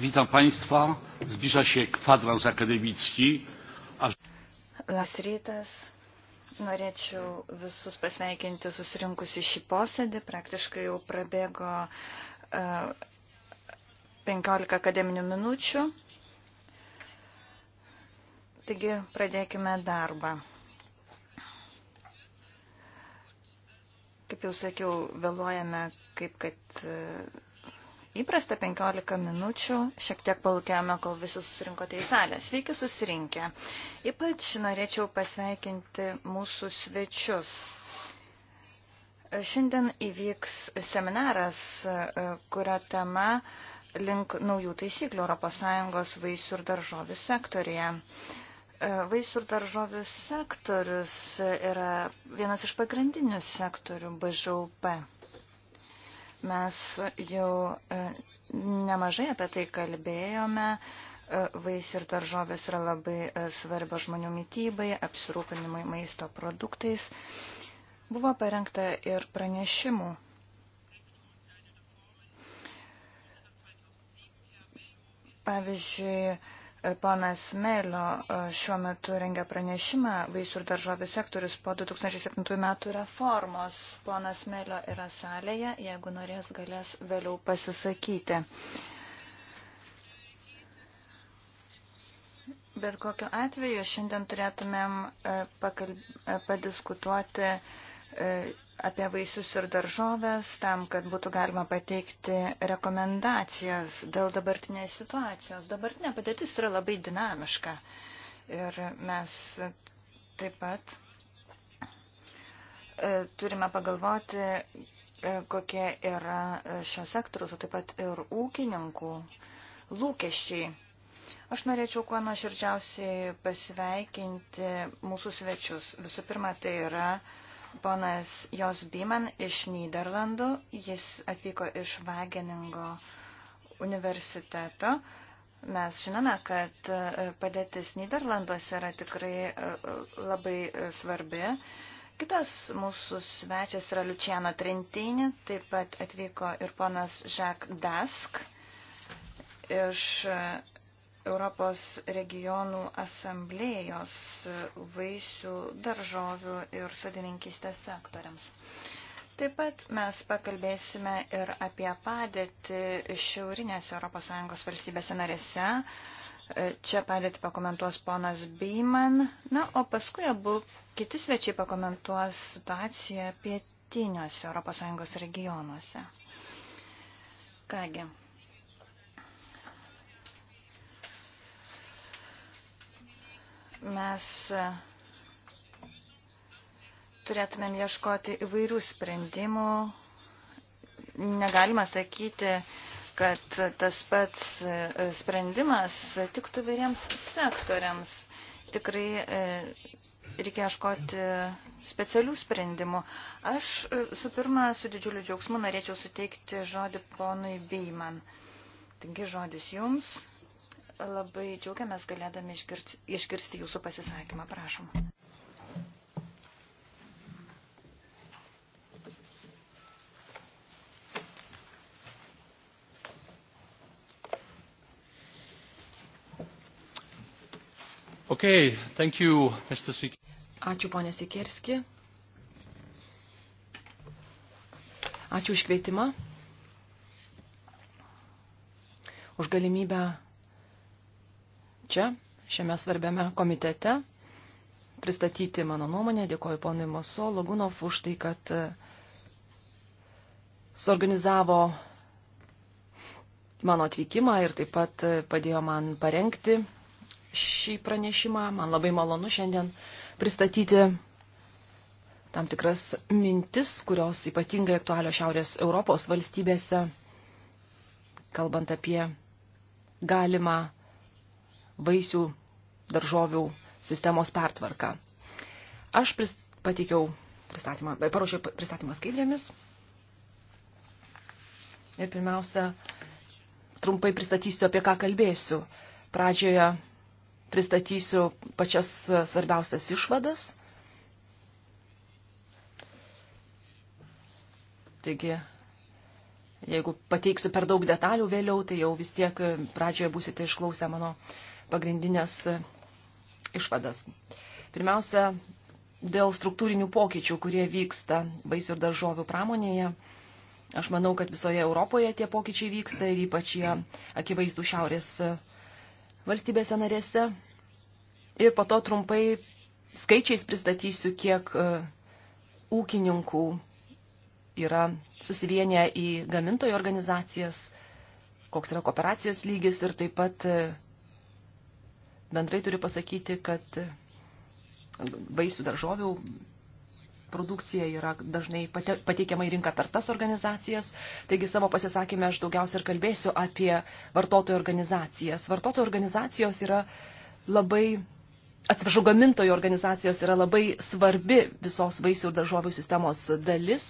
witam państwa zbliża się kwadrans akademicki Labas rytas. Norėčiau visus pasveikinti susirinkus į šį posėdį. Praktiškai jau prabėgo uh, e, 15 akademinių minučių. Taigi pradėkime darbą. Kaip jau sakiau, vėluojame kaip kad uh, Įprasta 15 minučių, šiek tiek palūkėjome, kol visi susirinkote į salę. Sveiki susirinkę. Ypač norėčiau pasveikinti mūsų svečius. Šiandien įvyks seminaras, e, kurio tema link naujų taisyklių ES vaisių ir daržovių sektorėje. Vaisių ir daržovių sektorius yra vienas iš pagrindinių sektorių BŽUP. Mes jau e, nemažai apie tai kalbėjome. E, Vaisi ir daržovės yra labai e, svarbios žmonių mytybai, apsirūpinimui maisto produktais. Buvo parengta ir pranešimų. Pavyzdžiui, Ponas Melio e, šiuo metu rengia pranešimą vaisių ir daržovių sektorius po 2007 metų reformos. Ponas Melio yra salėje, jeigu norės, galės vėliau pasisakyti. Bet kokiu atveju šiandien turėtumėm e, pakal... E, padiskutuoti apie vaisius ir daržovės, tam, kad būtų galima pateikti rekomendacijas dėl dabartinės situacijos. Dabartinė padėtis yra labai dinamiška ir mes taip pat e, turime pagalvoti, e, kokie yra e, šio sektoriaus, o taip pat ir ūkininkų lūkesčiai. Aš norėčiau kuo nuoširdžiausiai pasveikinti mūsų svečius. Visų pirma, tai yra uh, ponas Jos Biman iš Niderlandų. Jis atvyko iš Vageningo universiteto. Mes žinome, kad e, padėtis Niderlanduose yra tikrai e, e, labai svarbi. Kitas mūsų svečias yra Luciano Trentinį, taip pat atvyko ir ponas Jacques Dask iš Europos regionų asamblėjos vaisių, daržovių ir sodininkystės sektoriams. Taip pat mes pakalbėsime ir apie padėtį šiaurinės ES valstybėse narėse. Čia padėtį pakomentuos ponas Beiman, na, o paskui abu kiti svečiai pakomentuos situaciją pietiniuose ES regionuose. Kągi, Mes e, turėtumėm ieškoti įvairių sprendimų. Negalima sakyti, kad tas pats e, sprendimas tiktų vėriems sektoriams. Tikrai e, reikia ieškoti specialių sprendimų. Aš su pirma, su didžiuliu džiaugsmu norėčiau suteikti žodį ponui Beiman. Taigi žodis jums labai džiaugiamės galėdami išgirsti, išgirsti jūsų pasisakymą. Prašom. Okay, thank you, Mr. Sik Ačiū, ponė Sikerski. Ačiū už kvietimą, už galimybę čia, šiame svarbiame komitete, pristatyti mano nuomonę. Dėkoju ponui Moso Lagunov už tai, kad e, suorganizavo mano atvykimą ir taip pat e, padėjo man parengti šį pranešimą. Man labai malonu šiandien pristatyti tam tikras mintis, kurios ypatingai aktualios Šiaurės Europos valstybėse, kalbant apie galimą vaisių daržovių sistemos pertvarką. Aš pris, pateikiau pristatymą, paruošiau pristatymą skaidrėmis. Ir pirmiausia, trumpai pristatysiu, apie ką kalbėsiu. Pradžioje pristatysiu pačias svarbiausias išvadas. Taigi, jeigu pateiksiu per daug detalių vėliau, tai jau vis tiek pradžioje būsite išklausę mano uh, pagrindinės išvadas. Pirmiausia, dėl struktūrinių pokyčių, kurie vyksta vaisių ir daržovių pramonėje. Aš manau, kad visoje Europoje tie pokyčiai vyksta ir ypač jie akivaizdų šiaurės valstybėse narėse. Ir po to trumpai skaičiais pristatysiu, kiek e, ūkininkų yra susivienę į gamintojų organizacijas, koks yra kooperacijos lygis ir taip pat e, bendrai turiu pasakyti, kad vaisių daržovių produkcija yra dažnai pateikiama į rinką per tas organizacijas. Taigi savo pasisakymę aš daugiausia ir kalbėsiu apie vartotojų organizacijas. Vartotojų organizacijos yra labai, atsiprašau, gamintojų organizacijos yra labai svarbi visos vaisių ir daržovių sistemos dalis.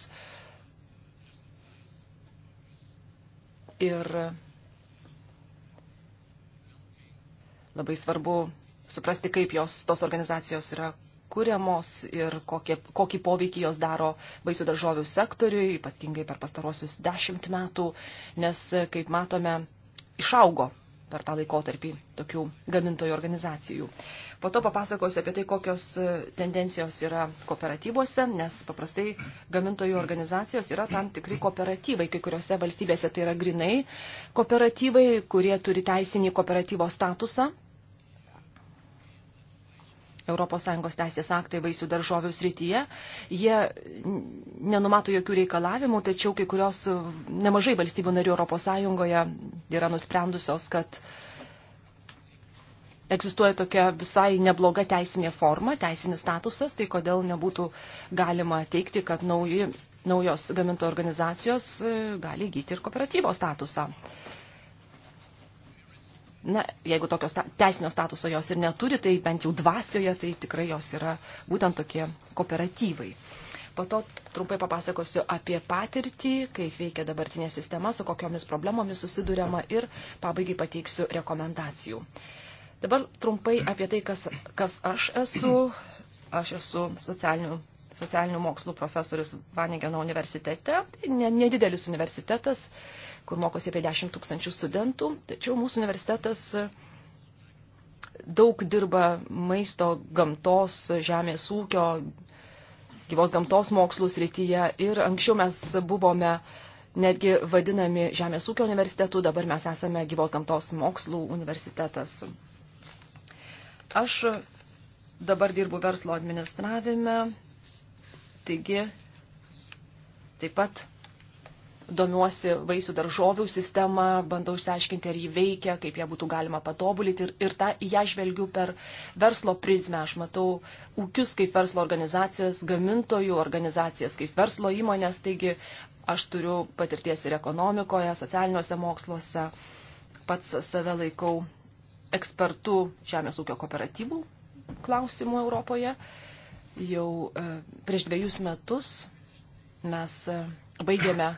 Ir Labai svarbu suprasti, kaip jos, tos organizacijos yra kuriamos ir kokie, kokį poveikį jos daro vaisių daržovių sektoriui, ypatingai per pastarosius dešimt metų, nes, kaip matome, išaugo per tą laikotarpį tokių gamintojų organizacijų. Po to papasakosiu apie tai, kokios e, tendencijos yra kooperatyvuose, nes paprastai gamintojų organizacijos yra tam tikri kooperatyvai, kai kuriuose valstybėse tai yra grinai kooperatyvai, kurie turi teisinį kooperatyvo statusą ES teisės aktai vaisių daržovių srityje. Jie nenumato jokių reikalavimų, tačiau kai kurios nemažai valstybių narių ES yra nusprendusios, kad egzistuoja tokia visai nebloga teisinė forma, teisinis statusas, tai kodėl nebūtų galima teikti, kad nauji, naujos gamintojų organizacijos e, gali įgyti ir kooperatyvo statusą na, jeigu tokio sta teisinio statuso jos ir neturi, tai bent jau dvasioje tai tikrai jos yra būtent tokie kooperatyvai. Po to trumpai papasakosiu apie patirtį, kaip veikia dabartinė sistema, su kokiomis problemomis susidurėma ir pabaigai pateiksiu rekomendacijų. Dabar trumpai apie tai, kas, kas aš esu. Aš esu socialinių, socialinių mokslų profesorius Vanigeno universitete. Tai nedidelis universitetas. Uh, kur mokosi apie 10 tūkstančių studentų, tačiau mūsų universitetas e, daug dirba maisto, gamtos, žemės ūkio, gyvos gamtos mokslų srityje ir anksčiau mes buvome netgi vadinami Žemės ūkio universitetu, dabar mes esame gyvos gamtos mokslų universitetas. Aš dabar dirbu verslo administravime, taigi taip pat domiuosi vaisių daržovių sistemą, bandau išsiaiškinti, ar jį veikia, kaip ją būtų galima patobulinti ir, ir tą, ją žvelgiu per verslo prizmę. Aš matau ūkius kaip verslo organizacijas, gamintojų organizacijas kaip verslo įmonės, taigi aš turiu patirties ir ekonomikoje, socialiniuose moksluose, pats save laikau ekspertų žemės ūkio kooperatyvų klausimų Europoje. Jau e, prieš dviejus metus mes e, baigėme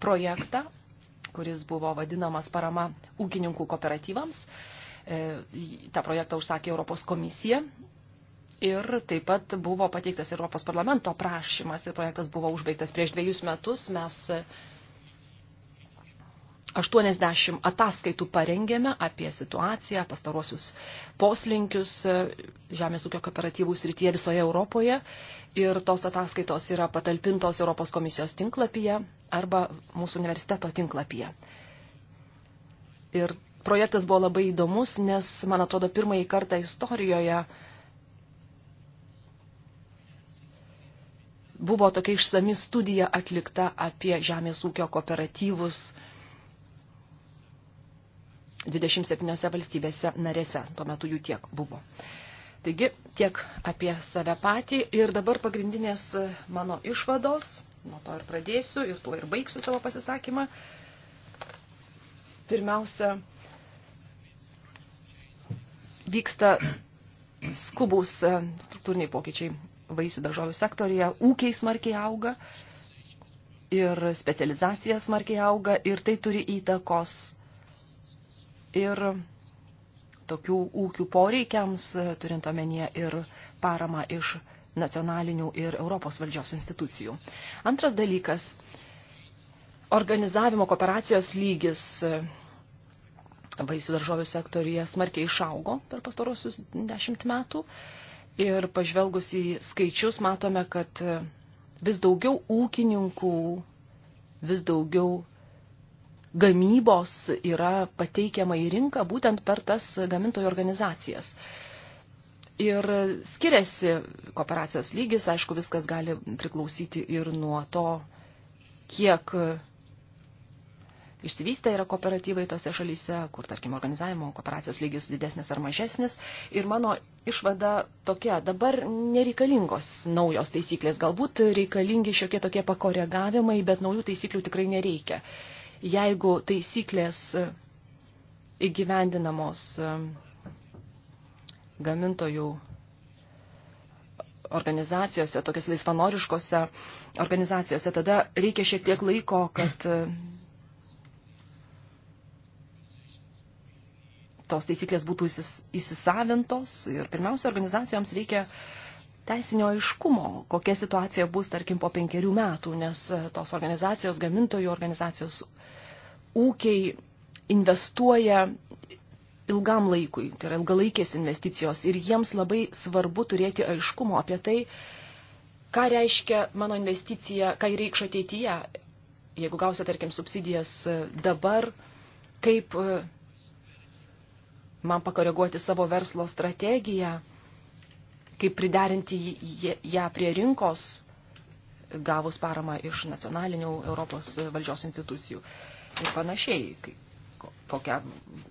projektą, kuris buvo vadinamas parama ūkininkų kooperatyvams. E, Ta projektą užsakė Europos komisija. Ir taip pat buvo pateiktas Europos parlamento prašymas ir projektas buvo užbaigtas prieš dviejus metus. Mes 80 ataskaitų parengėme apie situaciją, pastaruosius poslinkius e, žemės ūkio kooperatyvų srityje visoje Europoje. Ir tos ataskaitos yra patalpintos Europos komisijos tinklapyje arba mūsų universiteto tinklapyje. Ir projektas buvo labai įdomus, nes, man atrodo, pirmąjį kartą istorijoje buvo tokia išsami studija atlikta apie žemės ūkio kooperatyvus 27 valstybėse narėse. Tuo metu jų tiek buvo. Taigi tiek apie save patį ir dabar pagrindinės e, mano išvados, nuo to ir pradėsiu ir tuo ir baigsiu savo pasisakymą. Pirmiausia, vyksta skubus e, struktūriniai pokyčiai vaisių daržovių sektorija, ūkiai smarkiai auga ir specializacija smarkiai auga ir tai turi įtakos ir tokių ūkių poreikiams, turint omenyje ir paramą iš nacionalinių ir Europos valdžios institucijų. Antras dalykas – organizavimo kooperacijos lygis vaisių daržovių sektorija smarkiai išaugo per pastarosius dešimt metų ir pažvelgus į skaičius matome, kad vis daugiau ūkininkų, vis daugiau gamybos yra pateikiama į rinką būtent per tas gamintojų organizacijas. Ir skiriasi kooperacijos lygis, aišku, viskas gali priklausyti ir nuo to, kiek išsivystę yra kooperatyvai tose šalyse, kur, tarkim, organizavimo kooperacijos lygis didesnis ar mažesnis. Ir mano išvada tokia, dabar nereikalingos naujos taisyklės, galbūt reikalingi šiokie tokie pakoregavimai, bet naujų taisyklių tikrai nereikia jeigu taisyklės e, įgyvendinamos e, gamintojų organizacijose, tokias laisvanoriškose organizacijose, tada reikia šiek tiek laiko, kad e, tos taisyklės būtų įsisavintos ir pirmiausia, organizacijoms reikia uh, teisinio aiškumo, kokia situacija bus, tarkim, po penkerių metų, nes e, tos organizacijos, gamintojų organizacijos, ūkiai investuoja ilgam laikui, tai yra ilgalaikės investicijos ir jiems labai svarbu turėti aiškumo apie tai, ką reiškia mano investicija, ką reikš ateityje, jeigu gausia, tarkim, subsidijas e, dabar, kaip e, man pakoreguoti savo verslo strategiją kaip priderinti ją prie rinkos, gavus paramą iš nacionalinių Europos valdžios institucijų ir panašiai, kaip, kokia,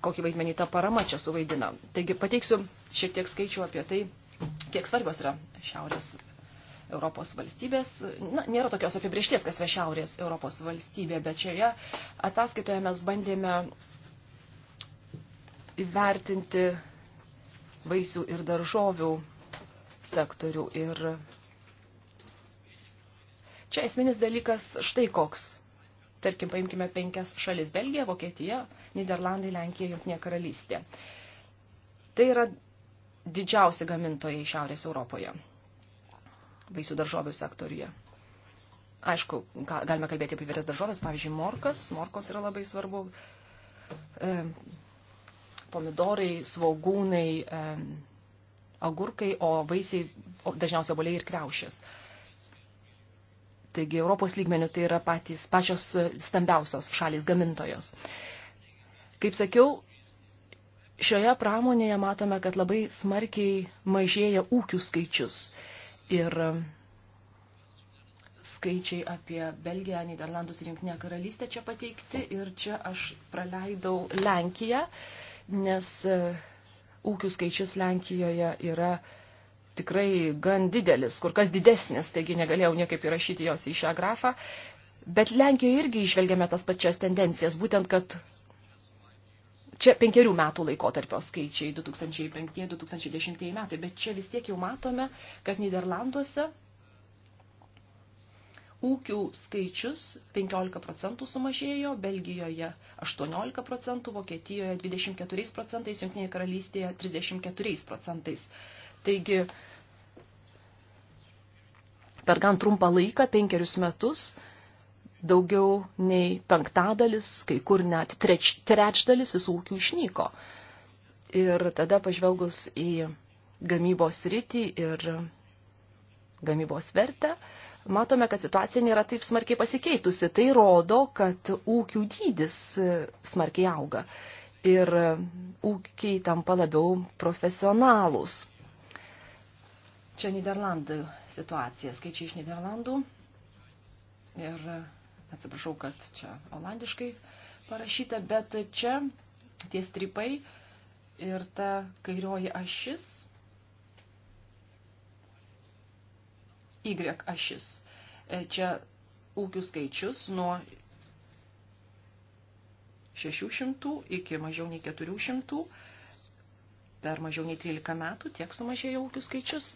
kokį vaidmenį ta parama čia suvaidina. Taigi pateiksiu šiek tiek skaičių apie tai, kiek svarbios yra Šiaurės Europos valstybės. Na, nėra tokios apibriešties, kas yra Šiaurės Europos valstybė, bet šioje ataskaitoje mes bandėme įvertinti vaisių ir daržovių sektorių. Ir čia esminis dalykas štai koks. Tarkim, paimkime penkias šalis - Belgija, Vokietija, Niderlandai, Lenkija, Junktinė karalystė. Tai yra didžiausi gamintojai Šiaurės Europoje vaisių daržovių sektoriuje. Aišku, galime kalbėti apie vyres daržovės, pavyzdžiui, morkas, morkos yra labai svarbu, e, pomidorai, svogūnai, e, agurkai, o vaisiai o dažniausiai oboliai ir kriaušės. Taigi Europos lygmenių tai yra patys, pačios stambiausios šalys gamintojos. Kaip sakiau, šioje pramonėje matome, kad labai smarkiai mažėja ūkių skaičius. Ir skaičiai apie Belgiją, Niderlandus ir Junktinę karalystę čia pateikti. Ir čia aš praleidau Lenkiją, nes ūkių skaičius Lenkijoje yra tikrai gan didelis, kur kas didesnis, taigi negalėjau niekaip įrašyti jos į šią grafą. Bet Lenkijoje irgi išvelgiame tas pačias tendencijas, būtent kad čia penkerių metų laikotarpio skaičiai 2005-2010 metai, bet čia vis tiek jau matome, kad Niderlanduose ūkių skaičius 15 procentų sumažėjo, Belgijoje 18 procentų, Vokietijoje 24 procentais, Junktinėje karalystėje 34 procentais. Taigi per gan trumpą laiką, penkerius metus, daugiau nei penktadalis, kai kur net treč, trečdalis visų ūkių išnyko. Ir tada pažvelgus į gamybos rytį ir gamybos vertę, uh, matome, kad situacija nėra taip smarkiai pasikeitusi. Tai rodo, kad ūkių dydis e, smarkiai auga ir e, ūkiai tampa labiau profesionalūs. Čia Niderlandų situacija, skaičiai iš Niderlandų. Ir e, atsiprašau, kad čia olandiškai parašyta, bet čia tie stripai ir ta kairioji ašis Y ašis. E, čia ūkių skaičius nuo 600 iki mažiau nei 400. Per mažiau nei 13 metų tiek sumažėjo ūkių skaičius.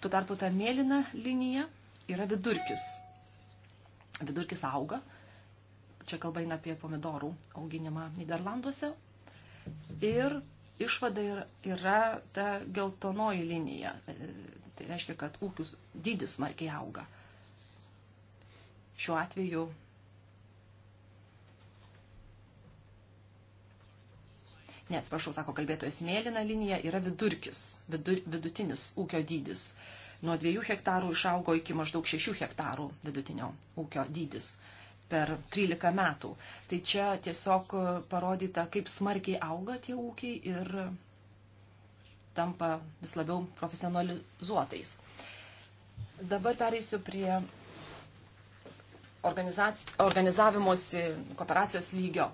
Tuo tarpu ta mėlyna linija yra vidurkis. Vidurkis auga. Čia kalba eina apie pomidorų auginimą Niderlanduose. Ir išvada yra, yra ta geltonoji linija. E, tai reiškia, kad ūkius dydis smarkiai auga. Šiuo atveju ne, atsiprašau, sako kalbėtojas, mėlyna linija yra vidurkis, vidur, vidutinis ūkio dydis. Nuo 2 hektarų išaugo iki maždaug 6 hektarų vidutinio ūkio dydis per 13 metų. Tai čia tiesiog parodyta, kaip smarkiai auga tie ūkiai ir tampa vis labiau profesionalizuotais. Dabar pereisiu prie organizavimosi kooperacijos lygio.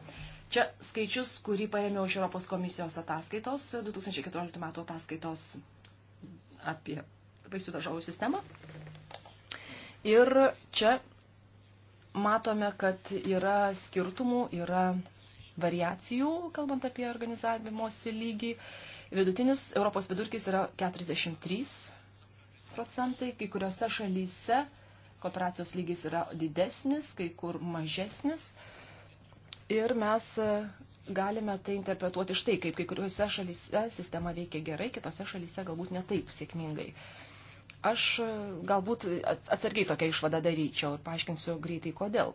Čia skaičius, kurį paėmiau iš Europos komisijos ataskaitos, 2014 metų ataskaitos apie vaisių daržovų sistemą. Ir čia matome, kad yra skirtumų, yra variacijų, kalbant apie organizavimosi lygį. Vidutinis Europos vidurkis yra 43 procentai, kai kuriuose šalyse kooperacijos lygis yra didesnis, kai kur mažesnis. Ir mes e, galime tai interpretuoti štai, kaip kai kuriuose šalyse sistema veikia gerai, kitose šalyse galbūt netaip sėkmingai. Uh, Aš e, galbūt atsargiai tokią išvadą daryčiau ir paaiškinsiu greitai kodėl.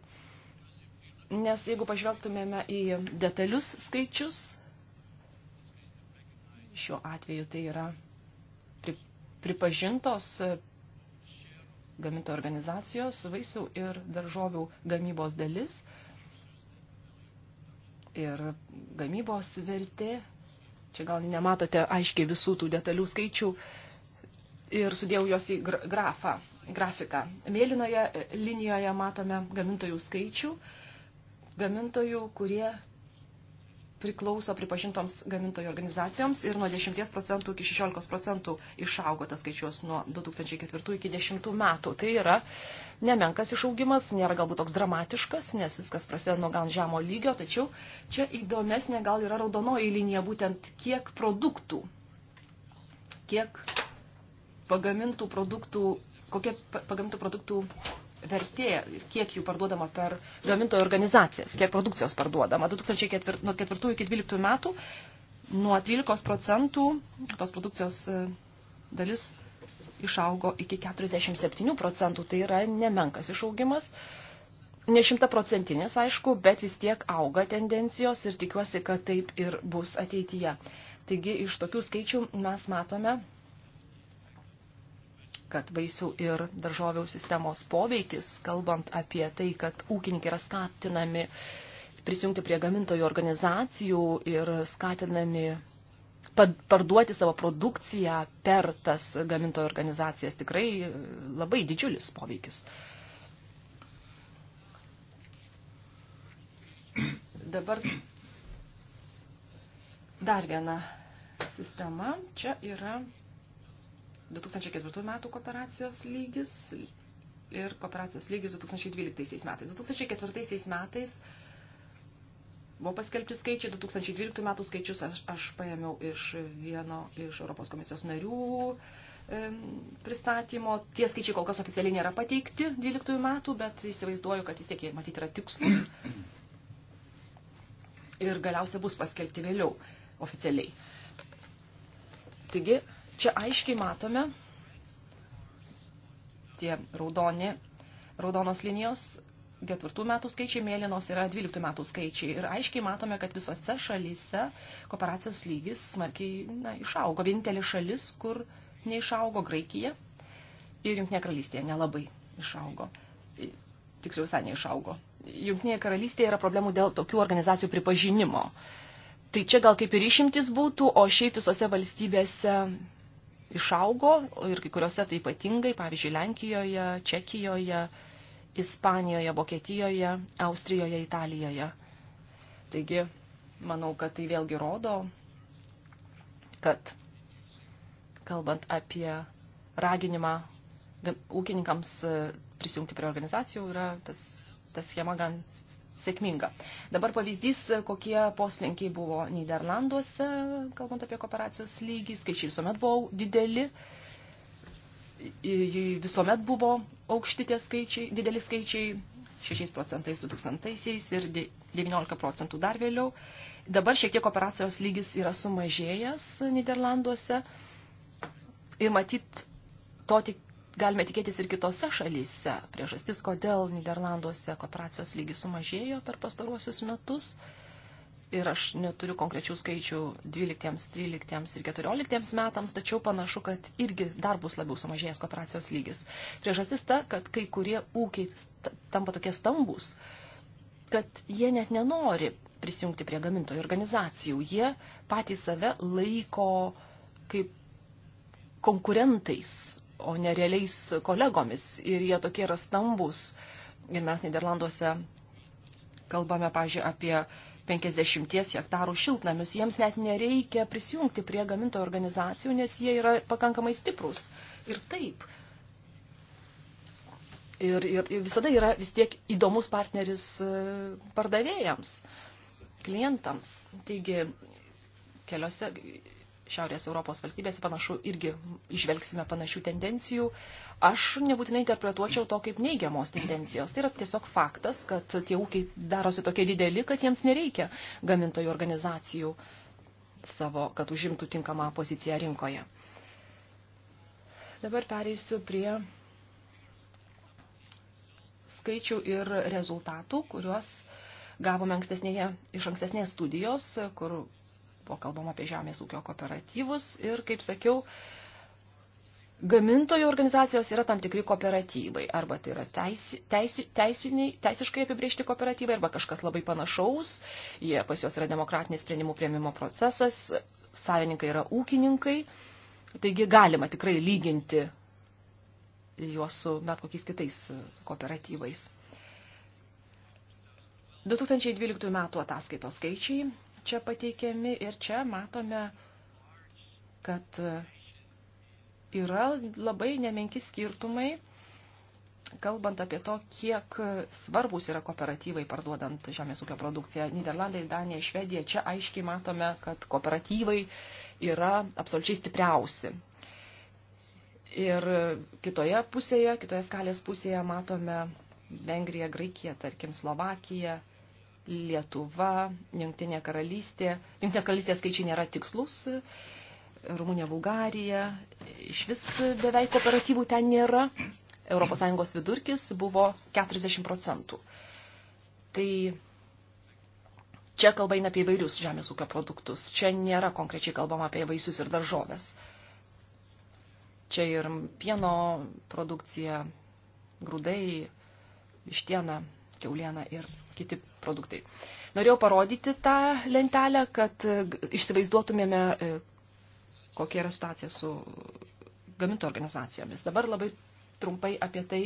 Nes jeigu pažvelgtumėme į detalius skaičius, šiuo atveju tai yra pripažintos e, gaminto organizacijos vaisių ir daržovių gamybos dalis ir gamybos vertė. Čia gal nematote aiškiai visų tų detalių skaičių, ir sudėjau juos į grafą, grafiką. Mėlynoje e, linijoje matome gamintojų skaičių, gamintojų, kurie priklauso pripažintoms gamintojų organizacijoms ir nuo 10 procentų iki 16 procentų išaugo tas skaičius nuo 2004 iki 10 metų. Tai yra nemenkas išaugimas, nėra galbūt toks dramatiškas, nes viskas prasideda nuo gan žemo lygio, tačiau čia įdomesnė gal yra raudonoji linija būtent kiek produktų, kiek pagamintų produktų, kokia pagamintų produktų vertė ir kiek jų parduodama per gamintojų organizacijas, kiek produkcijos parduodama. 2004, nuo 4 iki 12 metų nuo 13 procentų tos produkcijos e, dalis išaugo iki 47 procentų, tai yra nemenkas išaugimas. Ne šimtaprocentinis, aišku, bet vis tiek auga tendencijos ir tikiuosi, kad taip ir bus ateityje. Taigi iš tokių skaičių mes matome, kad vaisių ir daržovių sistemos poveikis, kalbant apie tai, kad ūkininkai yra skatinami prisijungti prie gamintojų organizacijų ir skatinami parduoti savo produkciją per tas gamintojų organizacijas, tikrai labai didžiulis poveikis. Dabar dar viena sistema. Čia yra 2004 metų kooperacijos lygis ir kooperacijos lygis 2012 metais. 2004 metais buvo paskelbti skaičiai, 2012 metų skaičius aš, aš paėmiau iš vieno iš Europos komisijos narių pristatymo. Tie skaičiai kol kas oficialiai nėra pateikti 12 metų, bet įsivaizduoju, kad vis tiek jie matyti yra tikslus ir galiausia bus paskelbti vėliau oficialiai. Taigi, Čia aiškiai matome tie raudoni, raudonos linijos, ketvirtų metų skaičiai, mėlynos yra 12 metų skaičiai. Ir aiškiai matome, kad visose šalyse kooperacijos lygis smarkiai na, išaugo. Vienintelė šalis, kur neišaugo Graikija ir Junktinė karalystė nelabai išaugo. Tiksliau visai neišaugo. Junktinėje karalystėje yra problemų dėl tokių organizacijų pripažinimo. Tai čia gal kaip ir išimtis būtų, o šiaip visose valstybėse išaugo ir kai kuriuose tai ypatingai, pavyzdžiui, Lenkijoje, Čekijoje, Ispanijoje, Vokietijoje, Austrijoje, Italijoje. Taigi, manau, kad tai vėlgi rodo, kad kalbant apie raginimą ūkininkams e, prisijungti prie organizacijų, yra tas, tas schema gan sėkminga. Dabar pavyzdys, kokie poslinkiai buvo Niderlanduose, kalbant apie kooperacijos lygį, skaičiai visuomet buvo dideli, visuomet buvo aukšti tie skaičiai, dideli skaičiai, 6 procentais 2000 ir 19 procentų dar vėliau. Dabar šiek tiek operacijos lygis yra sumažėjęs Niderlanduose ir matyt to tik galime tikėtis ir kitose šalyse. Priežastis, kodėl Niderlanduose kooperacijos lygis sumažėjo per pastaruosius metus. Ir aš neturiu konkrečių skaičių 12, 13 ir 14 metams, tačiau panašu, kad irgi dar bus labiau sumažėjęs kooperacijos lygis. Priežastis ta, kad kai kurie ūkiai tampa tokie stambus, kad jie net nenori prisijungti prie gamintojų organizacijų. Jie patys save laiko kaip konkurentais o ne realiais kolegomis. Ir jie tokie yra stambus. Ir mes Niderlanduose kalbame, pažiūrėjau, apie 50 hektarų šiltnamius. Jiems net nereikia prisijungti prie gamintojų organizacijų, nes jie yra pakankamai stiprus. Ir taip. Ir, ir, ir visada yra vis tiek įdomus partneris e, pardavėjams, klientams. Taigi, keliose Šiaurės Europos valstybėse panašu irgi išvelgsime panašių tendencijų. Aš nebūtinai interpretuočiau to kaip neigiamos tendencijos. Tai yra tiesiog faktas, kad tie ūkiai darosi tokie dideli, kad jiems nereikia gamintojų organizacijų savo, kad užimtų tinkamą poziciją rinkoje. Dabar pereisiu prie skaičių ir rezultatų, kuriuos gavome ankstesnėje, iš ankstesnės studijos, kur buvo kalbama apie žemės ūkio kooperatyvus ir, kaip sakiau, gamintojų organizacijos yra tam tikri kooperatyvai, arba tai yra teisi, teisi, teisiniai, teisiškai apibriežti kooperatyvai, arba kažkas labai panašaus, jie pas juos yra demokratinis sprendimų prieimimo procesas, savininkai yra ūkininkai, taigi galima tikrai lyginti juos su bet kokiais kitais kooperatyvais. 2012 metų ataskaitos skaičiai čia pateikiami ir čia matome, kad yra labai nemenki skirtumai, kalbant apie to, kiek svarbus yra kooperatyvai parduodant žemės ūkio produkciją. Niderlandai, Danija, Švedija, čia aiškiai matome, kad kooperatyvai yra absoliučiai stipriausi. Ir kitoje pusėje, kitoje skalės pusėje matome Vengriją, Graikiją, tarkim, Slovakiją, Lietuva, Jungtinė karalystė. Jungtinės karalystės skaičiai nėra tikslus. Rumunija, Bulgarija. Iš vis beveik kooperatyvų ten nėra. ES vidurkis buvo 40 procentų. Tai čia kalba eina apie įvairius žemės ūkio produktus. Čia nėra konkrečiai kalbama apie vaisius ir daržovės. Čia ir pieno produkcija, grūdai, vištiena, keuliena ir kiti produktai. Norėjau parodyti tą lentelę, kad e, išsivaizduotumėme, e, kokia yra situacija su gamintų organizacijomis. Dabar labai trumpai apie tai,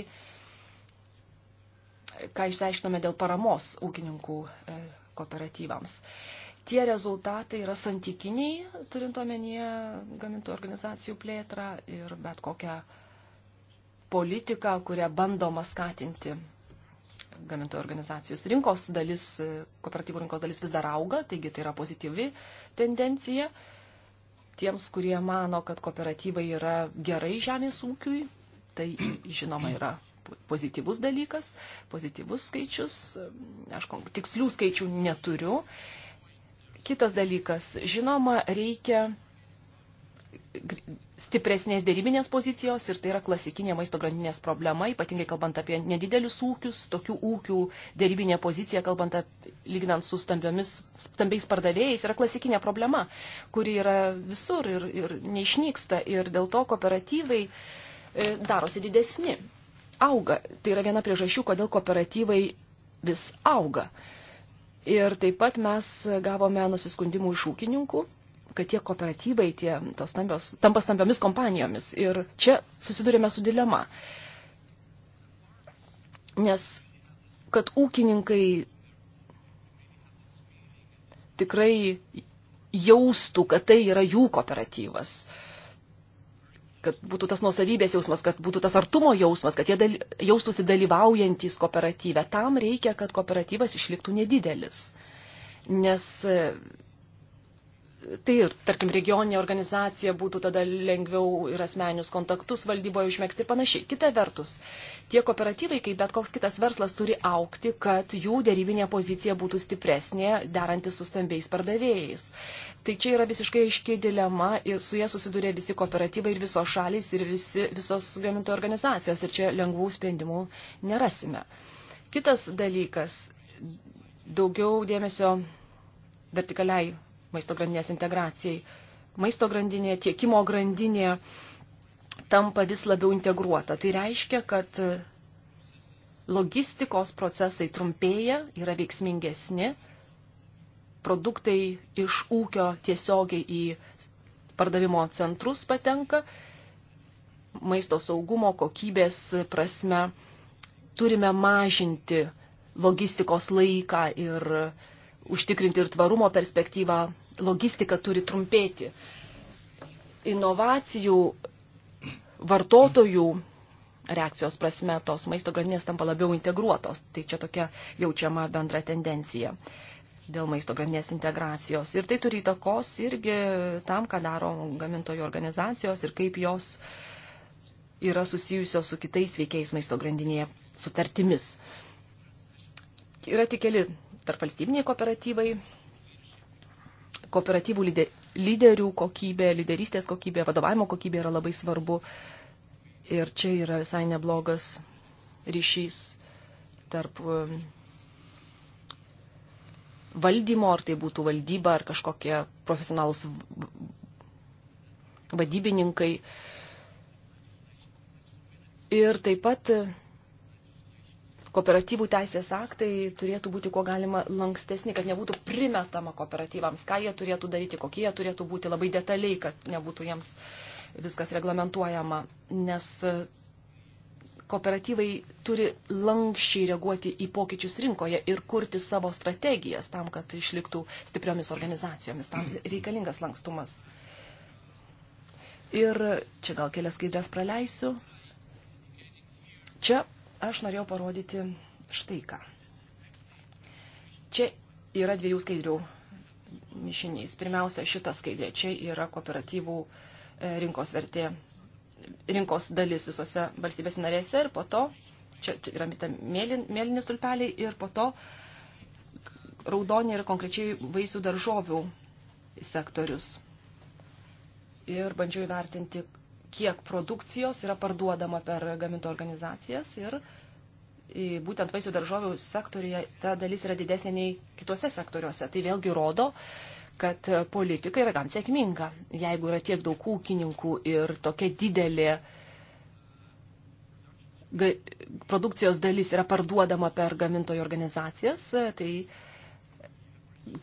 ką išsiaiškinome dėl paramos ūkininkų e, kooperatyvams. Tie rezultatai yra santykiniai, turint omenyje gamintų organizacijų plėtrą ir bet kokią politiką, kurią bandoma skatinti gamintojų organizacijos rinkos dalis, e, kooperatyvų rinkos dalis vis dar auga, taigi tai yra pozityvi tendencija. Tiems, kurie mano, kad kooperatyvai yra gerai žemės ūkiui, tai žinoma yra pozityvus dalykas, pozityvus skaičius, aš tikslių skaičių neturiu. Kitas dalykas, žinoma, reikia stipresnės dėrybinės pozicijos ir tai yra klasikinė maisto grandinės problema, ypatingai kalbant apie nedidelius ūkius, tokių ūkių dėrybinė pozicija, kalbant apie, lyginant su stambiais pardavėjais, yra klasikinė problema, kuri yra visur ir, ir neišnyksta ir dėl to kooperatyvai e, darosi didesni, auga. Tai yra viena priežasčių, kodėl kooperatyvai vis auga. Ir taip pat mes gavome nusiskundimų iš ūkininkų kad tie kooperatyvai tie, tos stambios, tampa stambiomis kompanijomis. Ir čia susidurėme su dilema. Nes kad ūkininkai tikrai jaustų, kad tai yra jų kooperatyvas, kad būtų tas nuosavybės jausmas, kad būtų tas artumo jausmas, kad jie dal, jaustųsi dalyvaujantys kooperatyve. Tam reikia, kad kooperatyvas išliktų nedidelis. Nes tai, tarkim, regioninė organizacija būtų tada lengviau ir asmeninius kontaktus valdyboje užmėgsti ir panašiai. Kita vertus, tie kooperatyvai, kaip bet koks kitas verslas, turi aukti, kad jų dėrybinė pozicija būtų stipresnė, derantis su stambiais pardavėjais. Tai čia yra visiškai aiškiai dilema ir su jie susiduria visi kooperatyvai ir visos šalys ir visi, visos gamintojų organizacijos ir čia lengvų sprendimų nerasime. Kitas dalykas, daugiau dėmesio vertikaliai maisto grandinės integracijai. Maisto grandinė, tiekimo grandinė tampa vis labiau integruota. Tai reiškia, kad logistikos procesai trumpėja, yra veiksmingesni, produktai iš ūkio tiesiogiai į pardavimo centrus patenka, maisto saugumo kokybės prasme turime mažinti logistikos laiką ir uh, užtikrinti ir tvarumo perspektyvą, logistika turi trumpėti. Inovacijų vartotojų reakcijos prasme tos maisto grandinės tampa labiau integruotos. Tai čia tokia jaučiama bendra tendencija dėl maisto grandinės integracijos. Ir tai turi įtakos irgi tam, ką daro gamintojų organizacijos ir kaip jos yra susijusios su kitais veikiais maisto grandinėje sutartimis. Yra tik keli tarpvalstybiniai kooperatyvai, kooperatyvų lyderių kokybė, lyderystės kokybė, vadovavimo kokybė yra labai svarbu. Ir čia yra visai neblogas ryšys tarp um, valdymo, ar tai būtų valdyba, ar kažkokie profesionalus vadybininkai. Ir taip pat kooperatyvų teisės aktai turėtų būti kuo galima lankstesni, kad nebūtų primetama kooperatyvams, ką jie turėtų daryti, kokie jie turėtų būti labai detaliai, kad nebūtų jiems viskas reglamentuojama, nes e, kooperatyvai turi lankščiai reaguoti į pokyčius rinkoje ir kurti savo strategijas tam, kad išliktų stipriomis organizacijomis. Tam reikalingas lankstumas. Ir čia gal kelias skaidrės praleisiu. Čia aš norėjau parodyti štai ką. Čia yra dviejų skaidrių mišinys. Pirmiausia, šita skaidrė. Čia yra kooperatyvų e, rinkos vertė, rinkos dalis visose valstybės narėse ir po to, čia, čia yra mėlin, mėlinis tulpeliai ir po to raudonė yra konkrečiai vaisių daržovių sektorius. Ir bandžiau įvertinti, kiek produkcijos yra parduodama per gaminto organizacijas ir būtent vaisių daržovių sektorija ta dalis yra didesnė nei kitose sektoriuose. Tai vėlgi rodo, kad politika yra gan sėkminga. Jeigu yra tiek daug ūkininkų ir tokia didelė produkcijos dalis yra parduodama per gamintojų organizacijas, tai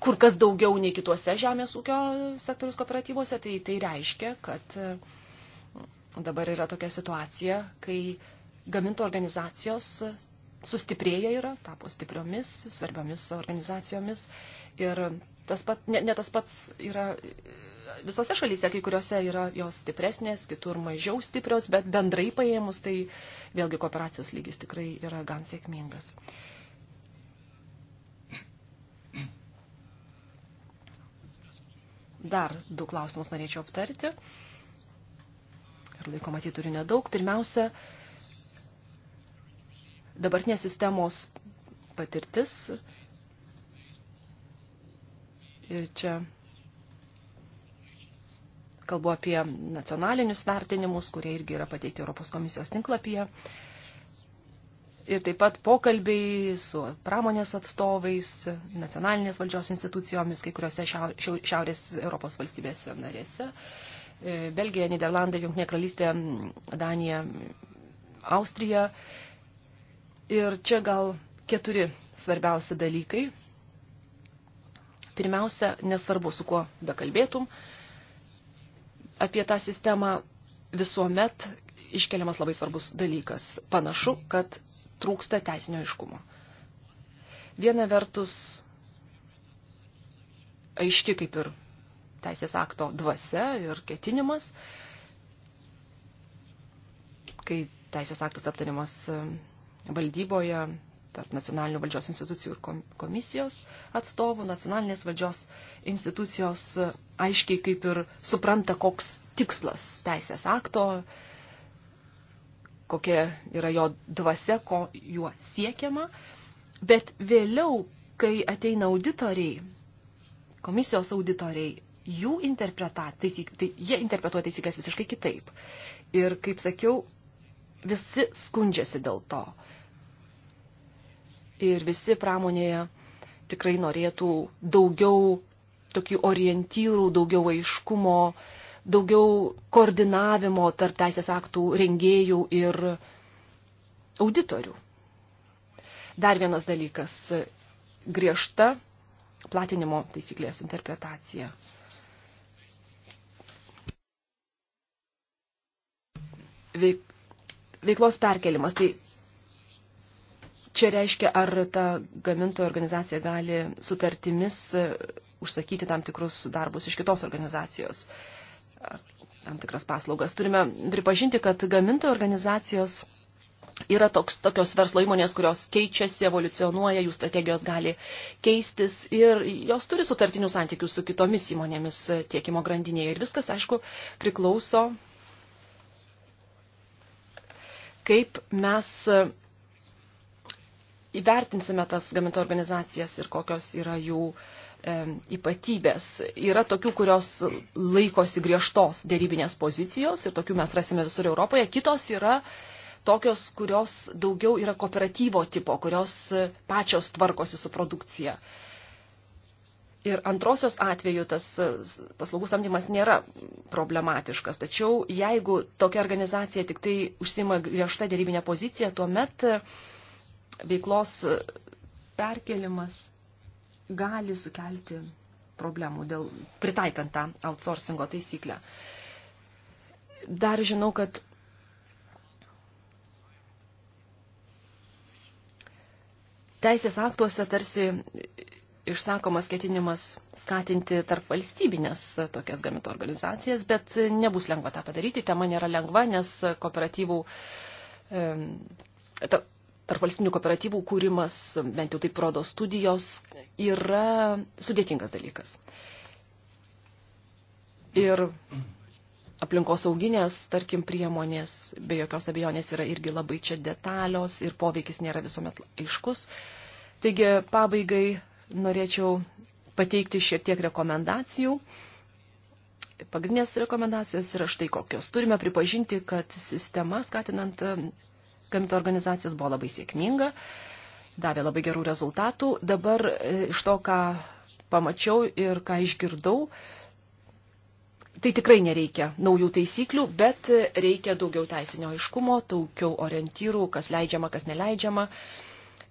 kur kas daugiau nei kituose žemės ūkio sektoriaus kooperatyvose, tai tai reiškia, kad Dabar yra tokia situacija, kai gamintų organizacijos sustiprėję yra, tapo stipriomis, svarbiomis organizacijomis. Ir tas pat, ne, ne tas pats yra visose šalyse, kai kuriuose yra jos stipresnės, kitur mažiau stiprios, bet bendrai paėmus, tai vėlgi kooperacijos lygis tikrai yra gan sėkmingas. Dar du klausimus norėčiau aptarti ir laiko matyti turiu nedaug. Pirmiausia, dabartinės sistemos patirtis ir čia kalbu apie nacionalinius vertinimus, kurie irgi yra pateikti Europos komisijos tinklapyje. Ir taip pat pokalbiai su pramonės atstovais, nacionalinės valdžios institucijomis, kai kuriuose šiaurės Europos valstybėse narėse. E, Belgija, Niderlandai, Junktinė karalystė, Danija, Austrija. Ir čia gal keturi svarbiausi dalykai. Pirmiausia, nesvarbu, su kuo bekalbėtum, apie tą sistemą visuomet iškeliamas labai svarbus dalykas. Panašu, kad trūksta teisinio iškumo. Viena vertus, aiški kaip ir teisės akto dvasia ir ketinimas, kai teisės aktas aptariamas e, valdyboje tarp nacionalinių valdžios institucijų ir komisijos atstovų, nacionalinės valdžios institucijos e, aiškiai kaip ir supranta, koks tikslas teisės akto, kokia yra jo dvasia, ko juo siekiama. Bet vėliau, kai ateina auditoriai, komisijos auditoriai jų interpreta, taisyk, tai, jie interpretuoja taisyklės visiškai kitaip. Ir, kaip sakiau, visi skundžiasi dėl to. Ir visi pramonėje tikrai norėtų daugiau tokių orientyrų, daugiau aiškumo, daugiau koordinavimo tarp teisės aktų rengėjų ir auditorių. Dar vienas dalykas - griežta platinimo taisyklės interpretacija. veik, veiklos perkelimas. Tai čia reiškia, ar ta gamintojo organizacija gali sutartimis e, užsakyti tam tikrus darbus iš kitos organizacijos, tam tikras paslaugas. Turime pripažinti, kad gamintojo organizacijos yra toks, tokios verslo įmonės, kurios keičiasi, evoliucionuoja, jų strategijos gali keistis ir jos turi sutartinių santykių su kitomis įmonėmis tiekimo grandinėje. Ir viskas, aišku, priklauso kaip mes e, įvertinsime tas gaminto organizacijas ir kokios yra jų e, ypatybės. Yra tokių, kurios laikosi griežtos dėrybinės pozicijos ir tokių mes rasime visur Europoje. Kitos yra tokios, kurios daugiau yra kooperatyvo tipo, kurios e, pačios tvarkosi su produkcija. E, Ir antrosios atveju tas e, paslaugų samdymas nėra problematiškas, tačiau jeigu tokia organizacija tik tai užsima griežta dėrybinę poziciją, tuomet e, veiklos e, perkelimas gali sukelti problemų dėl pritaikant tą outsourcingo taisyklę. Dar žinau, kad teisės aktuose tarsi išsakomas ketinimas skatinti tarp valstybinės tokias gamintų organizacijas, bet nebus lengva tą padaryti, tema nėra lengva, nes kooperatyvų, tarp valstybinių kooperatyvų kūrimas, bent jau taip rodo studijos, yra sudėtingas dalykas. Ir aplinkosauginės, tarkim, priemonės, be jokios abejonės, yra irgi labai čia detalios ir poveikis nėra visuomet aiškus. Taigi, pabaigai norėčiau pateikti šiek tiek rekomendacijų. Pagrindinės rekomendacijos yra štai kokios. Turime pripažinti, kad sistema skatinant um, gamito organizacijas buvo labai sėkminga, davė labai gerų rezultatų. Dabar e, iš to, ką pamačiau ir ką išgirdau, tai tikrai nereikia naujų taisyklių, bet reikia daugiau teisinio aiškumo, daugiau orientyrų, kas leidžiama, kas neleidžiama.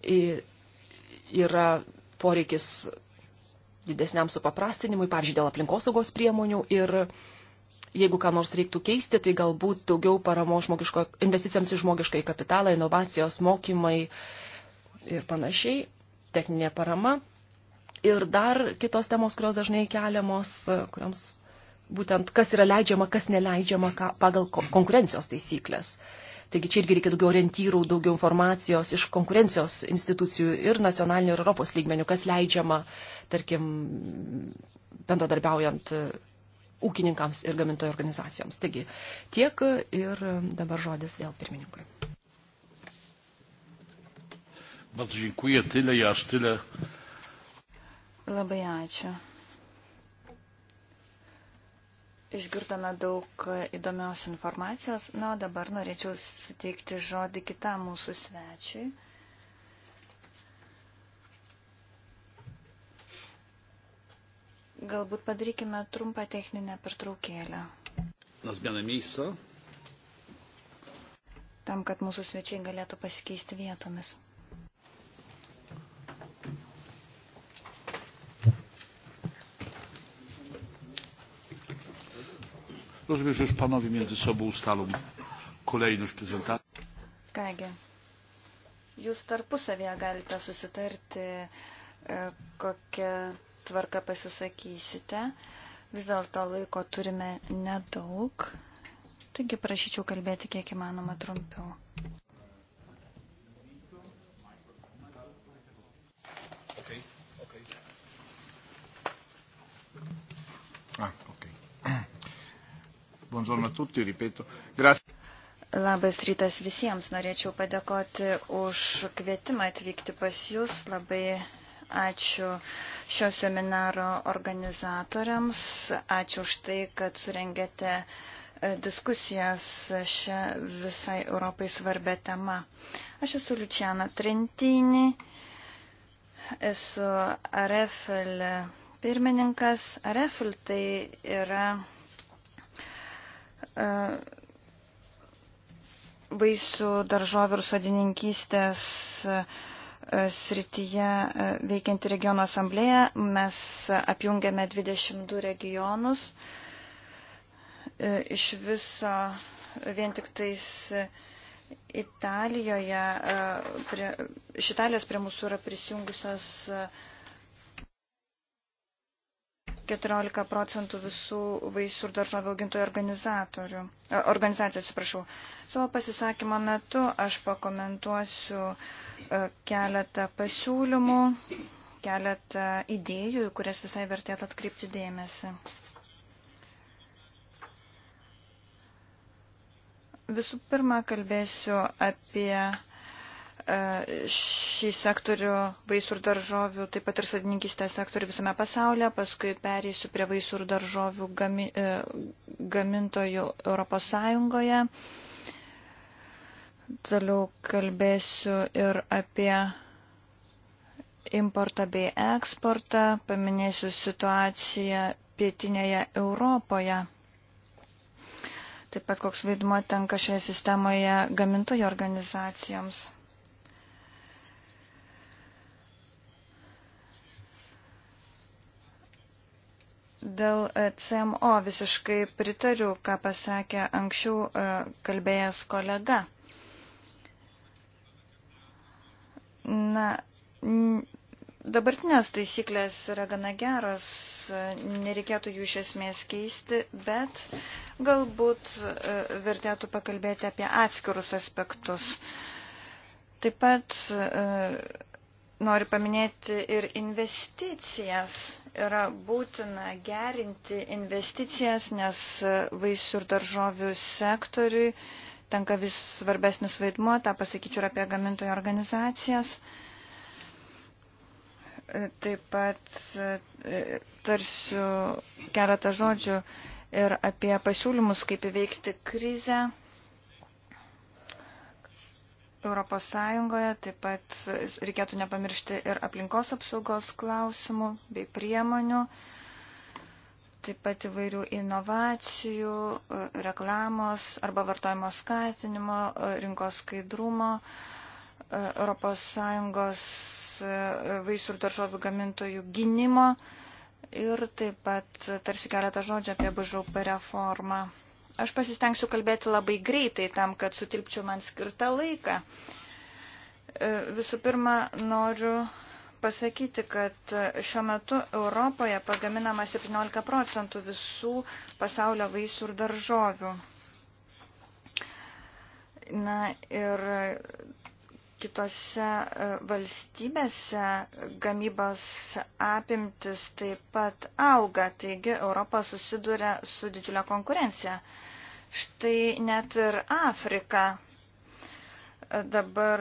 Yra poreikis didesniam supaprastinimui, pavyzdžiui, dėl aplinkosaugos priemonių ir jeigu ką nors reiktų keisti, tai galbūt daugiau paramo žmogiško, investicijoms į žmogišką į kapitalą, inovacijos, mokymai ir panašiai, techninė parama. Ir dar kitos temos, kurios dažnai keliamos, kuriams būtent kas yra leidžiama, kas neleidžiama ką, pagal konkurencijos taisyklės. Taigi čia irgi reikia daugiau orientyrų, daugiau informacijos iš konkurencijos institucijų ir nacionalinių ir Europos lygmenių, kas leidžiama, tarkim, bendradarbiaujant e, ūkininkams ir gamintojų organizacijoms. Taigi tiek ir dabar žodis vėl pirmininkui. Bardzo dziękuję, tyle, ja aż tyle. Labai ačiū. Išgirdome daug įdomios informacijos. Na, o dabar norėčiau suteikti žodį kitam mūsų svečiui. Galbūt padarykime trumpą techninę pertraukėlę. Nazbėna Mysa. Tam, kad mūsų svečiai galėtų pasikeisti vietomis. Rozumiem, że już panowie między sobą ustalą kolejność prezentacji. Kągi, jūs tarpusavėje galite susitarti, e, kokią tvarką pasisakysite. Vis dėlto laiko turime nedaug, taigi prašyčiau kalbėti kiek įmanoma trumpiau. Buongiorno a tutti, ripeto. Grazie. Labas rytas visiems. Norėčiau padėkoti už kvietimą atvykti pas Jūs. Labai ačiū šio seminaro organizatoriams. Ačiū už tai, kad surengėte e, diskusijas šią visai Europai svarbę temą. Aš esu Lučiana Trentinį, esu Arefel pirmininkas. Arefel tai yra E, vaisių daržovių ir sodininkystės e, srityje e, veikianti regiono asamblėja. Mes apjungiame 22 regionus. Iš viso vien tik tais Italijoje, prie, iš Italijos prie mūsų yra prisijungusios 14 procentų visų vaisių ir daržovių augintojų organizatorių, organizacijų, atsiprašau. Savo pasisakymo metu aš pakomentuosiu keletą pasiūlymų, keletą idėjų, kurias visai vertėtų atkreipti dėmesį. Visų pirma, kalbėsiu apie E, šį sektorių vaisių ir daržovių, taip pat ir sodininkistės sektorių visame pasaulyje, paskui perėsiu prie vaisių ir daržovių gami, e, gamintojų Europos Sąjungoje. Toliau kalbėsiu ir apie importą bei eksportą, paminėsiu situaciją pietinėje Europoje. Taip pat koks vaidmuo tenka šioje sistemoje gamintojų organizacijoms. Dėl e, CMO visiškai pritariu, ką pasakė anksčiau e, kalbėjęs kolega. Na, dabartinės taisyklės yra gana geros, e, nereikėtų jų iš esmės keisti, bet galbūt vertėtų pakalbėti apie atskirus aspektus. Taip pat Noriu paminėti ir investicijas. Yra būtina gerinti investicijas, nes vaisių ir daržovių sektoriui tenka vis svarbesnis vaidmuo, tą pasakyčiau ir apie gamintojų organizacijas. Taip pat e, tarsiu keletą žodžių ir apie pasiūlymus, kaip įveikti krizę Europos Sąjungoje, taip pat reikėtų nepamiršti ir aplinkos apsaugos klausimų bei priemonių, taip pat įvairių inovacijų, reklamos arba vartojimo skatinimo, rinkos skaidrumo, Europos Sąjungos vaisių ir daržovių gamintojų gynimo ir taip pat tarsi keletą žodžių apie BŽP reformą. Aš pasistengsiu kalbėti labai greitai tam, kad sutilpčiau man skirtą laiką. E, visų pirma, noriu pasakyti, kad šiuo metu Europoje pagaminama 17 procentų visų pasaulio vaisių ir daržovių. Na ir kitose e, valstybėse gamybos apimtis taip pat auga, taigi Europa susiduria su didžiulio konkurencija. Štai net ir Afrika dabar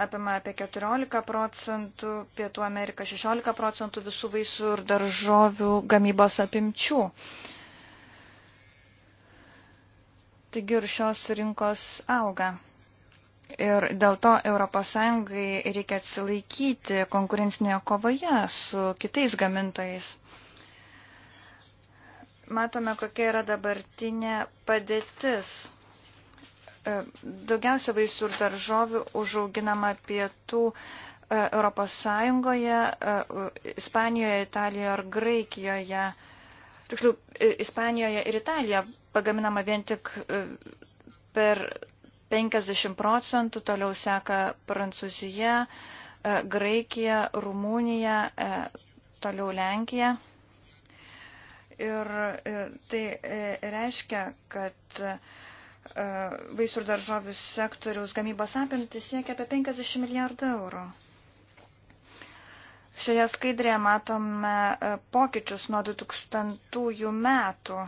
apima apie 14 procentų, Pietų Amerika 16 procentų visų vaisių ir daržovių gamybos apimčių. Taigi ir šios rinkos auga. Ir dėl to ES reikia atsilaikyti konkurencinėje kovoje su kitais gamintojais matome, kokia yra dabartinė padėtis. E, daugiausia vaisių ir daržovių užauginama pietų e, Europos Sąjungoje, e, Ispanijoje, Italijoje ar Graikijoje. Tiksliau, Ispanijoje ir Italija pagaminama vien tik per 50 procentų, toliau seka Prancūzija, Graikija, Rumunija, toliau Lenkija ir e, tai e, reiškia, kad e, vaisių ir daržovių sektoriaus gamybos apimtis siekia apie 50 milijardų eurų. Šioje skaidrėje matome pokyčius nuo 2000 metų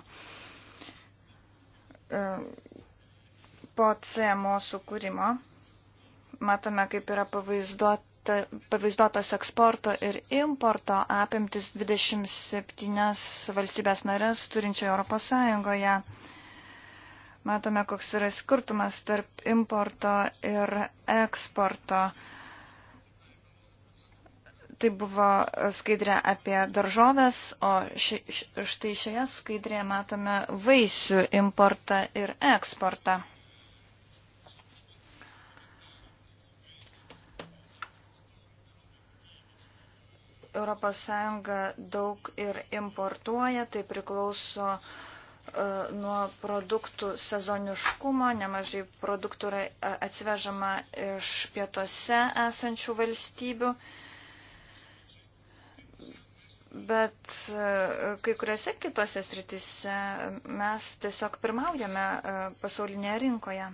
po CMO sukūrimo. Matome, kaip yra pavaizduota pavaizduotas eksporto ir importo apimtis 27 valstybės narės turinčioje Europos Sąjungoje. Matome, koks yra skirtumas tarp importo ir eksporto. Tai buvo skaidrė apie daržovės, o ši, štai šioje skaidrėje matome vaisių importą ir eksportą. ES daug ir importuoja, tai priklauso e, nuo produktų sezoniškumo, nemažai produktų yra e, atsivežama iš pietose esančių valstybių. Bet e, kai kuriuose kitose sritise mes tiesiog pirmaujame pasaulinėje rinkoje.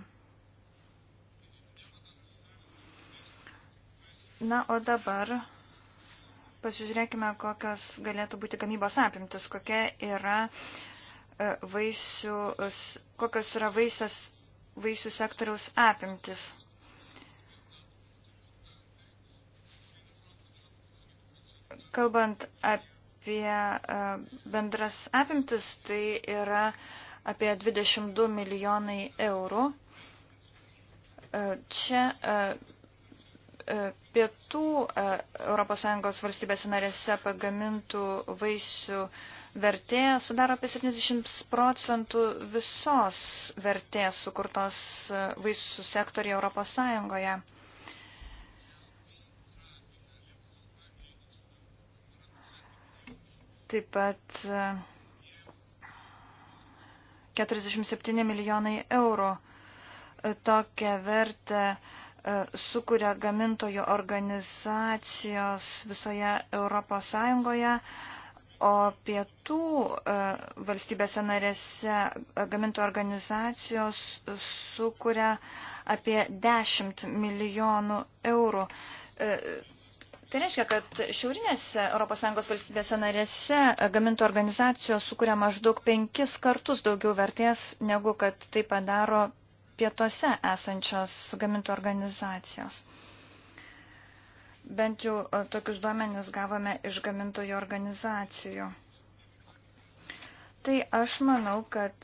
Na, o dabar Pasižiūrėkime, kokios galėtų būti gamybos apimtis, kokia yra e, vaisių, kokios yra vaisios, vaisių sektoriaus apimtis. Kalbant apie e, bendras apimtis, tai yra apie 22 milijonai eurų. E, čia pietų ES valstybės narėse pagamintų vaisių vertė sudaro apie 70 procentų visos vertės sukurtos e, vaisių sektoriai ES. Taip pat 47 e, milijonai eurų e, tokią vertę uh, E, sukuria gamintojų organizacijos visoje Europos Sąjungoje, o pietų e, valstybėse narėse e, gamintojų organizacijos sukuria apie 10 milijonų eurų. Tai reiškia, kad šiaurinėse ES valstybėse narėse gamintų organizacijos sukuria maždaug penkis kartus daugiau vertės, negu kad tai padaro pietuose esančios gamintų organizacijos. Bent jau e, tokius duomenis gavome iš gamintojų organizacijų. Tai aš manau, kad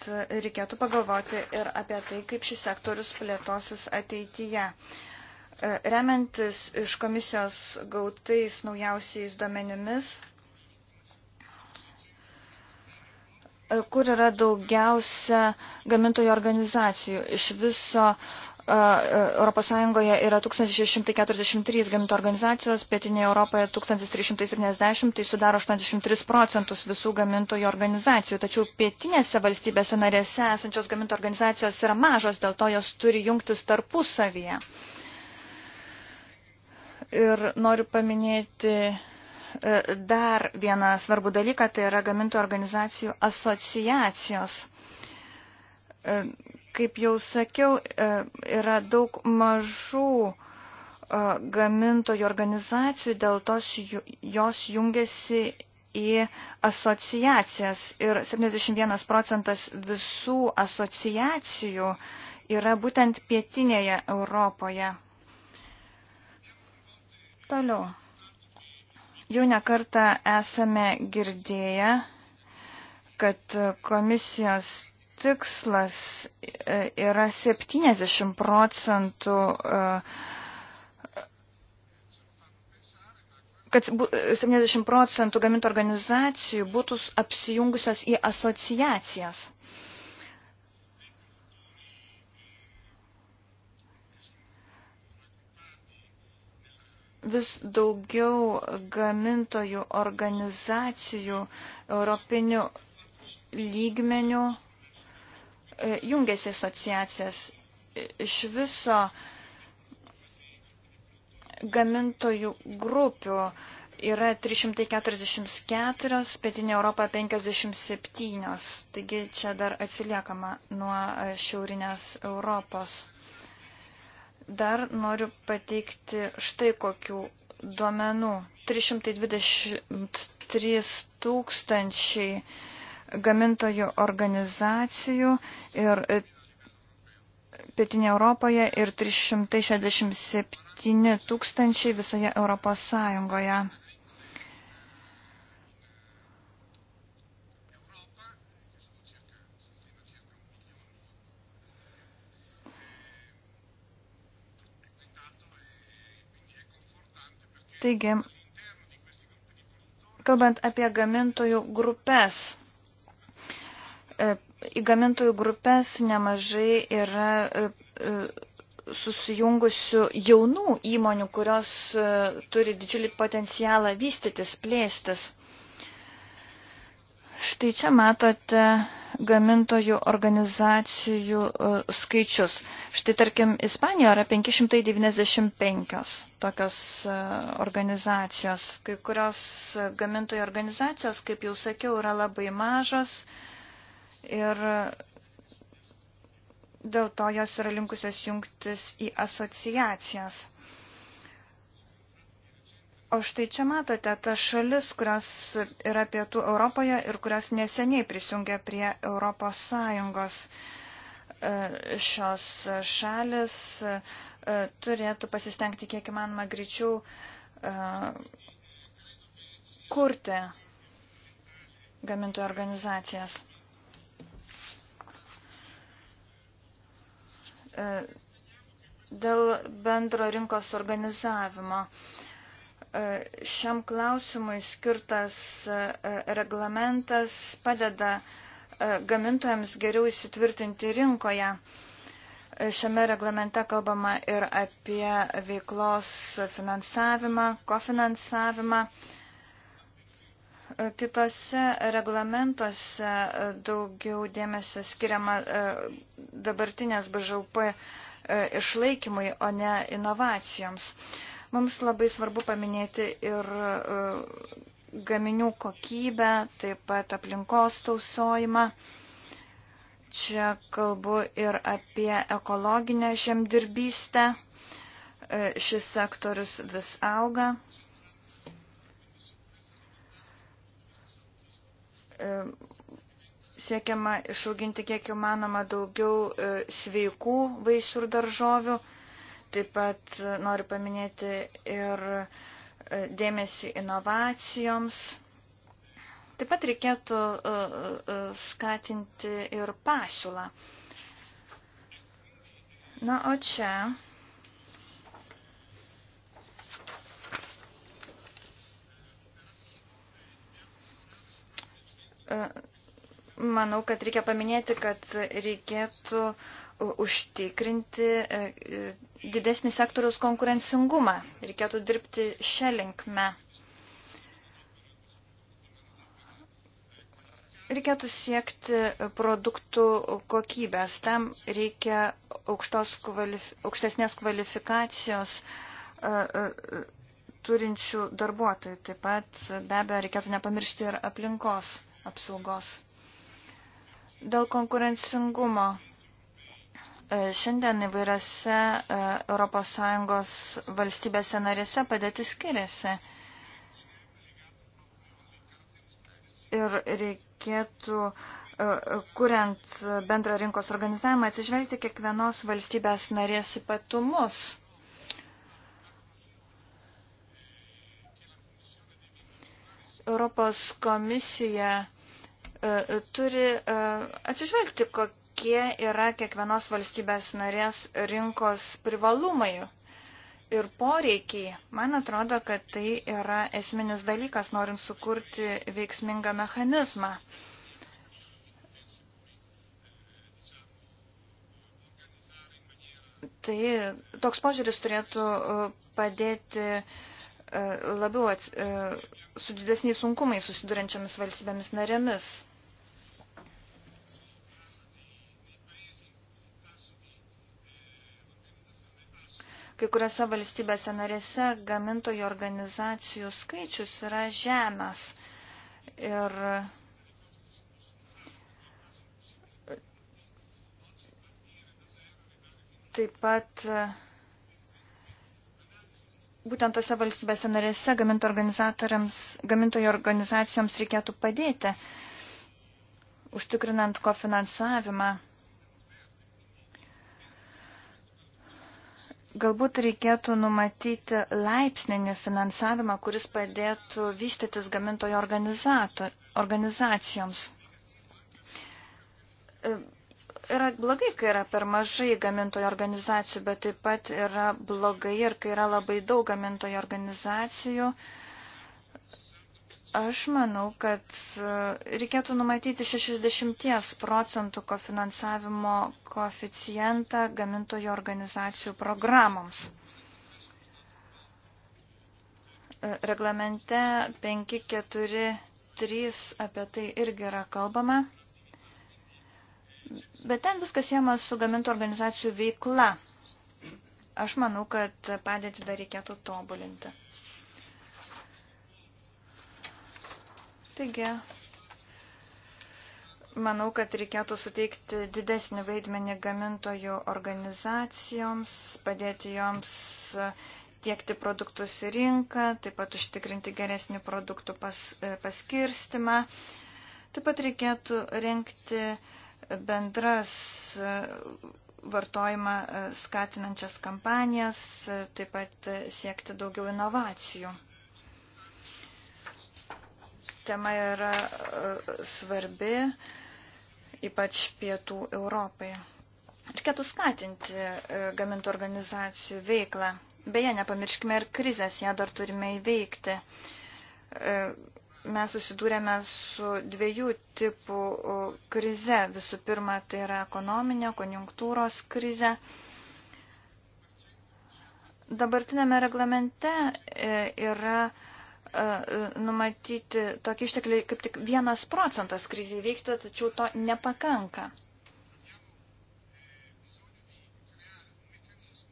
reikėtų pagalvoti ir apie tai, kaip šis sektorius plėtosis ateityje. E, remiantis iš komisijos gautais naujausiais duomenimis, E, kur yra daugiausia gamintojų organizacijų. Iš viso ES e, yra 1643 gamintų organizacijos, pietinėje Europoje 1370, tai sudaro 83 procentus visų gamintojų organizacijų. Tačiau pietinėse valstybėse narėse esančios gamintų organizacijos yra mažos, dėl to jos turi jungtis tarpusavyje. Ir noriu paminėti E, dar vieną svarbų dalyką, tai yra gamintų organizacijų asociacijos. E, kaip jau sakiau, e, yra daug mažų gamintojų organizacijų, dėl tos jos jungiasi į asociacijas ir 71 procentas visų asociacijų yra būtent pietinėje Europoje. Toliau. Jau nekartą esame girdėję, kad komisijos tikslas e, yra 70 procentų e, kad 70 procentų gamintų organizacijų būtų apsijungusios į asociacijas. vis daugiau gamintojų organizacijų europinių lygmenių e, jungiasi asociacijas. Iš viso gamintojų grupių yra 344, pietinė Europa 57, taigi čia dar atsiliekama nuo šiaurinės Europos. Dar noriu pateikti štai kokių duomenų. 323 tūkstančiai gamintojų organizacijų ir e, Pietinė Europoje ir 367 tūkstančiai visoje Europos Sąjungoje. Taigi, kalbant apie gamintojų grupės, e, į gamintojų grupės nemažai yra e, e, susijungusių jaunų įmonių, kurios turi didžiulį potencialą vystytis, plėstis. Štai čia matote gamintojų organizacijų e, skaičius. Štai tarkim, Ispanijoje yra 595 tokios e, organizacijos. Kai kurios gamintojų organizacijos, kaip jau sakiau, yra labai mažos ir dėl to jos yra linkusios jungtis į asociacijas. O štai čia matote tas šalis, kurios yra pietų Europoje ir kurios neseniai prisijungia prie Europos Sąjungos. E, šios šalis e, turėtų pasistengti kiek įmanoma greičiau e, kurti gamintojų organizacijas. Dėl bendro rinkos organizavimo. E, šiam klausimui skirtas e, reglamentas padeda e, gamintojams geriau įsitvirtinti rinkoje. Šiame reglamente kalbama ir apie veiklos finansavimą, kofinansavimą. Kitose reglamentuose daugiau dėmesio skiriama dabartinės BŽP išlaikymui, o ne inovacijoms. Mums labai svarbu paminėti ir e, gaminių kokybę, taip pat aplinkos tausojimą. Čia kalbu ir apie ekologinę žemdirbystę. E, šis sektorius vis auga. E, siekiama išauginti kiek įmanoma daugiau sveikų vaisių ir daržovių Taip pat noriu paminėti ir e, dėmesį inovacijoms. Taip pat reikėtų e, e, skatinti ir pasiūlą. Na, o čia manau, kad reikia paminėti, kad reikėtų uh, užtikrinti e, didesnį sektoriaus konkurencingumą. Reikėtų dirbti šią linkmę. Reikėtų siekti produktų kokybės. Tam reikia kvalif aukštesnės kvalifikacijos e, e, turinčių darbuotojų. Taip pat be abejo reikėtų nepamiršti ir aplinkos apsaugos. Dėl konkurencingumo E, šiandien įvairiose ES valstybėse narėse padėtis skiriasi. Ir reikėtų, e, kuriant bendrą rinkos organizavimą, atsižvelgti kiekvienos valstybės narės ypatumus. Europos komisija e, turi atsižvelgti, kokie kokie yra kiekvienos valstybės narės rinkos privalumai ir poreikiai. Man atrodo, kad tai yra esminis dalykas, norint sukurti veiksmingą mechanizmą. Tai toks požiūris turėtų uh, padėti uh, labiau ats, uh, su didesniais sunkumai susidurančiamis valstybėmis narėmis. Kai kuriuose valstybėse narėse gamintojų organizacijų skaičius yra žemės. Ir taip pat būtent tose valstybėse narėse gamintojų organizacijoms reikėtų padėti, užtikrinant kofinansavimą. finansavimą. Galbūt reikėtų numatyti laipsninį finansavimą, kuris padėtų vystytis gamintojo organizacijoms. E, yra blogai, kai yra per mažai gamintojo organizacijų, bet taip pat yra blogai ir kai yra labai daug gamintojo organizacijų, uh, Aš manau, kad e, reikėtų numatyti 60 procentų kofinansavimo koeficientą gamintojų organizacijų programoms. E, reglamente 543 apie tai irgi yra kalbama, bet ten viskas siema su gamintojų organizacijų veikla. Aš manau, kad padėtį dar reikėtų tobulinti. Taigi, manau, kad reikėtų suteikti didesnį vaidmenį gamintojų organizacijoms, padėti joms tiekti produktus į rinką, taip pat užtikrinti geresnį produktų pas, e, paskirstimą. Taip pat reikėtų renkti bendras e, vartojimą e, skatinančias kampanijas, taip pat siekti daugiau inovacijų tema yra e, svarbi, ypač pietų Europai. Reikėtų skatinti e, gamintų organizacijų veiklą. Beje, nepamirškime ir krizės, ją dar turime įveikti. E, mes susidūrėme su dviejų tipų krize. Visų pirma, tai yra ekonominė, konjunktūros krize. Dabartinėme reglamente yra E, numatyti tokį ištekliai kaip tik vienas procentas krizį veikti, tačiau to nepakanka.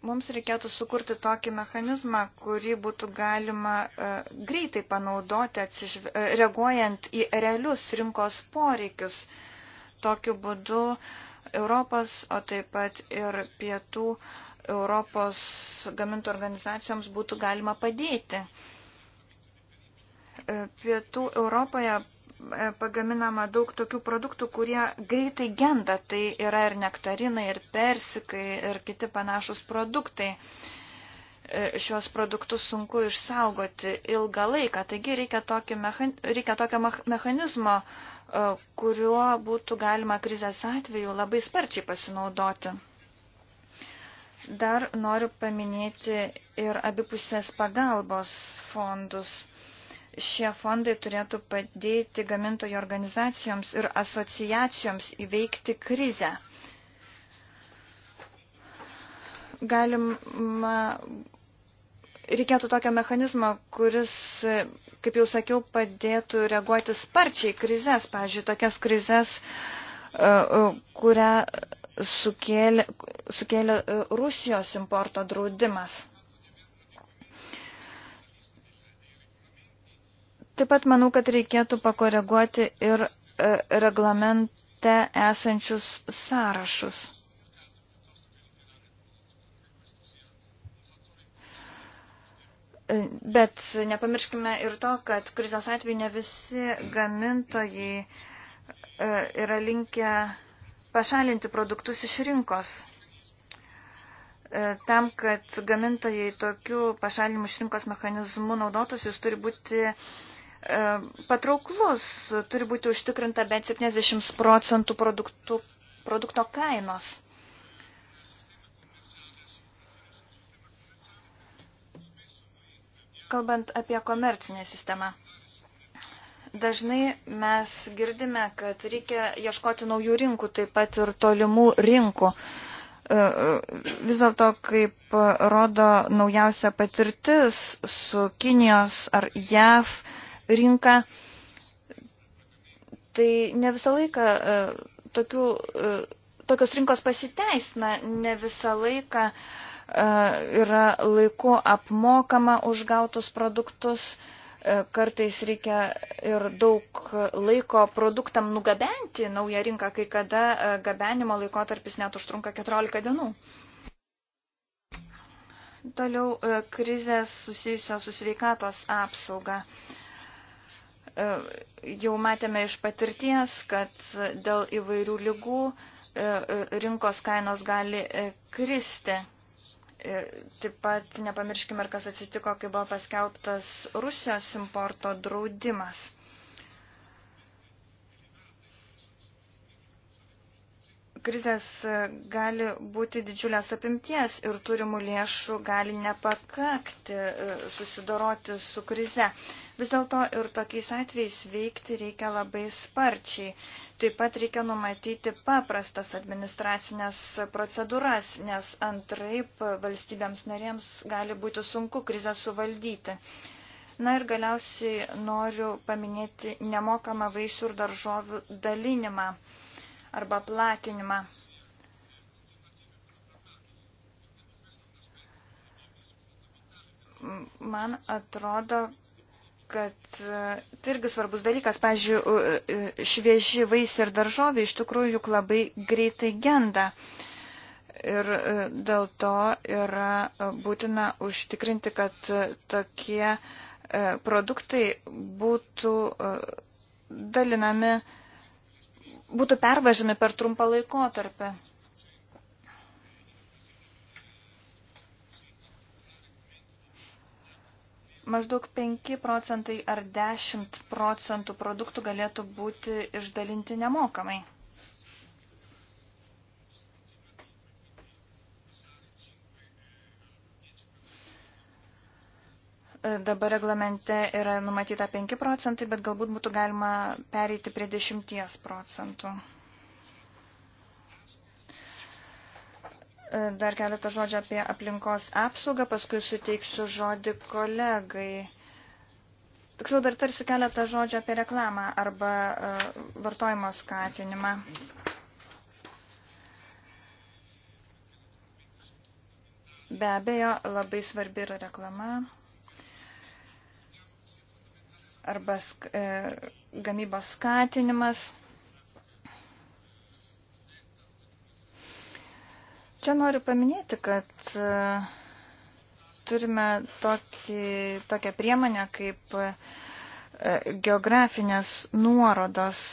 Mums reikėtų sukurti tokį mechanizmą, kurį būtų galima uh, greitai panaudoti, atsižve, uh, reaguojant į realius rinkos poreikius. Tokiu būdu Europos, o taip pat ir pietų Europos gamintų organizacijoms būtų galima padėti. Uh, Pietų Europoje e, pagaminama daug tokių produktų, kurie greitai genda. Tai yra ir nektarinai, ir persikai, ir kiti panašus produktai. E, Šios produktus sunku išsaugoti ilgą laiką, taigi reikia, mechan... reikia tokio mechanizmo, e, kuriuo būtų galima krizės atveju labai sparčiai pasinaudoti. Dar noriu paminėti ir abipusės pagalbos fondus Šie fondai turėtų padėti gamintojų organizacijoms ir asociacijoms įveikti krizę. Galima, reikėtų tokio mechanizmo, kuris, kaip jau sakiau, padėtų reaguoti sparčiai krizės, pavyzdžiui, tokias krizės, e, e, kurią sukėlė, sukėlė e, Rusijos importo draudimas. Taip pat manau, kad reikėtų pakoreguoti ir e, reglamente esančius sąrašus. E, bet nepamirškime ir to, kad krizės atveju ne visi gamintojai e, yra linkę pašalinti produktus iš rinkos. Tam, kad gamintojai tokių pašalinimų iš rinkos mechanizmų naudotus, jūs turi būti E, patrauklus, turi būti užtikrinta bent 70 procentų produktų, produkto kainos. Kalbant apie komercinę sistemą dažnai mes girdime, kad reikia ieškoti naujų rinkų, taip pat ir tolimų rinkų. E, e, vis dėlto, kaip rodo naujausia patirtis su Kinijos ar JAV rinką. Tai ne visą laiką e, tokių, e, tokios rinkos pasiteisina, ne visą laiką e, yra laiku apmokama už gautus produktus. Kartais reikia ir daug laiko produktam nugabenti naują rinką, kai kada gabenimo laikotarpis net užtrunka 14 dienų toliau krizės susijusios su sveikatos apsauga. E, jau matėme iš patirties, kad dėl įvairių lygų e, e, rinkos kainos gali kristi. Taip pat nepamirškime, kas atsitiko, kai buvo paskelbtas Rusijos importo draudimas. krizės e, gali būti didžiulės apimties ir turimų lėšų gali nepakakti e, susidoroti su krize. Vis dėlto ir tokiais atvejais veikti reikia labai sparčiai. Taip pat reikia numatyti paprastas administracinės procedūras, nes antraip valstybėms narėms gali būti sunku krizę suvaldyti. Na ir galiausiai noriu paminėti nemokamą vaisių ir daržovių dalinimą arba platinimą. Man atrodo, kad e, tai irgi svarbus dalykas. Pavyzdžiui, e, e, švieži vaisiai ir daržovė iš tikrųjų juk labai greitai genda. Ir dėl to yra būtina užtikrinti, kad tokie produktai būtų dalinami uh, būtų pervažiami per trumpą laikotarpį. maždaug 5 procentai ar 10 procentų produktų galėtų būti išdalinti nemokamai. dabar reglamente yra numatyta 5 procentai, bet galbūt būtų galima pereiti prie 10 procentų. Dar keletą žodžių apie aplinkos apsaugą, paskui suteiksiu žodį kolegai. Tiksliau dar tarsiu keletą žodžių apie reklamą arba e, vartojimo skatinimą. Be abejo, labai svarbi yra reklama arba sk e, gamybos skatinimas. Čia noriu paminėti, kad e, turime tokį, tokią priemonę kaip e, geografinės nuorodos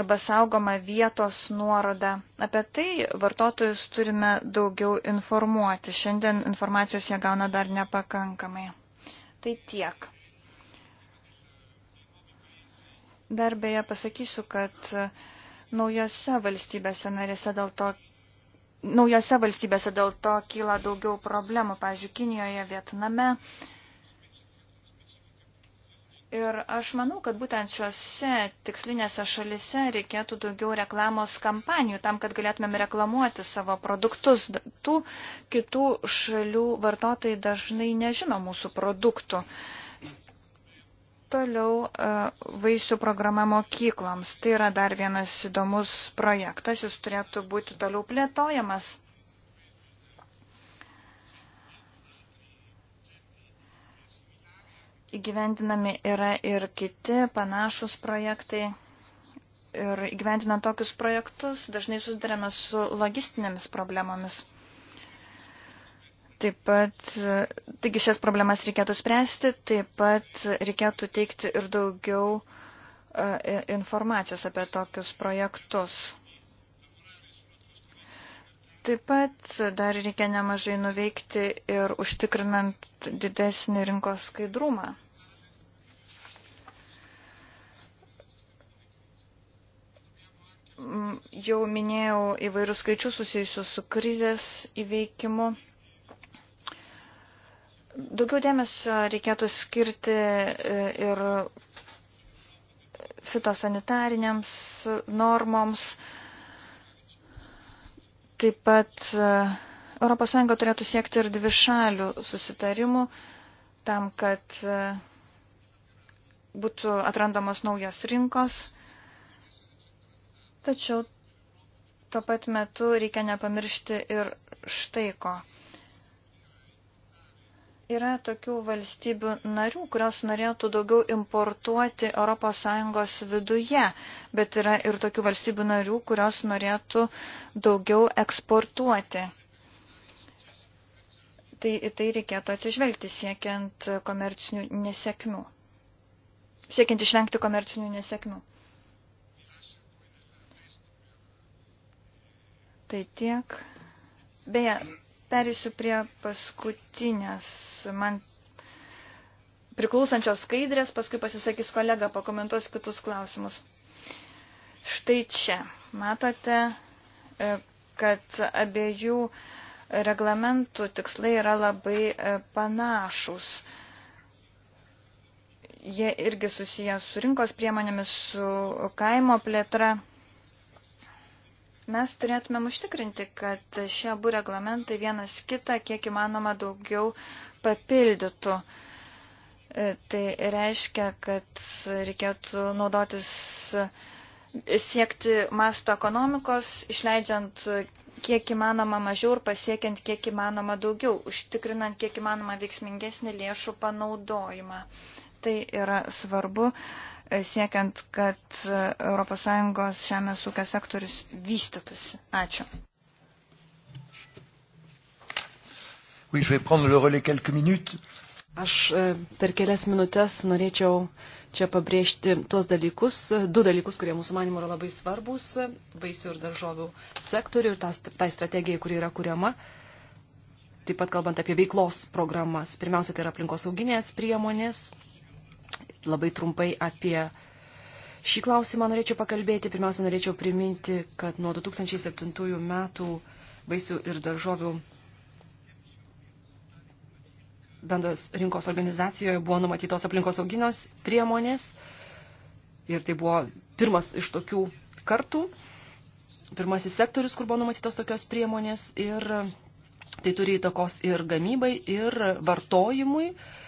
arba saugoma vietos nuoroda. Apie tai vartotojus turime daugiau informuoti. Šiandien informacijos jie gauna dar nepakankamai. Tai tiek. Dar beje pasakysiu, kad e, naujose valstybėse narėse dėl to, naujose valstybėse dėl to kyla daugiau problemų, pavyzdžiui, Kinijoje, Vietname. Ir aš manau, kad būtent šiuose tikslinėse šalise reikėtų daugiau reklamos kampanijų tam, kad galėtumėm reklamuoti savo produktus. Tų kitų šalių vartotojai dažnai nežino mūsų produktų. Uh, Toliau e, vaisių programa mokykloms. Tai yra dar vienas įdomus projektas, jis turėtų būti toliau plėtojamas. Įgyvendinami yra ir kiti panašus projektai. Ir įgyvendinant tokius projektus dažnai susidarėme su logistinėmis problemomis. Taip pat, taigi šias problemas reikėtų spręsti, taip pat reikėtų teikti ir daugiau e, informacijos apie tokius projektus. Taip pat dar reikia nemažai nuveikti ir užtikrinant didesnį rinkos skaidrumą. Jau minėjau įvairių skaičių susijusių su krizės įveikimu. Daugiau dėmesio reikėtų skirti e, ir fitosanitariniams normoms. Taip pat ES turėtų siekti ir dvišalių susitarimų tam, kad e, būtų atrandamos naujos rinkos. Tačiau tuo pat metu reikia nepamiršti ir štai ko. Yra tokių valstybių narių, kurios norėtų daugiau importuoti ES viduje, bet yra ir tokių valstybių narių, kurios norėtų daugiau eksportuoti. Tai į tai reikėtų atsižvelgti siekiant komercinių nesėkmių. Siekiant išvengti komercinių nesėkmių. Tai tiek. Beje, Perėsiu prie paskutinės man priklausančios skaidrės, paskui pasisakys kolega, pakomentuos kitus klausimus. Štai čia matote, e, kad abiejų reglamentų tikslai yra labai e, panašus. Jie irgi susijęs su rinkos priemonėmis, su kaimo plėtra. Mes turėtumėm užtikrinti, kad šie abu reglamentai vienas kitą kiek įmanoma daugiau papildytų. E, tai reiškia, kad reikėtų naudotis e, siekti masto ekonomikos, išleidžiant kiek įmanoma mažiau ir pasiekiant kiek įmanoma daugiau, užtikrinant kiek įmanoma veiksmingesnį lėšų panaudojimą. Tai yra svarbu siekiant, kad ES žemės ūkio sektorius vystytųsi. Ačiū. Oui, je vais prendre le relais quelques minutes. Aš e, per kelias minutės norėčiau čia pabrėžti tuos dalykus, du dalykus, kurie mūsų manimo yra labai svarbus, vaisių ir daržovių sektorių ir tai strategija, kuri yra kuriama. Taip pat kalbant apie veiklos programas. Pirmiausia, tai yra aplinkosauginės priemonės, labai trumpai apie šį klausimą norėčiau pakalbėti. Pirmiausia, norėčiau priminti, kad nuo 2007 metų vaisių ir daržovių bendros rinkos organizacijoje buvo numatytos aplinkos auginos priemonės ir tai buvo pirmas iš tokių kartų, pirmasis sektorius, kur buvo numatytos tokios priemonės ir tai turi įtakos ir gamybai, ir vartojimui. Uh,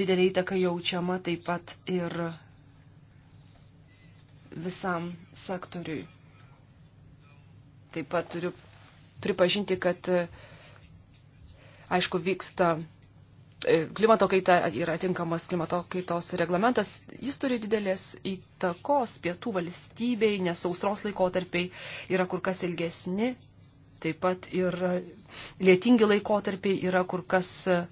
didelį įtaką jaučiama taip pat ir visam sektoriui. Taip pat turiu pripažinti, kad aišku vyksta e, klimato kaita yra atinkamas klimato kaitos reglamentas, jis turi didelės įtakos pietų valstybei, nes sausros laikotarpiai yra kur kas ilgesni, taip pat ir lėtingi laikotarpiai yra kur kas uh,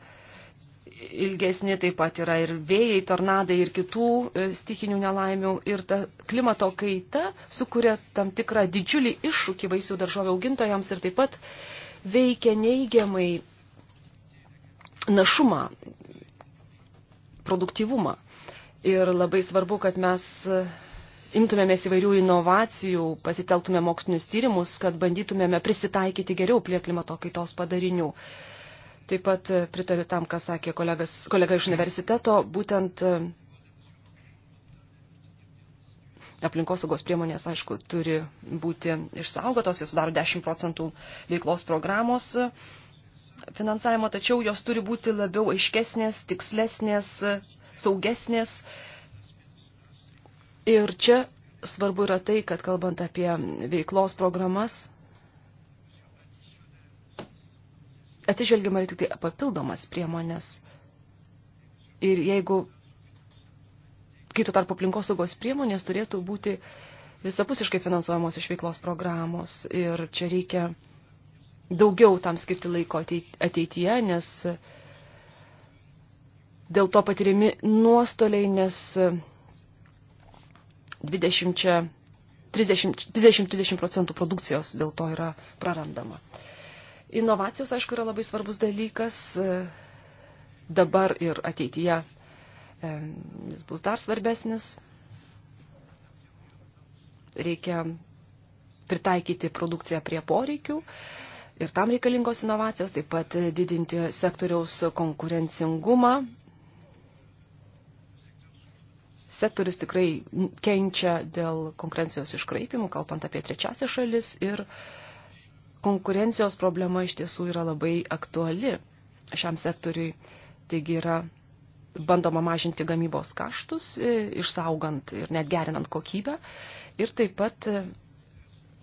ilgesni, taip pat yra ir vėjai, tornadai ir kitų e, stikinių nelaimių. Ir ta klimato kaita sukuria tam tikrą didžiulį iššūkį vaisių daržovių augintojams ir taip pat veikia neigiamai našumą, produktyvumą. Ir labai svarbu, kad mes e, imtumėmės įvairių inovacijų, pasiteltume mokslinius tyrimus, kad bandytumėme prisitaikyti geriau prie klimato kaitos padarinių. Uh, Taip pat pritariu tam, ką sakė kolegas, kolega iš universiteto, būtent e, aplinkosaugos priemonės, aišku, turi būti išsaugotos, jos sudaro 10 procentų veiklos programos e, finansavimo, tačiau jos turi būti labiau aiškesnės, tikslesnės, saugesnės. Ir čia svarbu yra tai, kad kalbant apie veiklos programas, atsižvelgiama tik tai papildomas priemonės. Ir jeigu kito tarp aplinkosaugos priemonės turėtų būti visapusiškai finansuojamos iš veiklos programos. Ir čia reikia daugiau tam skirti laiko ateityje, nes dėl to patiriami nuostoliai, nes 20-30 procentų produkcijos dėl to yra prarandama. Inovacijos, aišku, yra labai svarbus dalykas e, dabar ir ateityje. E, jis bus dar svarbesnis. Reikia pritaikyti produkciją prie poreikių ir tam reikalingos inovacijos, taip pat didinti sektoriaus konkurencingumą. Sektorius tikrai kenčia dėl konkurencijos iškraipimų, kalbant apie trečiasias šalis ir uh, konkurencijos problema iš tiesų yra labai aktuali šiam sektoriui. Taigi yra bandoma mažinti gamybos kaštus, e, išsaugant ir net gerinant kokybę. Ir taip pat e,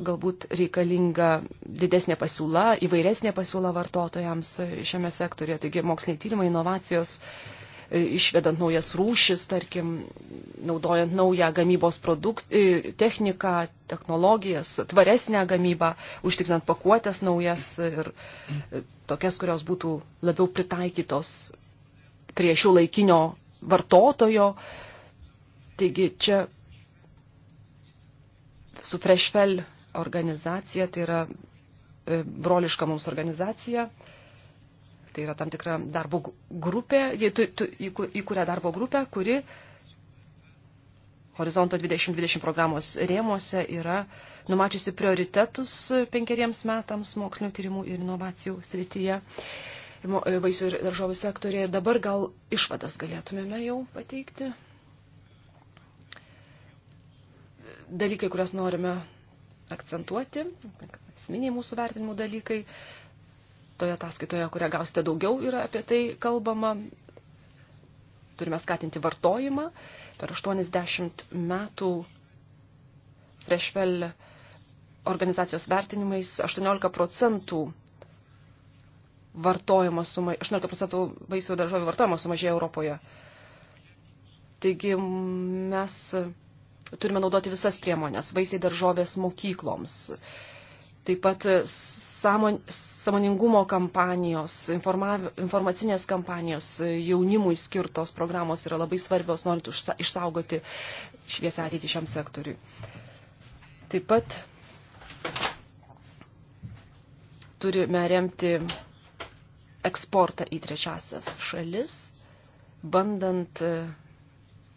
galbūt reikalinga didesnė pasiūla, įvairesnė pasiūla vartotojams e, šiame sektorėje. Taigi moksliniai tyrimai, inovacijos E, išvedant naujas rūšis, tarkim, naudojant naują gamybos produkt, e, techniką, technologijas, tvaresnę gamybą, užtikrinant pakuotės naujas ir e, tokias, kurios būtų labiau pritaikytos prie šių laikinio vartotojo. Taigi čia su Freshfell organizacija, tai yra broliška mums organizacija, Tai yra tam tikra darbo grupė, į, į, į kurią darbo grupę, kuri Horizonto 2020 programos rėmuose yra numačiusi prioritetus penkeriems metams mokslinio tyrimų ir inovacijų srityje vaisių ir daržovių sektorėje. Ir dabar gal išvadas galėtumėme jau pateikti. Dalykai, kurias norime akcentuoti, esminiai mūsų vertinimų dalykai, Toje ataskaitoje, kurią gausite daugiau, yra apie tai kalbama. Turime skatinti vartojimą. Per 80 metų Freshwell organizacijos vertinimais 18 procentų vartojimo suma, 18 procentų vaisių ir daržovių vartojimo sumažėjo Europoje. Taigi mes turime naudoti visas priemonės, vaisiai daržovės mokykloms, taip pat samon, samoningumo kampanijos, informav, informacinės kampanijos jaunimui skirtos programos yra labai svarbios, norint užsa, išsaugoti šviesę ateitį šiam sektoriui. Taip pat turime remti eksportą į trečiasias šalis, bandant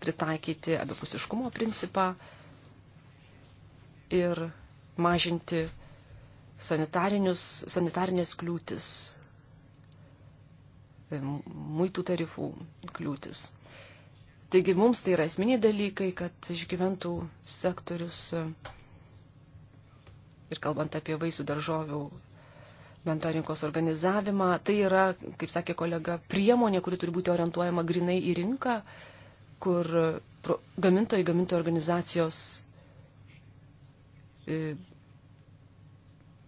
pritaikyti abipusiškumo principą ir mažinti sanitarinės kliūtis, e, muitų tarifų kliūtis. Taigi mums tai yra esminiai dalykai, kad išgyventų sektorius e, ir kalbant apie vaisių daržovių bendro rinkos organizavimą, tai yra, kaip sakė kolega, priemonė, kuri turi būti orientuojama grinai į rinką, kur gamintojai, gamintojų organizacijos e,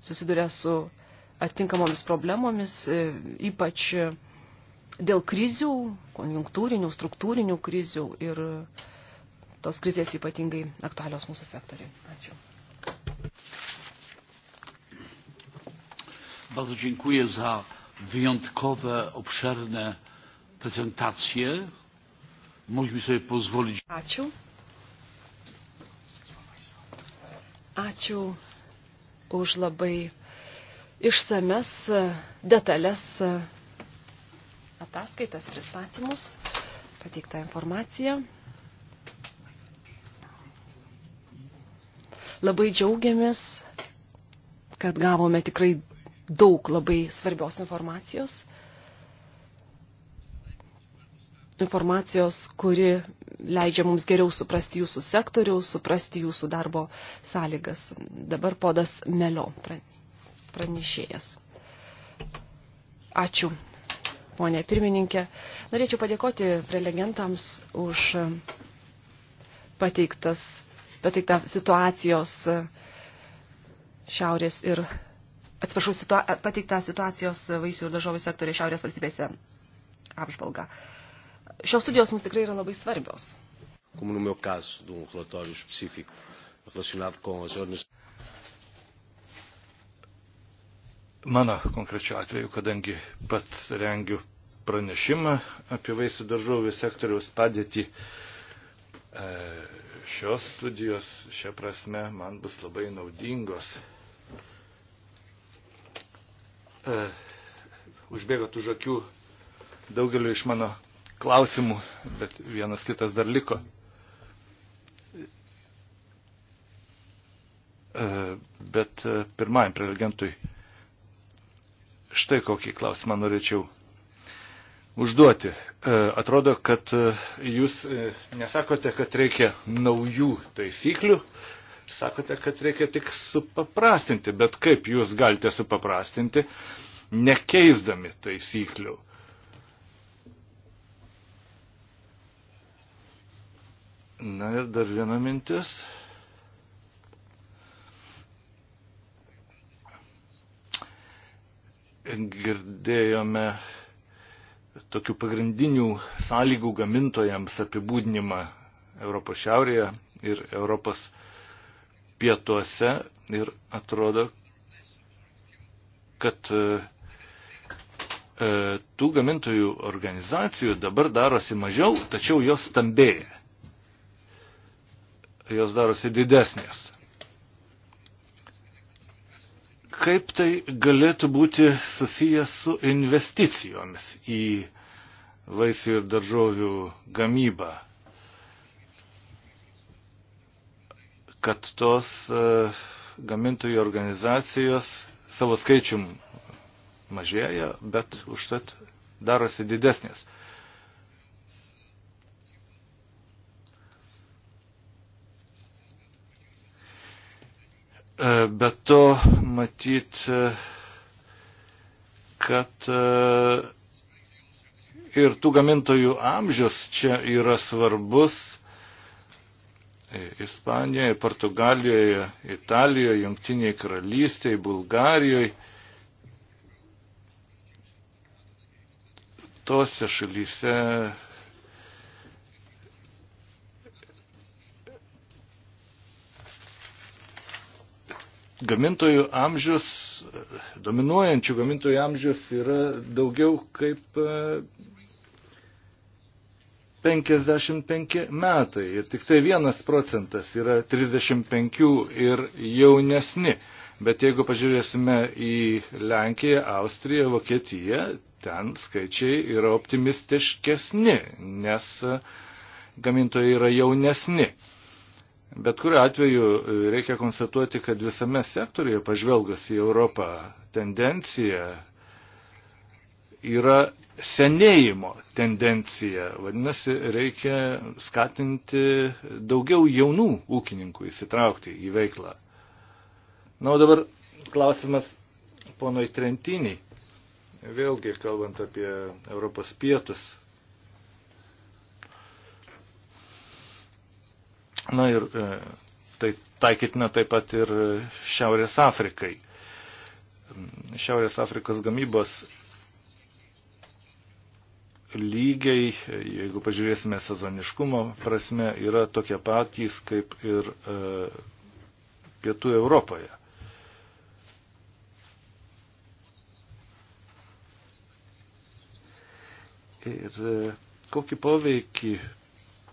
susiduria su atitinkamomis problemomis, e, ypač dėl krizių, konjunktūrinių, struktūrinių krizių ir tos krizės ypatingai aktualios mūsų sektoriai. Ačiū. Bardzo dziękuję za wyjątkowe, obszerne prezentacje. Mogliśmy sobie pozwolić. Ačiū. Ačiū už labai išsames, detalės ataskaitas, pristatymus, pateiktą informaciją. Labai džiaugiamės, kad gavome tikrai daug labai svarbios informacijos informacijos, kuri leidžia mums geriau suprasti jūsų sektoriaus, suprasti jūsų darbo sąlygas. Dabar podas Melio pranešėjas. Ačiū, ponė pirmininkė. Norėčiau padėkoti prelegentams už pateiktas, pateiktą situacijos šiaurės ir, atsiprašau, situa pateiktą situacijos vaisių ir daržovių sektoriai šiaurės valstybėse apžvalgą. Uh, šios studijos mums tikrai yra labai svarbios. Como no meu caso, de um relatório específico relacionado com as zonas. Mano konkrečiu atveju, kadangi pats rengiu pranešimą apie vaisių daržovių sektoriaus padėtį, e, šios studijos šią prasme man bus labai naudingos. E, užbėgot už akių daugeliu iš mano klausimų, bet vienas kitas dar liko. E, bet e, pirmajam prelegentui štai kokį klausimą norėčiau užduoti. E, atrodo, kad jūs nesakote, kad reikia naujų taisyklių, sakote, kad reikia tik supaprastinti, bet kaip jūs galite supaprastinti, nekeisdami taisyklių. Na ir dar viena mintis. Girdėjome tokių pagrindinių sąlygų gamintojams apibūdinimą Europos šiaurėje ir Europos pietuose ir atrodo, kad e, e, tų gamintojų organizacijų dabar darosi mažiau, tačiau jos stambėja jos darosi didesnės. Kaip tai galėtų būti susijęs su investicijomis į vaisių ir daržovių gamybą? Kad tos e, gamintojų organizacijos savo skaičium mažėja, bet užtat darosi didesnės. E, Bet to matyt, e, kad e, ir tų gamintojų amžius čia yra svarbus. Ispanijoje, Portugalijoje, Italijoje, Junktinėje karalystėje, Bulgarijoje. Tose šalyse gamintojų amžius, dominuojančių gamintojų amžius yra daugiau kaip 55 e, metai ir tik tai vienas procentas yra 35 ir jaunesni. Bet jeigu pažiūrėsime į Lenkiją, Austriją, Vokietiją, ten skaičiai yra optimistiškesni, nes e, gamintojai yra jaunesni. Bet kuriu atveju e, reikia konstatuoti, kad visame sektoriuje pažvelgus į Europą tendencija yra senėjimo tendencija. Vadinasi, reikia skatinti daugiau jaunų ūkininkų įsitraukti į veiklą. Na, o dabar klausimas ponoj Trentiniai. Vėlgi, kalbant apie Europos pietus, Na ir e, tai taikytina taip pat ir Šiaurės Afrikai. Šiaurės Afrikos gamybos lygiai, jeigu pažiūrėsime sezoniškumo prasme, yra tokie patys kaip ir e, pietų Europoje. Ir e, kokį poveikį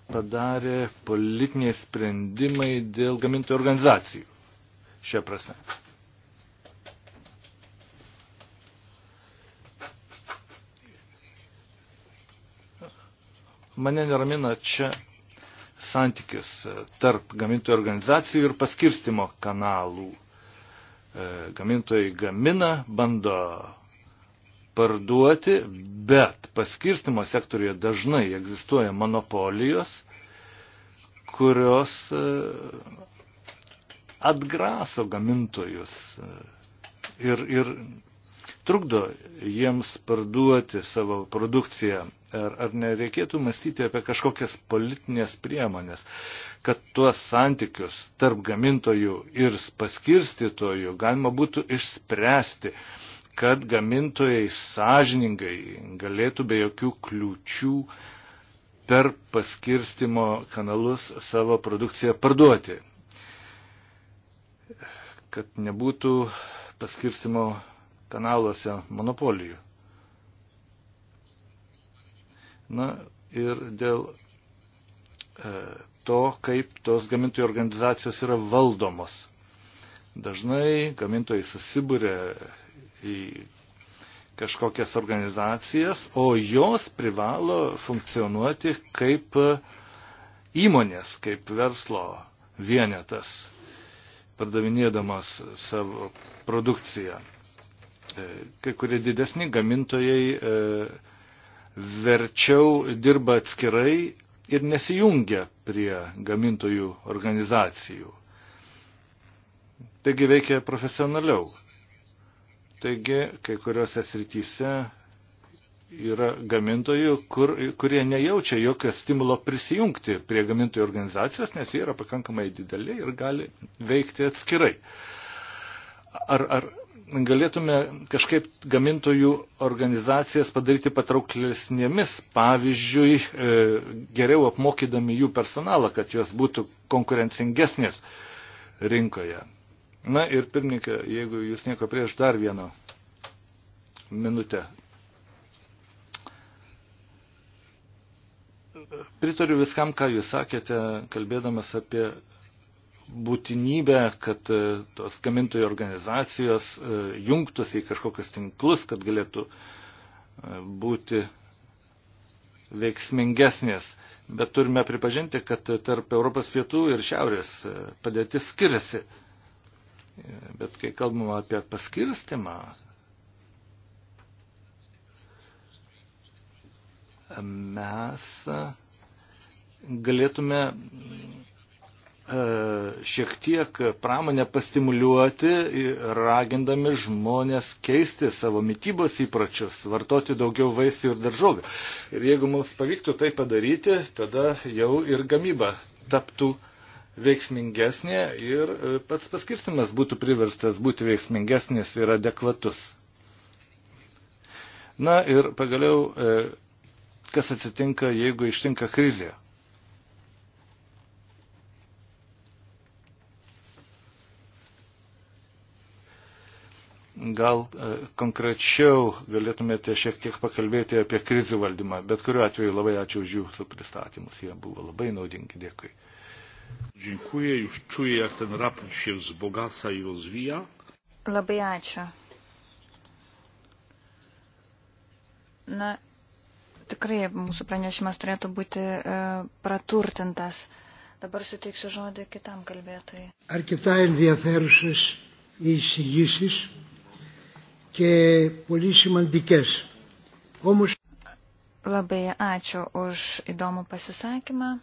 padarė politiniai sprendimai dėl gamintojų organizacijų. Šią prasme. Mane neramina čia santykis tarp gamintojų organizacijų ir paskirstimo kanalų. E, gamintojai gamina, bando parduoti, bet paskirstimo sektoriuje dažnai egzistuoja monopolijos, kurios e, atgraso gamintojus e, ir, ir trukdo jiems parduoti savo produkciją. Ar, ar nereikėtų mąstyti apie kažkokias politinės priemonės, kad tuos santykius tarp gamintojų ir paskirstytojų galima būtų išspręsti? Uh, kad gamintojai sąžiningai galėtų be jokių kliūčių per paskirstimo kanalus savo produkciją parduoti. Kad nebūtų paskirstimo kanaluose monopolijų. Na ir dėl e, to, kaip tos gamintojų organizacijos yra valdomos. Dažnai gamintojai susibūrė į kažkokias organizacijas, o jos privalo funkcionuoti kaip įmonės, kaip verslo vienetas, pardavinėdamas savo produkciją. E, kai kurie didesni gamintojai e, verčiau dirba atskirai ir nesijungia prie gamintojų organizacijų. Taigi veikia profesionaliau. Taigi, kai kuriuose srityse yra gamintojų, kur, kurie nejaučia jokio stimulo prisijungti prie gamintojų organizacijos, nes jie yra pakankamai dideli ir gali veikti atskirai. Ar, ar galėtume kažkaip gamintojų organizacijas padaryti patrauklesnėmis, pavyzdžiui, e, geriau apmokydami jų personalą, kad jos būtų konkurencingesnės rinkoje. Na ir pirmininkė, jeigu jūs nieko prieš, dar vieną minutę. Pritariu viskam, ką jūs sakėte, kalbėdamas apie būtinybę, kad e, tos gamintojų organizacijos e, jungtųsi į kažkokius tinklus, kad galėtų e, būti veiksmingesnės. Bet turime pripažinti, kad tarp Europos pietų ir šiaurės padėtis skiriasi. Bet kai kalbama apie paskirstimą, mes galėtume e, šiek tiek pramonę pastimuliuoti, ragindami žmonės keisti savo mytybos įpročius, vartoti daugiau vaisių ir daržovių. Ir jeigu mums pavyktų tai padaryti, tada jau ir gamyba taptų uh, veiksmingesnė ir e, pats paskirstimas būtų priverstas būti veiksmingesnis ir adekvatus. Na ir pagaliau, e, kas atsitinka, jeigu ištinka krizė? Gal e, konkrečiau galėtumėte šiek tiek pakalbėti apie krizių valdymą, bet kuriuo atveju labai ačiū už jūsų pristatymus, jie buvo labai naudingi, dėkui. Dziękuję, już czuję, jak ten raport się wzbogaca i rozwija. Labai ačiū. Na, tikrai mūsų pranešimas turėtų būti e, praturtintas. Dabar suteiksiu žodį kitam kalbėtojui. Ar kitai endiaferusas įsigysis, kai polisimant dikės. Omus... Labai ačiū už įdomų pasisakymą.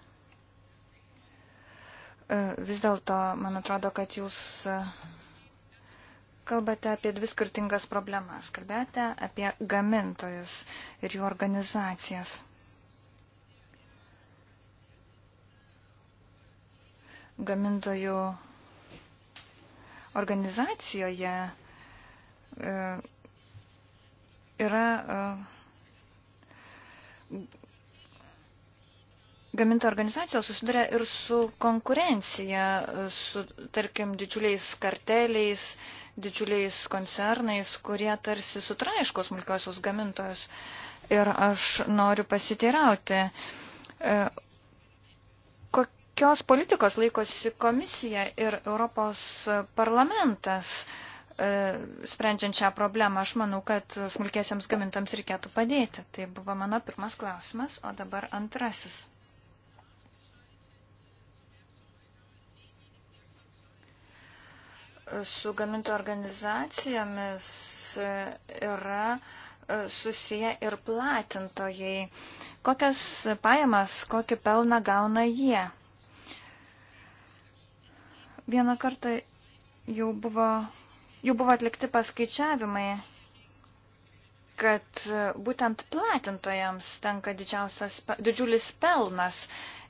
E, vis dėlto, man atrodo, kad jūs e, kalbate apie dvi skirtingas problemas. Kalbėjote apie gamintojus ir jų organizacijas. Gamintojų organizacijoje e, yra gamintojų organizacijos susiduria ir su konkurencija, su, tarkim, didžiuliais karteliais, didžiuliais koncernais, kurie tarsi sutraiško smulkiosios gamintojos. Ir aš noriu pasiteirauti, e, kokios politikos laikosi komisija ir Europos parlamentas, e, sprendžiant šią problemą. Aš manau, kad smulkėsiams gamintams reikėtų padėti. Tai buvo mano pirmas klausimas, o dabar antrasis. su gamintų organizacijomis e, yra e, susiję ir platintojai. Kokias pajamas, kokį pelną gauna jie? Vieną kartą jau buvo, jau buvo atlikti paskaičiavimai, kad e, būtent platintojams tenka didžiausias, didžiulis pelnas,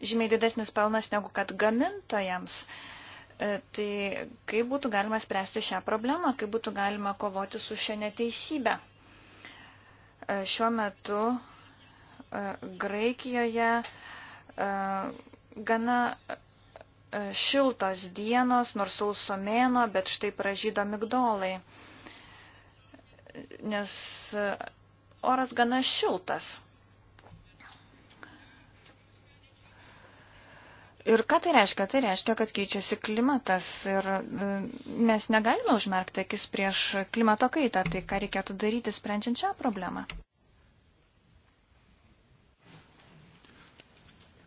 žymiai didesnis pelnas negu kad gamintojams. Uh, E, tai kaip būtų galima spręsti šią problemą, kaip būtų galima kovoti su šią neteisybę. E, šiuo metu e, Graikijoje gana šiltos dienos, nors sauso mėno, bet štai pražydo migdolai, nes oras gana šiltas. Ir ką tai reiškia? Tai reiškia, kad keičiasi klimatas ir e, mes negalime užmerkti akis prieš klimato kaitą. Tai ką reikėtų daryti sprendžiant šią problemą?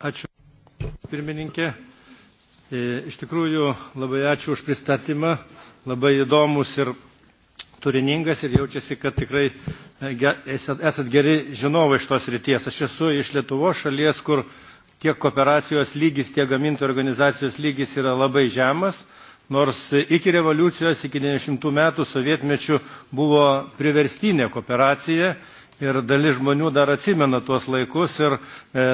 Ačiū. Pirmininkė, e, iš tikrųjų labai ačiū už pristatymą, labai įdomus ir turiningas ir jaučiasi, kad tikrai e, esat geri žinovai iš tos ryties. Aš esu iš Lietuvos šalies, kur tiek kooperacijos lygis, tiek gamintojų organizacijos lygis yra labai žemas, nors iki revoliucijos, iki 90 metų sovietmečių buvo priverstinė kooperacija ir dalis žmonių dar atsimena tuos laikus ir e,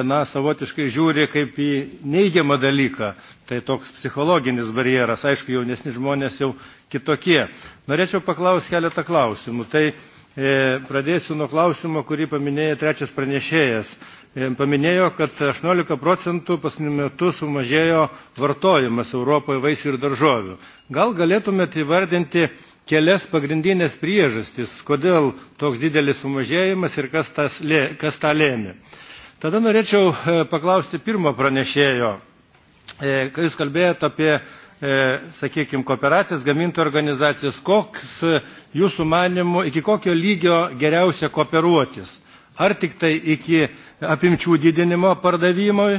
na, savotiškai žiūri kaip į neigiamą dalyką. Tai toks psichologinis barjeras, aišku, jaunesni žmonės jau kitokie. Norėčiau paklausti keletą klausimų. Tai e, pradėsiu nuo klausimo, kurį paminėjo trečias pranešėjas. E, paminėjo, kad 18 procentų paskutiniu metu sumažėjo vartojimas Europoje vaisių ir daržovių. Gal galėtumėte įvardinti kelias pagrindinės priežastis, kodėl toks didelis sumažėjimas ir kas, tas, kas tą lėmė. Tada norėčiau e, paklausti pirmo pranešėjo, e, kai jūs kalbėjote apie sakykime, kooperacijas, gamintų organizacijas, koks jūsų manimo, iki kokio lygio geriausia kooperuotis ar tik tai iki apimčių didinimo pardavimui,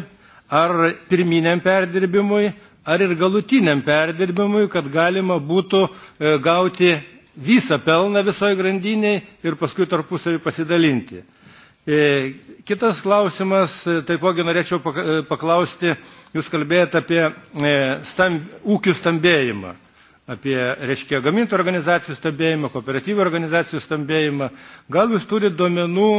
ar pirminiam perdirbimui, ar ir galutiniam perdirbimui, kad galima būtų e, gauti visą pelną visoje grandiniai ir paskui tarpusavį pasidalinti. E, kitas klausimas, e, taipogi norėčiau paklausti, jūs kalbėjate apie stamb, ūkių stambėjimą, apie, reiškia, gamintų organizacijų stambėjimą, kooperatyvų organizacijų stambėjimą. Gal jūs turite duomenų,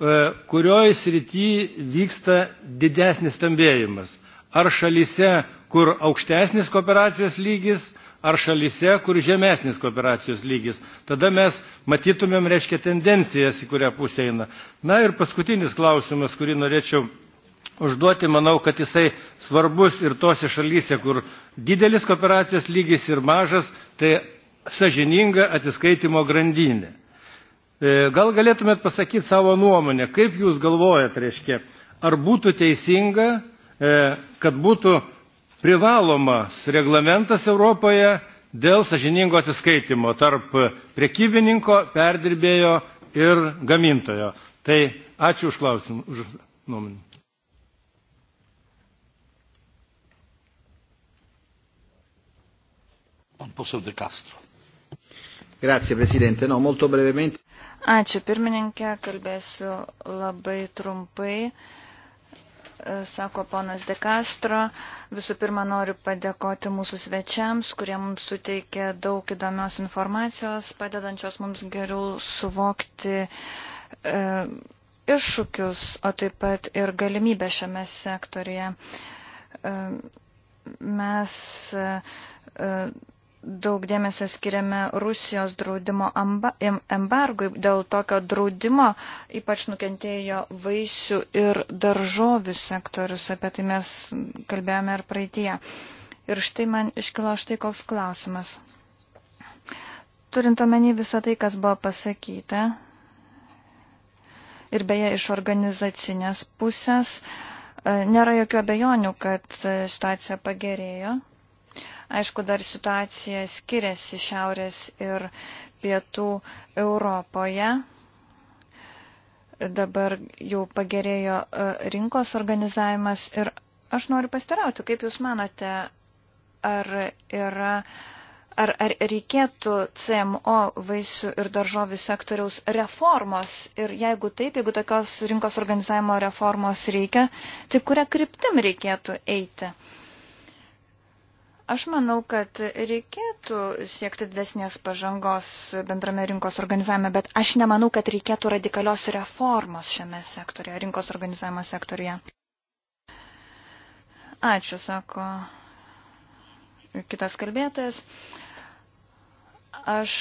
E, kurioje srity vyksta didesnis stambėjimas. Ar šalyse, kur aukštesnis kooperacijos lygis, ar šalyse, kur žemesnis kooperacijos lygis. Tada mes matytumėm, reiškia, tendencijas, į kurią pusę eina. Na ir paskutinis klausimas, kurį norėčiau užduoti, manau, kad jisai svarbus ir tose šalyse, kur didelis kooperacijos lygis ir mažas, tai sažininga atsiskaitimo grandinė. E, gal galėtumėt pasakyti savo nuomonę, kaip jūs galvojat, reiškia, ar būtų teisinga, e, kad būtų privalomas reglamentas Europoje dėl sažiningo atsiskaitimo tarp prekybininko, perdirbėjo ir gamintojo. Tai ačiū už klausimą, už nuomonę. Grazie Presidente, no, molto brevemente. Ačiū pirmininkė, kalbėsiu labai trumpai, e, sako ponas De Castro. Visų pirma, noriu padėkoti mūsų svečiams, kurie mums suteikė daug įdomios informacijos, padedančios mums geriau suvokti. E, iššūkius, o taip pat ir galimybę šiame sektorėje. E, mes e, daug dėmesio skiriame Rusijos draudimo embargui. Dėl tokio draudimo ypač nukentėjo vaisių ir daržovių sektorius, apie tai mes kalbėjome ir praeitie. Ir štai man iškilo štai koks klausimas. Turint omeny visą tai, kas buvo pasakyta, ir beje iš organizacinės pusės, e, nėra jokių abejonių, kad e, situacija pagerėjo Aišku, dar situacija skiriasi šiaurės ir pietų Europoje. Dabar jau pagerėjo e, rinkos organizavimas ir aš noriu pastarauti, kaip Jūs manote, ar yra. Ar, ar reikėtų CMO vaisių ir daržovių sektoriaus reformos? Ir jeigu taip, jeigu tokios rinkos organizavimo reformos reikia, tai kuria kryptim reikėtų eiti? Uh, Aš manau, kad reikėtų siekti didesnės pažangos bendrame rinkos organizavime, bet aš nemanau, kad reikėtų radikalios reformos šiame sektorėje, rinkos organizavimo sektorėje. Ačiū, sako kitas kalbėtojas. Aš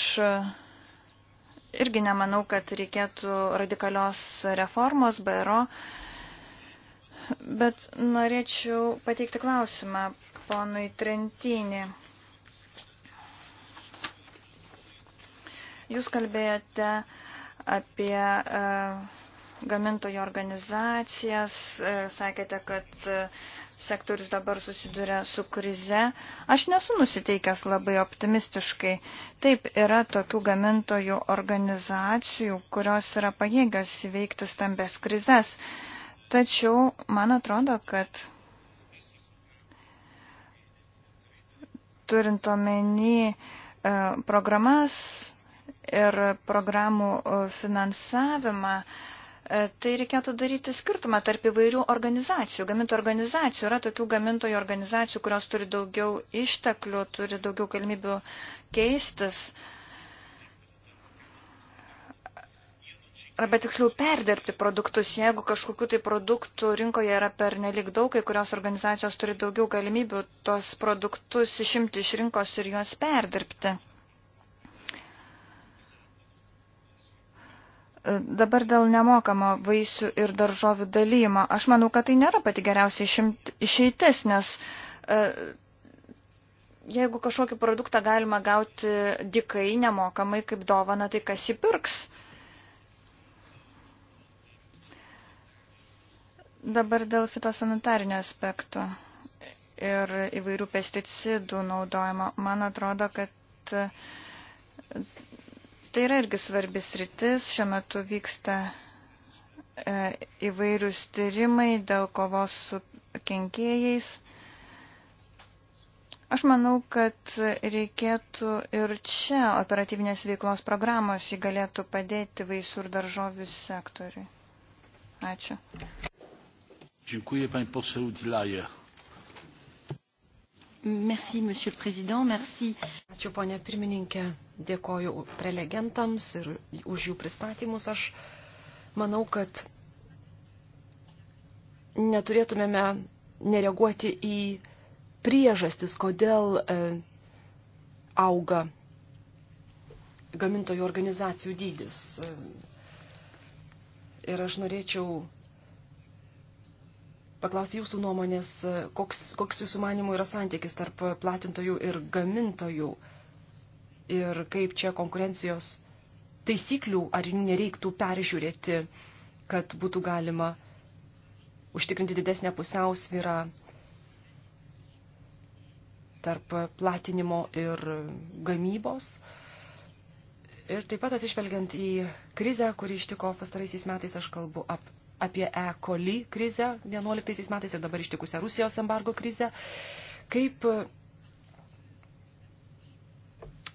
irgi nemanau, kad reikėtų radikalios reformos, BRO, bet norėčiau pateikti klausimą ponui Trentinį. Jūs kalbėjote apie e, gamintojų organizacijas, e, sakėte, kad e, sektorius dabar susiduria su krize. Aš nesu nusiteikęs labai optimistiškai. Taip yra tokių gamintojų organizacijų, kurios yra pajėgios įveikti stambės krizes. Tačiau man atrodo, kad turint omeny e, programas ir programų e, finansavimą, e, tai reikėtų daryti skirtumą tarp įvairių organizacijų, gamintojų organizacijų. Yra tokių gamintojų organizacijų, kurios turi daugiau išteklių, turi daugiau galimybių keistis. Uh, arba tiksliau perdirbti produktus, jeigu kažkokiu tai produktų rinkoje yra per nelik daug, kai kurios organizacijos turi daugiau galimybių tos produktus išimti iš rinkos ir juos perdirbti. Dabar dėl nemokamo vaisių ir daržovių dalymo. Aš manau, kad tai nėra pati geriausia išeitis, nes e, jeigu kažkokį produktą galima gauti dikai nemokamai kaip dovana, tai kas jį pirks? Dabar dėl fitosanitarinio aspekto ir įvairių pesticidų naudojimo. Man atrodo, kad e, tai yra irgi svarbis rytis. Šiuo metu vyksta e, įvairius tyrimai dėl kovos su kenkėjais. Aš manau, kad reikėtų ir čia operatyvinės veiklos programos įgalėtų padėti vaisių ir daržovių sektoriui. Ačiū. Dziękuję pani poseł Dilaje. Merci, monsieur le président, merci. Ačiū, ponė pirmininkė, dėkoju prelegentams ir už jų pristatymus. Aš manau, kad neturėtumėme nereaguoti į priežastis, kodėl e, auga gamintojų organizacijų dydis. E, ir aš norėčiau paklausti jūsų nuomonės, e, koks, koks jūsų manimų yra santykis tarp platintojų ir gamintojų ir kaip čia konkurencijos taisyklių ar jų nereiktų peržiūrėti, kad būtų galima užtikrinti didesnę pusiausvyrą tarp platinimo ir gamybos. Ir taip pat atsižvelgiant į krizę, kuri ištiko pastaraisiais metais, aš kalbu apie apie E. coli krizę 11 metais ir dabar ištikusią Rusijos embargo krizę. Kaip e,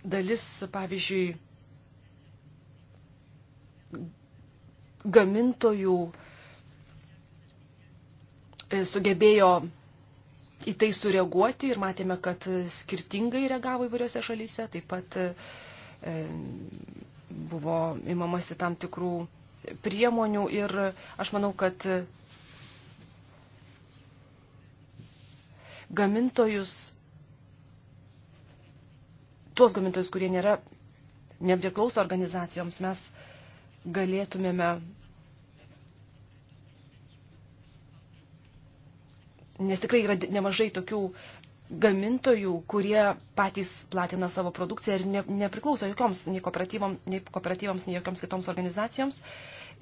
dalis, pavyzdžiui, gamintojų e, sugebėjo į tai sureaguoti ir matėme, kad skirtingai reagavo įvairiose šalyse, taip pat e, buvo imamasi tam tikrų priemonių ir aš manau, kad gamintojus, tuos gamintojus, kurie nėra, nepriklauso organizacijoms, mes galėtumėme nes tikrai yra nemažai tokių gamintojų, kurie patys platina savo produkciją ir ne, nepriklauso jokioms nei kooperatyvams, nei, kooperatyvams, nei jokioms kitoms organizacijoms.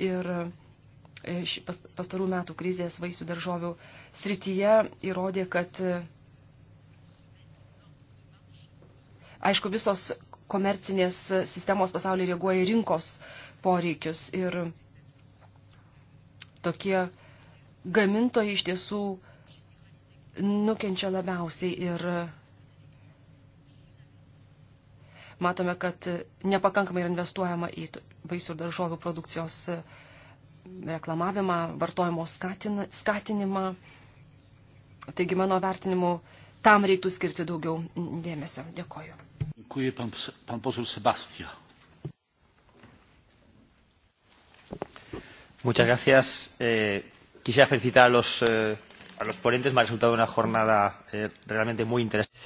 Ir e, pas, pastarų metų krizės vaisių daržovių srityje įrodė, kad aišku visos komercinės sistemos pasaulyje reaguoja į rinkos poreikius ir tokie gamintojai iš tiesų uh, nukenčia labiausiai ir matome, kad nepakankamai yra investuojama į vaisių ir daržovių produkcijos reklamavimą, vartojimo skatina, skatinimą. Taigi mano vertinimu tam reiktų skirti daugiau dėmesio. Dėkoju. Dėkuoju, pan, pan posūl Sebastija. Muchas gracias. Eh, quisiera felicitar a los eh, a los ponentes me ha resultado una jornada eh, realmente muy interesante.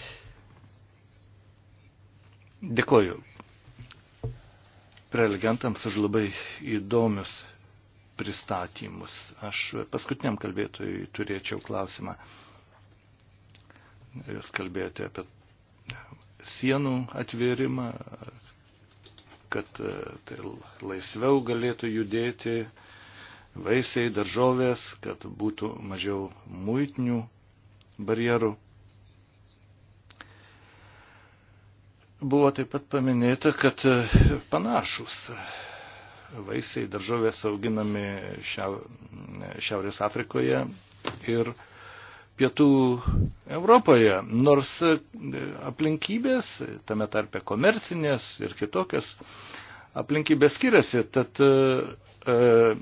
Dėkoju prelegentams už labai įdomius pristatymus. Aš paskutiniam kalbėtojui turėčiau klausimą. Jūs kalbėjote apie sienų atvėrimą, kad e, tai laisviau galėtų judėti vaisiai, daržovės, kad būtų mažiau muitinių barjerų. Buvo taip pat paminėta, kad panašus vaisiai, daržovės auginami Šiaurės Afrikoje ir Pietų Europoje, nors aplinkybės, tame tarpe komercinės ir kitokios aplinkybės skiriasi, tad e,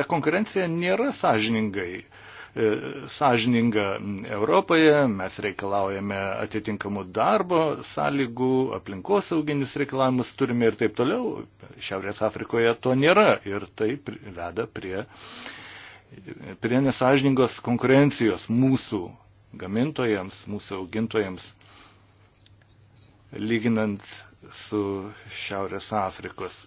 Ta konkurencija nėra sąžiningai. E, sąžininga Europoje mes reikalaujame atitinkamų darbo sąlygų, aplinkosauginius reikalavimus turime ir taip toliau. Šiaurės Afrikoje to nėra ir tai veda prie, prie nesažiningos konkurencijos mūsų gamintojams, mūsų augintojams, lyginant su Šiaurės Afrikos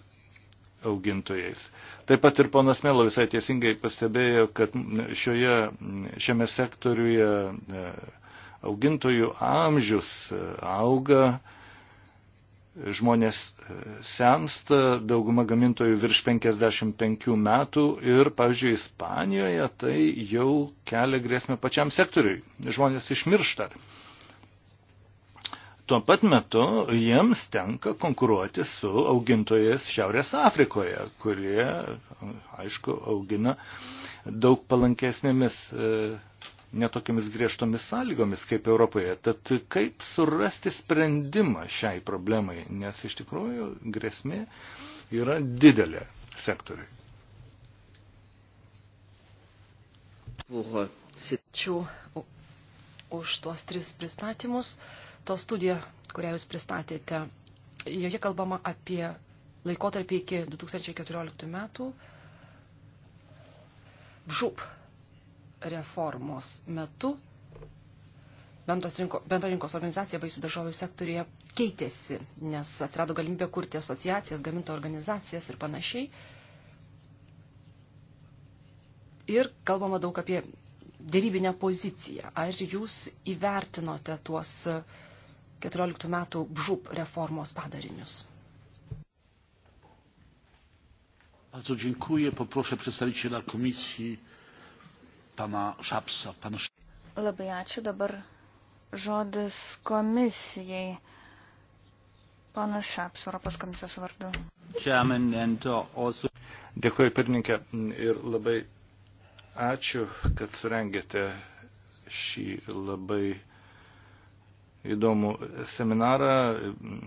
augintojais. Taip pat ir ponas Melo visai teisingai pastebėjo, kad šioje, šiame sektoriuje e, augintojų amžius e, auga, žmonės e, sensta, dauguma gamintojų virš 55 metų ir, pavyzdžiui, Ispanijoje tai jau kelia grėsmę pačiam sektoriui. Žmonės išmiršta. Tuo pat metu jiems tenka konkuruoti su augintojais Šiaurės Afrikoje, kurie, aišku, augina daug palankesnėmis, e, netokiamis griežtomis sąlygomis kaip Europoje. Tad kaip surasti sprendimą šiai problemai, nes iš tikrųjų grėsmė yra didelė sektoriui. Ačiū už tuos tris pristatymus to studiją, kurią jūs pristatėte. Joje kalbama apie laikotarpį iki 2014 metų žūp reformos metu rinko, bendra rinkos organizacija vaisių daržovių sektorija keitėsi, nes atrado galimybė kurti asociacijas, gaminto organizacijas ir panašiai. Ir kalbama daug apie dėrybinę poziciją. Ar jūs įvertinote tuos uh, 14 metų BŽUP reformos padarinius. Bardzo dziękuję. Poproszę przedstawiciela komisji pana Szapsa. Pan... Labai ačiū dabar žodis komisijai. Panas Šaps, Europos komisijos vardu. Uh, Dėkuoju pirmininkė ir labai ačiū, kad surengėte šį labai įdomų seminarą,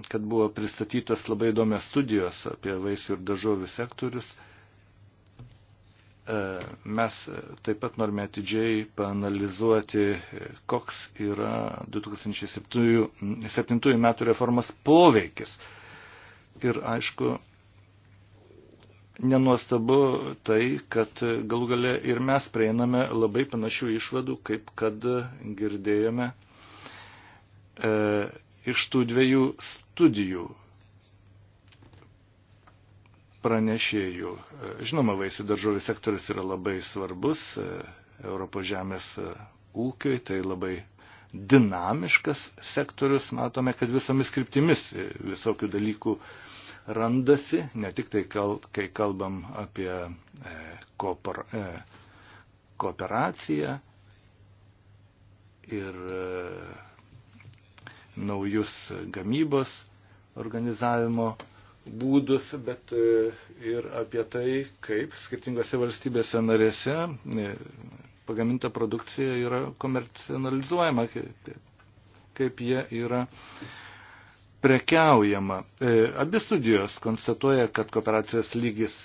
kad buvo pristatytos labai įdomios studijos apie vaisių ir daržovių sektorius. E, mes taip pat norime atidžiai panalizuoti, koks yra 2007 metų reformos poveikis. Ir aišku, nenuostabu tai, kad galų gale ir mes prieiname labai panašių išvadų, kaip kad girdėjome e, iš tų dviejų studijų pranešėjų. E, žinoma, vaisių daržovių sektorius yra labai svarbus e, Europos žemės e, ūkiui, tai labai dinamiškas sektorius, matome, kad visomis kryptimis visokių dalykų randasi, ne tik tai, kal, kai kalbam apie e, koopor, e, kooperaciją ir e, naujus gamybos organizavimo būdus, bet e, ir apie tai, kaip skirtingose valstybėse narėse e, pagaminta produkcija yra komercionalizuojama, kaip jie yra prekiaujama. E, abi studijos konstatuoja, kad kooperacijos lygis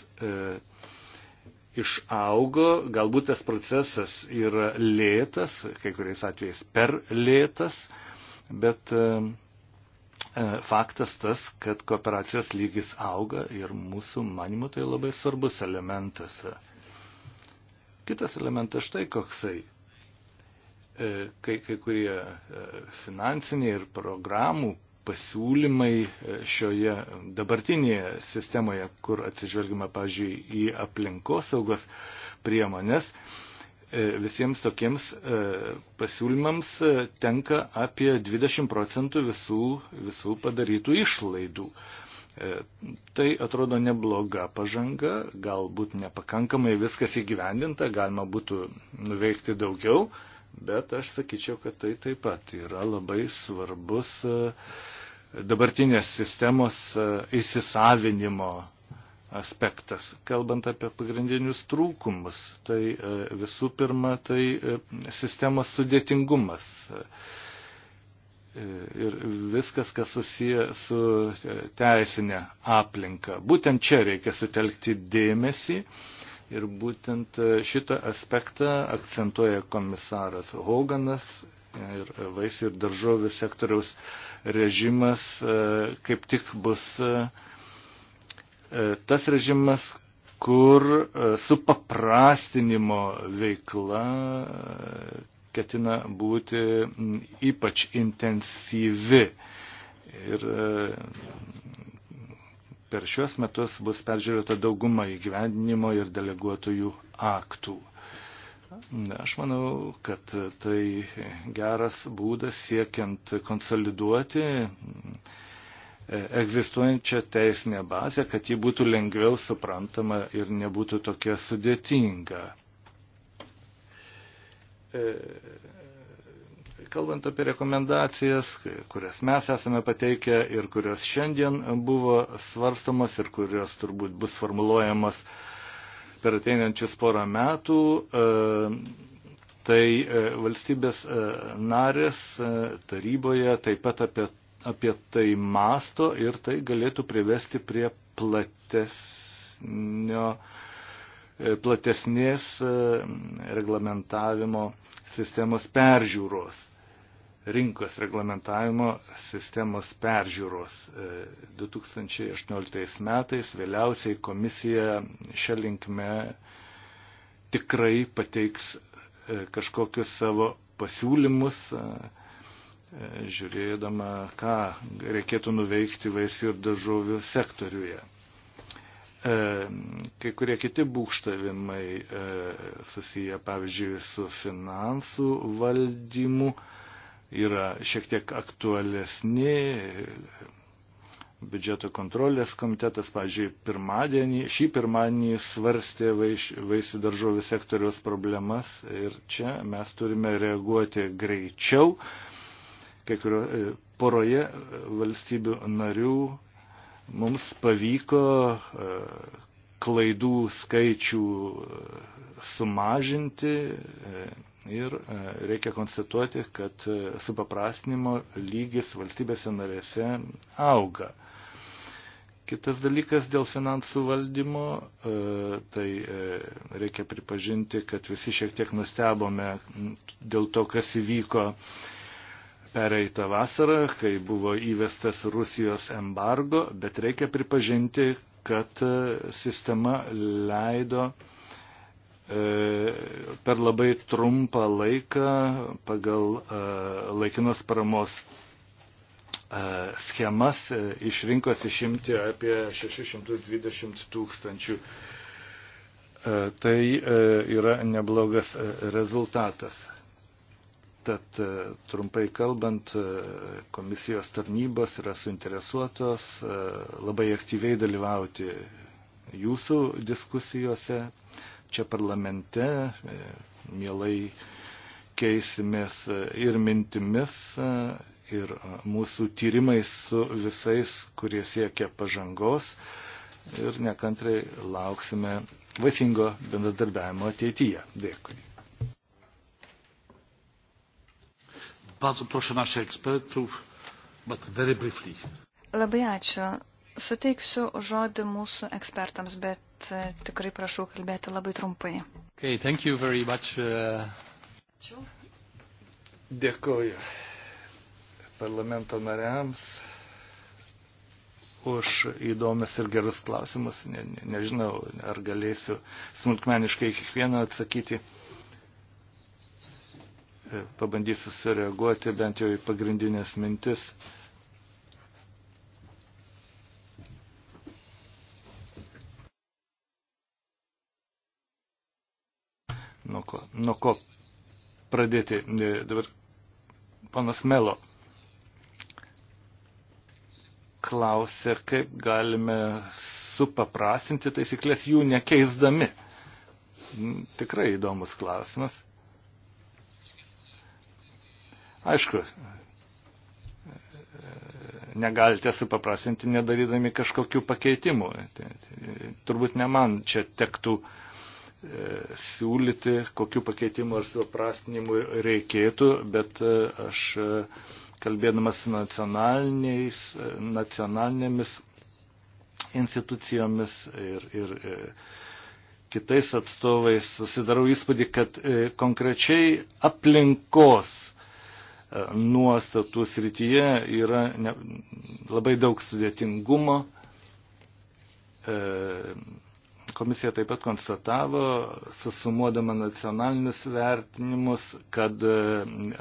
išaugo, galbūt tas procesas yra lėtas, kai kuriais atvejais per lėtas, bet e, e, faktas tas, kad kooperacijos lygis auga ir mūsų manimu tai labai svarbus elementas. Kitas elementas štai koksai. E, kai, kai kurie finansiniai ir programų pasiūlymai šioje dabartinėje sistemoje, kur atsižvelgime, pavyzdžiui, į aplinkosaugos priemonės, E, visiems tokiems e, pasiūlymams e, tenka apie 20 procentų visų, visų padarytų išlaidų. Tai atrodo nebloga pažanga, galbūt nepakankamai viskas įgyvendinta, galima būtų nuveikti daugiau, bet aš sakyčiau, kad tai taip pat yra labai svarbus dabartinės sistemos įsisavinimo aspektas. Kalbant apie pagrindinius trūkumus, tai e, visų pirma, tai e, sistemos sudėtingumas. E, ir viskas, kas susiję su teisinė aplinka. Būtent čia reikia sutelkti dėmesį ir būtent šitą aspektą akcentuoja komisaras Hoganas ir vaisių ir daržovių sektoriaus režimas kaip tik bus E, tas režimas, kur e, supaprastinimo veikla e, ketina būti ypač intensyvi. Ir per šiuos metus bus peržiūrėta dauguma įgyvendinimo ir deleguotojų aktų. Aš manau, kad tai geras būdas siekiant konsoliduoti E, egzistuojančią teisinę bazę, kad ji būtų lengviau suprantama ir nebūtų tokia sudėtinga. E, kalbant apie rekomendacijas, kurias mes esame pateikę ir kurios šiandien buvo svarstamas ir kurios turbūt bus formuluojamas per ateinančius porą metų, e, tai valstybės narės taryboje taip pat apie apie tai masto ir tai galėtų privesti prie platesnio, e, platesnės e, reglamentavimo sistemos peržiūros rinkos reglamentavimo sistemos peržiūros. 2018 e, metais vėliausiai komisija šią linkme tikrai pateiks kažkokius savo pasiūlymus, žiūrėdama, ką reikėtų nuveikti vaisių ir daržovių sektoriuje. E, kai kurie kiti būkštavimai e, susiję, pavyzdžiui, su finansų valdymu yra šiek tiek aktualesni. Biudžeto kontrolės komitetas, pavyzdžiui, pirmadienį, šį pirmadienį svarstė vaisių daržovių sektoriaus problemas ir čia mes turime reaguoti greičiau, uh, kai kurio, e, poroje e, valstybių narių mums pavyko e, klaidų skaičių sumažinti ir reikia konstatuoti, kad supaprastinimo lygis valstybėse narėse auga. Kitas dalykas dėl finansų valdymo, tai reikia pripažinti, kad visi šiek tiek nustebome dėl to, kas įvyko pereitą vasarą, kai buvo įvestas Rusijos embargo, bet reikia pripažinti, kad e, sistema leido e, per labai trumpą laiką pagal e, laikinos paramos schemas iš rinkos išimti apie 620 tūkstančių. Tai yra neblogas rezultatas. Tad e, trumpai kalbant, e, komisijos tarnybos yra suinteresuotos e, labai aktyviai dalyvauti jūsų diskusijose čia parlamente. Mielai keisimės ir mintimis, ir mūsų tyrimais su visais, kurie siekia pažangos. Ir nekantrai lauksime vaisingo bendradarbiavimo ateityje. Dėkui. Bardzo proszę naszych ekspertów, but very briefly. Labai ačiū. Suteiksiu žodį mūsų ekspertams, bet e, tikrai prašau kalbėti labai trumpai. Okay, thank you very much. Uh... Ačiū. Dėkoju parlamento nariams už įdomias ir gerus klausimus. Ne, ne, nežinau, ar galėsiu smulkmeniškai kiekvieną atsakyti. Uh, E, pabandysiu sureaguoti bent jau į pagrindinės mintis. Nuo ko, nuo ko pradėti? E, dabar panas Melo klausė, kaip galime supaprastinti taisyklės jų nekeisdami. Tikrai įdomus klausimas. Aišku, negalite supaprastinti nedarydami kažkokių pakeitimų. Tai, tai turbūt ne man čia tektų e, siūlyti, kokiu pakeitimu ar suprastinimu reikėtų, bet e, aš e, kalbėdamas su nacionalinėmis institucijomis ir, ir kitais atstovais susidarau įspūdį, kad konkrečiai aplinkos nuostatų srityje yra ne, labai daug sudėtingumo. E, komisija taip pat konstatavo, susumuodama nacionalinius vertinimus, kad e,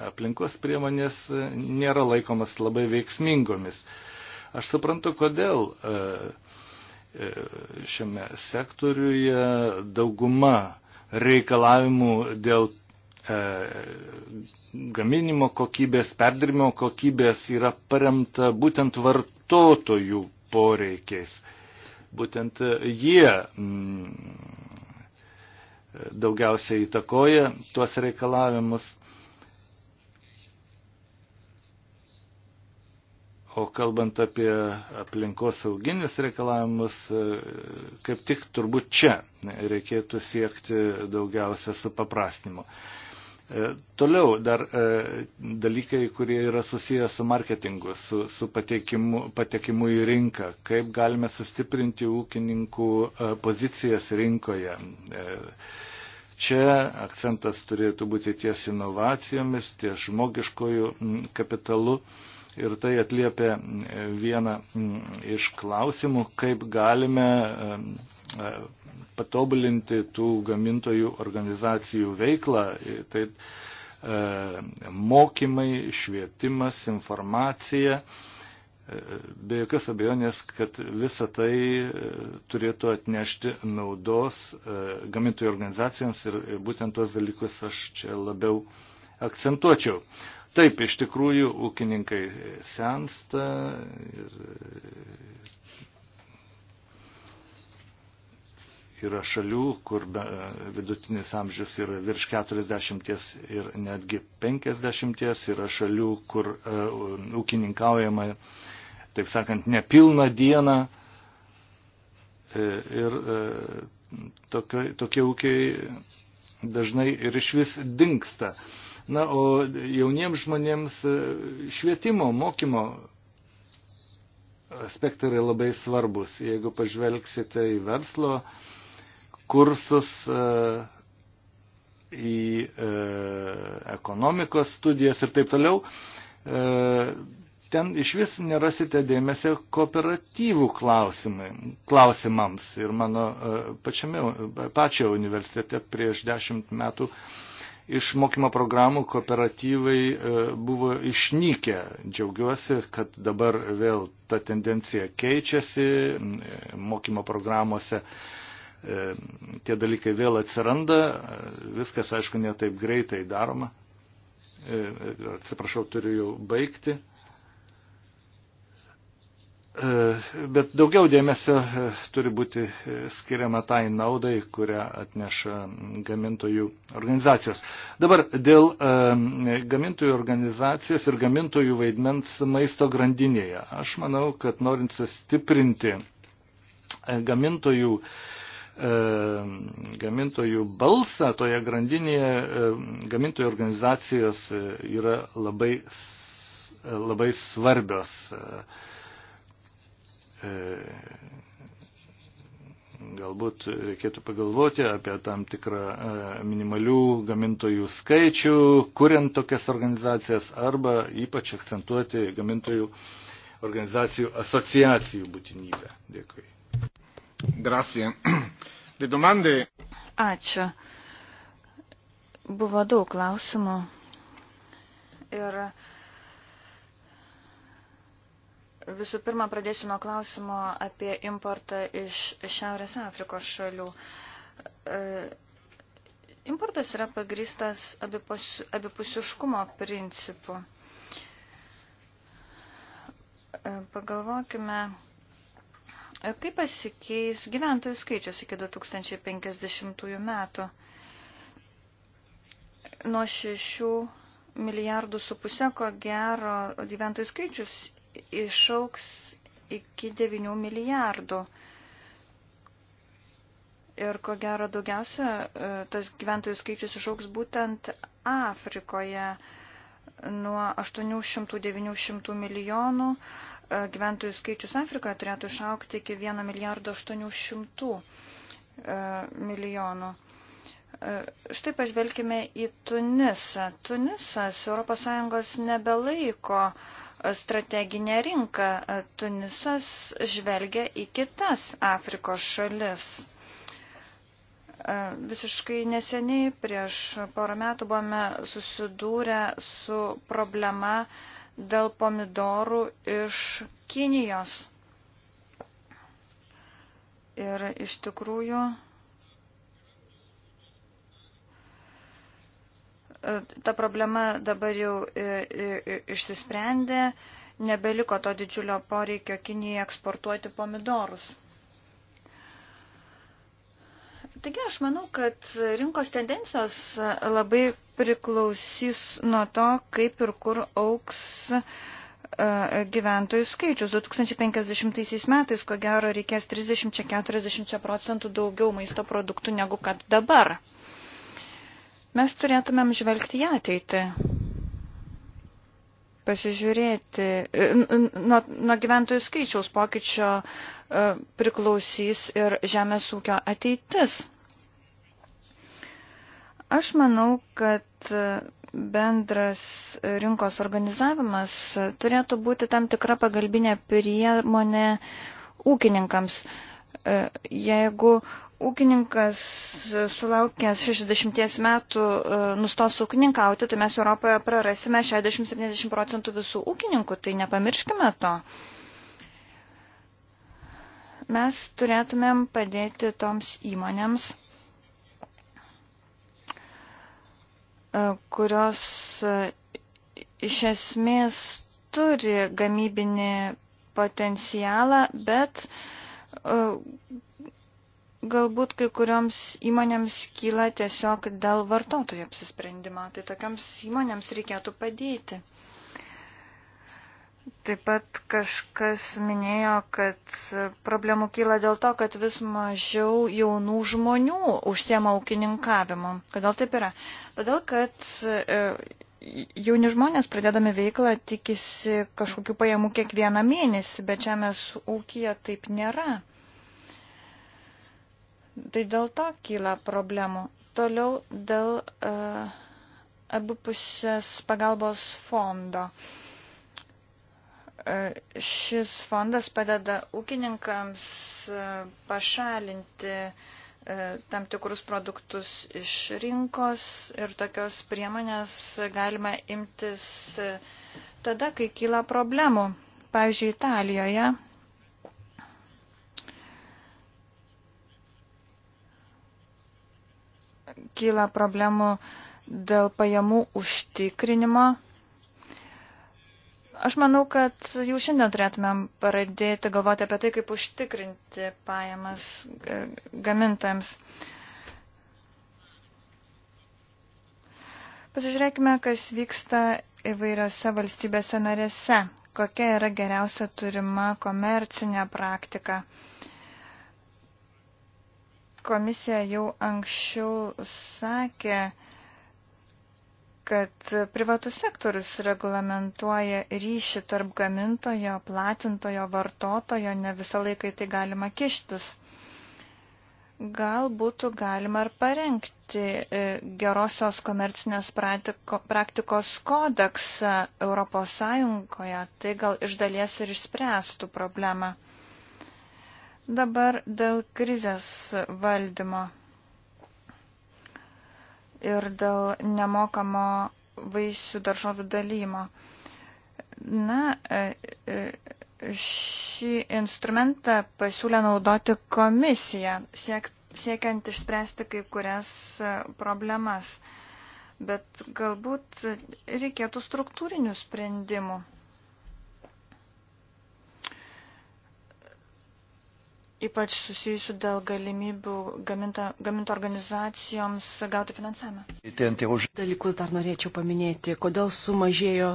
aplinkos priemonės nėra laikomas labai veiksmingomis. Aš suprantu, kodėl e, šiame sektoriuje dauguma reikalavimų dėl E, gaminimo kokybės, perdirbimo kokybės yra paremta būtent vartotojų poreikiais. Būtent jie mm, daugiausiai įtakoja tuos reikalavimus. O kalbant apie aplinkos sauginius reikalavimus, e, kaip tik turbūt čia reikėtų siekti daugiausia supaprastinimo. paprastinimu. E, toliau dar e, dalykai, kurie yra susiję su marketingu, su, su patekimu, patekimu į rinką, kaip galime sustiprinti ūkininkų e, pozicijas rinkoje. Čia akcentas turėtų būti ties inovacijomis, ties žmogiškojų kapitalu. E, Ir tai atliepia vieną iš klausimų, kaip galime e, e, patobulinti tų gamintojų organizacijų veiklą. E, tai mokymai, švietimas, informacija. Be jokios abejonės, kad visa tai turėtų atnešti naudos gamintojų organizacijoms ir būtent tuos dalykus aš čia labiau akcentuočiau. Taip, iš tikrųjų, ūkininkai sensta ir yra šalių, kur vidutinis amžius yra virš 40 ir netgi 50, yra šalių, kur uh, ūkininkaujama, taip sakant, nepilną dieną. E, ir uh, e, tokie, tokie ūkiai dažnai ir iš vis dinksta. Uh, Na, o jauniems žmonėms e, švietimo, mokymo aspektai yra labai svarbus. Jeigu pažvelgsite į verslo kursus, e, į e, ekonomikos studijas ir taip toliau, ten iš vis nerasite dėmesio kooperatyvų klausimai, klausimams. Ir mano pačiame, pačio universitete prieš dešimt metų uh, iš mokymo programų kooperatyvai e, buvo išnykę. Džiaugiuosi, kad dabar vėl ta tendencija keičiasi, e, mokymo programuose e, tie dalykai vėl atsiranda, viskas aišku netaip greitai daroma. Atsiprašau, turiu jau baigti. E, bet daugiau dėmesio e, turi būti e, skiriama tai naudai, kurią atneša gamintojų organizacijos. Dabar dėl gamintojų organizacijos ir gamintojų vaidmens maisto grandinėje. Aš manau, kad norint sustiprinti gamintojų gamintojų balsą toje grandinėje, gamintojų organizacijos yra labai, labai svarbios. E, galbūt reikėtų pagalvoti apie tam tikrą e, minimalių gamintojų skaičių, kuriant tokias organizacijas arba ypač akcentuoti gamintojų organizacijų asociacijų būtinybę. Dėkui. Grazie. Le domande. Ačiū. Buvo daug klausimų. Ir Visų pirma, pradėsiu nuo klausimo apie importą iš Šiaurės Afrikos šalių. E, importas yra pagrįstas abipus, abipusiškumo principu. E, pagalvokime, e, kaip pasikeis gyventojų skaičius iki 2050 metų. Nuo 6 milijardų su pusė, ko gero, gyventojų skaičius išauks iki 9 milijardų. Ir ko gero daugiausia e, tas gyventojų skaičius išauks būtent Afrikoje nuo 800-900 milijonų. E, gyventojų skaičius Afrikoje turėtų išaukti iki 1 milijardo 800 e, milijonų. Štai pažvelkime į Tunisą. Tunisas ES nebelaiko uh, strateginę rinką. Tunisas žvelgia į kitas Afrikos šalis. Visiškai neseniai, prieš porą metų, buvome susidūrę su problema dėl pomidorų iš Kinijos. Ir iš tikrųjų ta problema dabar jau e, e, e, išsisprendė, nebeliko to didžiulio poreikio Kinijai eksportuoti pomidorus. Taigi aš manau, kad rinkos tendencijos labai priklausys nuo to, kaip ir kur auks gyventojų skaičius. 2050 metais, ko gero, reikės 30-40 procentų daugiau maisto produktų negu kad dabar. Mes turėtumėm žvelgti į ateitį, pasižiūrėti, e, nuo, nuo gyventojų skaičiaus pokyčio e, priklausys ir žemės ūkio ateitis. Aš manau, kad e, bendras rinkos organizavimas turėtų būti tam tikra pagalbinė priemonė ūkininkams. Jeigu ūkininkas sulaukęs 60 metų e, nustos ūkininkauti, tai mes Europoje prarasime 60-70 procentų visų ūkininkų, tai nepamirškime to. Mes turėtumėm padėti toms įmonėms, e, kurios e, iš esmės turi gamybinį potencialą, bet galbūt kai kurioms įmonėms kyla tiesiog dėl vartotojų apsisprendimo. Tai tokiams įmonėms reikėtų padėti. Taip pat kažkas minėjo, kad problemų kyla dėl to, kad vis mažiau jaunų žmonių užsiema ūkininkavimu. Kodėl taip yra? Todėl, kad e, jauni žmonės pradedami veiklą tikisi kažkokių pajamų kiekvieną mėnesį, bet žemės ūkija taip nėra. Tai dėl to kyla problemų. Toliau dėl uh, e, abipusės pagalbos fondo. Uh, šis fondas padeda ūkininkams uh, pašalinti uh, tam tikrus produktus iš rinkos ir tokios priemonės galima imtis tada, kai kyla problemų. Pavyzdžiui, Italijoje kyla problemų dėl pajamų užtikrinimo. Aš manau, kad jau šiandien turėtumėm pradėti galvoti apie tai, kaip užtikrinti pajamas gamintojams. Pasižiūrėkime, kas vyksta įvairiose valstybėse narėse, kokia yra geriausia turima komercinė praktika. Komisija jau anksčiau sakė, kad privatus sektorius reglamentuoja ryšį tarp gamintojo, platintojo, vartotojo, ne visą laiką tai galima kištis. Gal būtų galima ir parengti e, gerosios komercinės praktikos kodeksą Europos Sąjungoje, tai gal iš dalies ir išspręstų problemą. Dabar dėl krizės valdymo ir dėl nemokamo vaisių daržovių dalymo. Na, e, e, šį instrumentą pasiūlė naudoti komisija, siek, siekiant išspręsti kai kurias e, problemas. Bet galbūt reikėtų struktūrinių sprendimų. ypač susijusių dėl galimybių gaminto, gaminto organizacijoms gauti finansavimą. Dalykus dar norėčiau paminėti, kodėl sumažėjo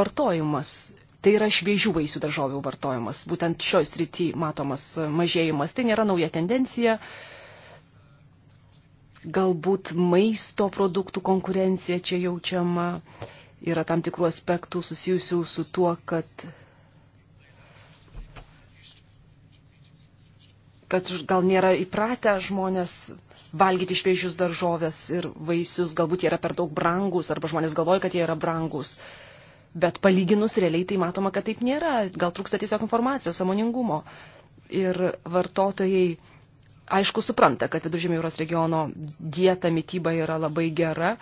vartojimas. Tai yra šviežių vaisių daržovių vartojimas. Būtent šioje srityje matomas mažėjimas. Tai nėra nauja tendencija. Galbūt maisto produktų konkurencija čia jaučiama. Yra tam tikrų aspektų susijusių su tuo, kad kad gal nėra įpratę žmonės valgyti šviežius daržovės ir vaisius, galbūt jie yra per daug brangus, arba žmonės galvoja, kad jie yra brangus. Bet palyginus realiai tai matoma, kad taip nėra, gal trūksta tiesiog informacijos, samoningumo. Ir vartotojai aišku supranta, kad viduržėmio jūros regiono dieta mytyba yra labai gera,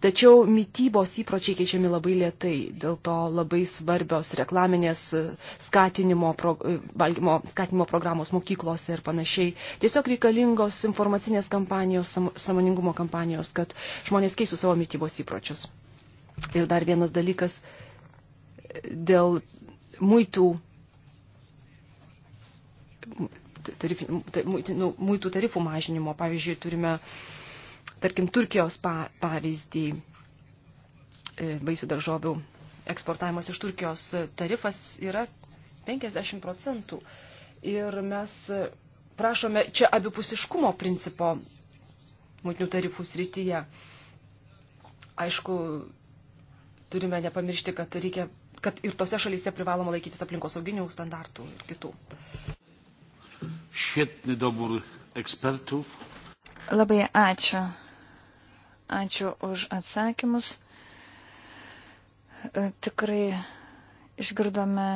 tačiau mytybos įpročiai keičiami labai lietai, dėl to labai svarbios reklaminės e, skatinimo, pro, e, valgymo, skatinimo programos mokyklose ir panašiai. Tiesiog reikalingos informacinės kampanijos, samoningumo kampanijos, kad žmonės keistų savo mytybos įpročius. Ir dar vienas dalykas e, dėl muitų tarif, nu, muitų tarifų mažinimo. Pavyzdžiui, turime, tarkim, Turkijos pavyzdį e, vaisių daržovių eksportavimas iš Turkijos tarifas yra 50 procentų. Ir mes prašome čia abipusiškumo principo muitinių tarifų srityje. Aišku, turime nepamiršti, kad reikia kad ir tose šalyse privaloma laikytis aplinkosauginių standartų ir kitų. Świetny dobór ekspertów. Labai ačiū. Ačiū už atsakymus. E, tikrai išgirdome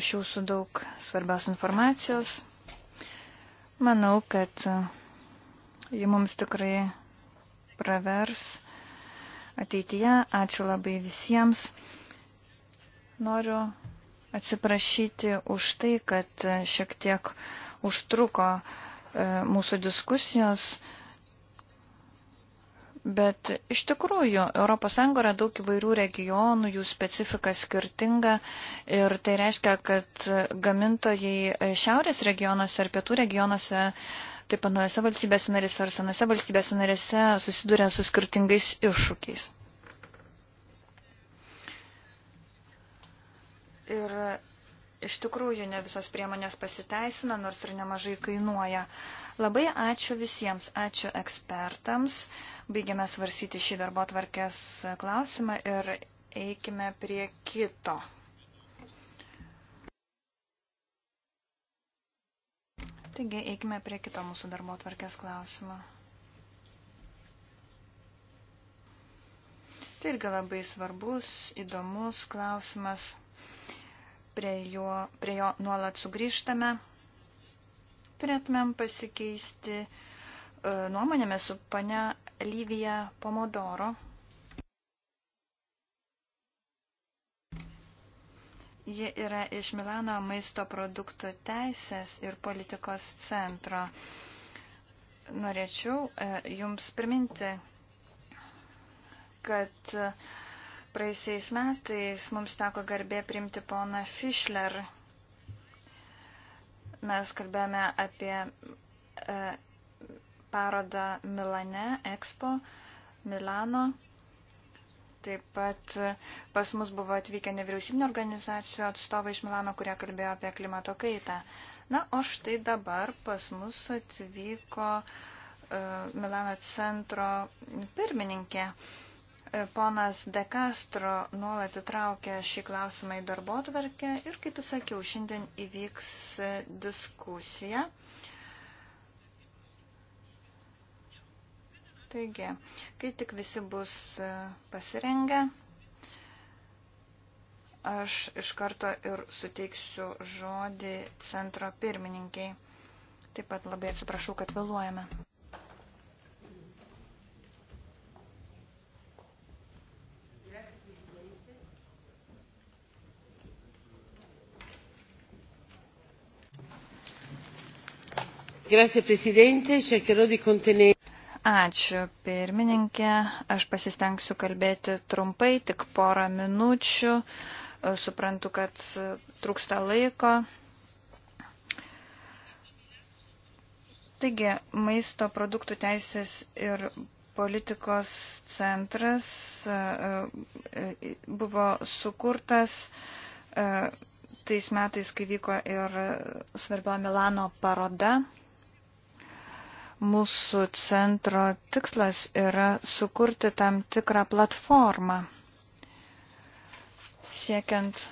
iš jūsų daug svarbios informacijos. Manau, kad e, ji mums tikrai pravers ateityje. Ačiū labai visiems. Noriu atsiprašyti už tai, kad e, šiek tiek uh, užtruko e, mūsų diskusijos, bet iš tikrųjų ES yra daug įvairių regionų, jų specifika skirtinga ir tai reiškia, kad gamintojai e, šiaurės regionuose ar pietų regionuose taip pat nuojose valstybės narėse ar senose valstybės narėse susiduria su skirtingais iššūkiais. Ir iš tikrųjų ne visos priemonės pasiteisina, nors ir nemažai kainuoja. Labai ačiū visiems, ačiū ekspertams. Baigiame svarsyti šį darbo tvarkės klausimą ir eikime prie kito. Taigi, eikime prie kito mūsų darbo tvarkės klausimo. Tai irgi labai svarbus, įdomus klausimas prie jo, prie jo nuolat sugrįžtame. Turėtumėm pasikeisti e, nuomonėmis su pane Lyvija Pomodoro. Ji yra iš Milano maisto produktų teisės ir politikos centro. Norėčiau e, Jums priminti, kad Praėjusiais metais mums teko garbė priimti poną Fischler. Mes kalbėjome apie e, parodą Milane, Expo, Milano. Taip pat e, pas mus buvo atvykę nevyriausybinio organizacijų atstovai iš Milano, kurie kalbėjo apie klimato kaitą. Na, o štai dabar pas mus atvyko e, Milano centro pirmininkė. E, E, ponas De Castro nuolat įtraukė šį klausimą į darbo tvarkę ir, kaip jūs sakiau, šiandien įvyks e, diskusija. Taigi, kai tik visi bus e, pasirengę, aš iš karto ir suteiksiu žodį centro pirmininkiai. Taip pat labai atsiprašau, kad vėluojame. Grazie, prezidente, cercherò di contenere. Ačiū, pirmininkė. Aš pasistengsiu kalbėti trumpai, tik porą minučių. E, suprantu, kad trūksta laiko. Taigi, maisto produktų teisės ir politikos centras e, e, buvo sukurtas tais metais, kai vyko ir svarbio Milano paroda Mūsų centro tikslas yra sukurti tam tikrą platformą siekiant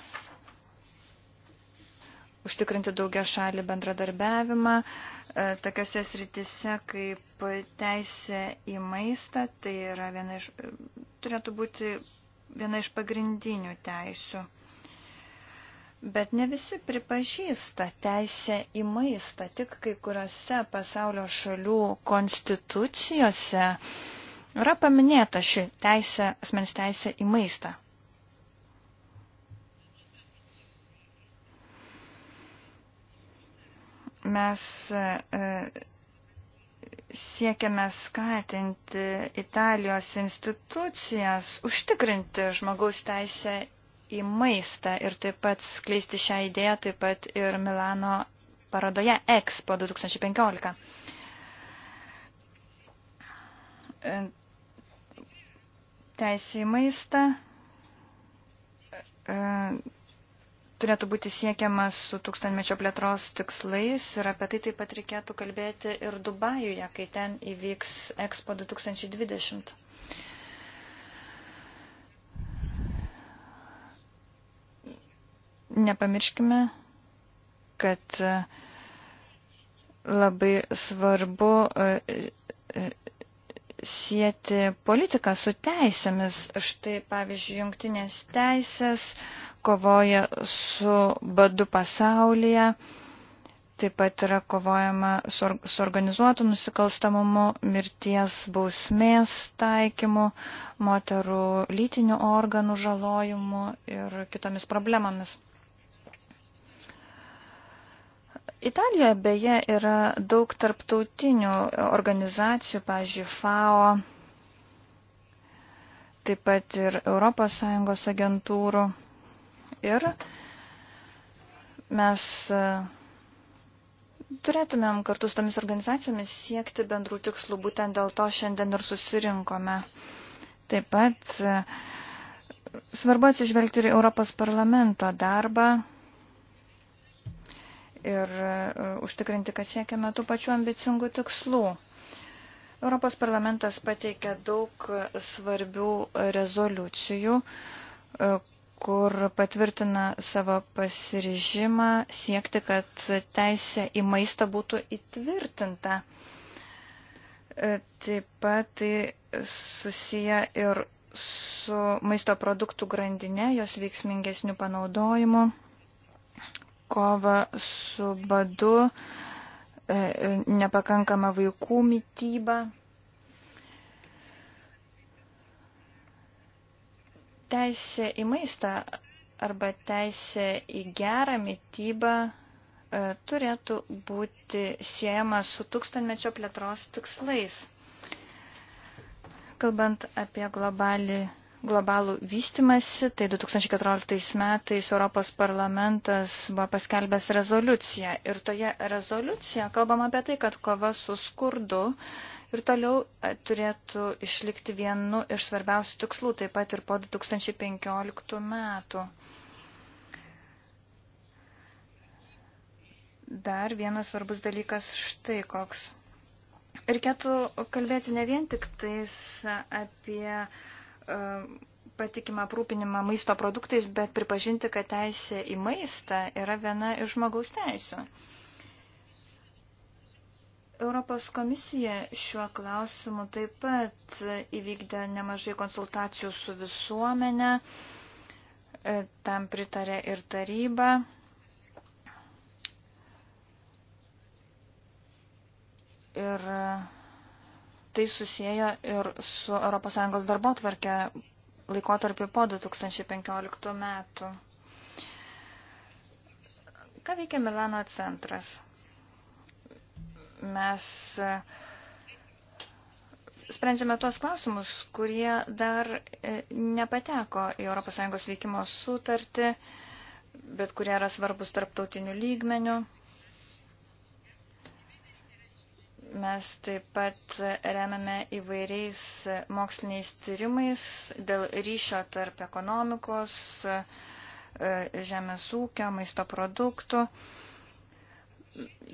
užtikrinti daugia šalį bendradarbiavimą e, tokiose sritise kaip teisė į maistą, tai yra viena iš, e, turėtų būti viena iš pagrindinių teisių. Bet ne visi pripažįsta teisę į maistą, tik kai kuriuose pasaulio šalių konstitucijose yra paminėta ši teisė, asmens teisė į maistą. Mes e, siekiame skatinti Italijos institucijas užtikrinti žmogaus teisę į maistą ir taip pat skleisti šią idėją taip pat ir Milano parodoje Expo 2015. Teisė į maistą e, turėtų būti siekiama su tūkstantmečio plėtros tikslais ir apie tai taip pat reikėtų kalbėti ir Dubajuje, kai ten įvyks Expo 2020. Nepamirškime, kad e, labai svarbu e, e, sieti politiką su teisėmis. Štai, pavyzdžiui, jungtinės teisės kovoja su badu pasaulyje, taip pat yra kovojama su organizuotu nusikalstamumu, mirties bausmės taikymu, moterų lytinių organų žalojimu ir kitomis problemomis. Italijoje beje yra daug tarptautinių organizacijų, pavyzdžiui, FAO, taip pat ir ES agentūrų. Ir mes e, turėtumėm kartu su tomis organizacijomis siekti bendrų tikslų, būtent dėl to šiandien ir susirinkome. Taip pat e, svarbu atsižvelgti ir Europos parlamento darbą ir e, užtikrinti, kad siekiame tų pačių ambicingų tikslų. Europos parlamentas pateikė daug svarbių rezoliucijų, e, kur patvirtina savo pasiryžimą siekti, kad teisė į maistą būtų įtvirtinta. E, taip pat tai susiję ir su maisto produktų grandinė, jos veiksmingesnių panaudojimu kovą su badu, e, e, nepakankama vaikų mytyba. Teisė į maistą arba teisė į gerą mytybą e, turėtų būti siejama su tūkstantmečio plėtros tikslais. Kalbant apie globalį globalų vystimasi, tai 2014 metais Europos parlamentas buvo paskelbęs rezoliuciją. Ir toje rezoliucijoje kalbama apie tai, kad kova su skurdu ir toliau e, turėtų išlikti vienu iš svarbiausių tikslų, taip pat ir po 2015 metų. Dar vienas svarbus dalykas štai koks. Reikėtų kalbėti ne vien tik tais apie uh, patikimą aprūpinimą maisto produktais, bet pripažinti, kad teisė į maistą yra viena iš žmogaus teisų. Europos komisija šiuo klausimu taip pat įvykdė nemažai konsultacijų su visuomenė, tam pritarė ir taryba. Ir tai susiję ir su ES darbo tvarkė laikotarpį po 2015 metų. Ką veikia Milano centras? Mes e, sprendžiame tuos klausimus, kurie dar e, nepateko į ES veikimo sutartį, bet kurie yra svarbus tarptautinių lygmenių. Mes taip pat remiame įvairiais moksliniais tyrimais dėl ryšio tarp ekonomikos, e, žemės ūkio, maisto produktų.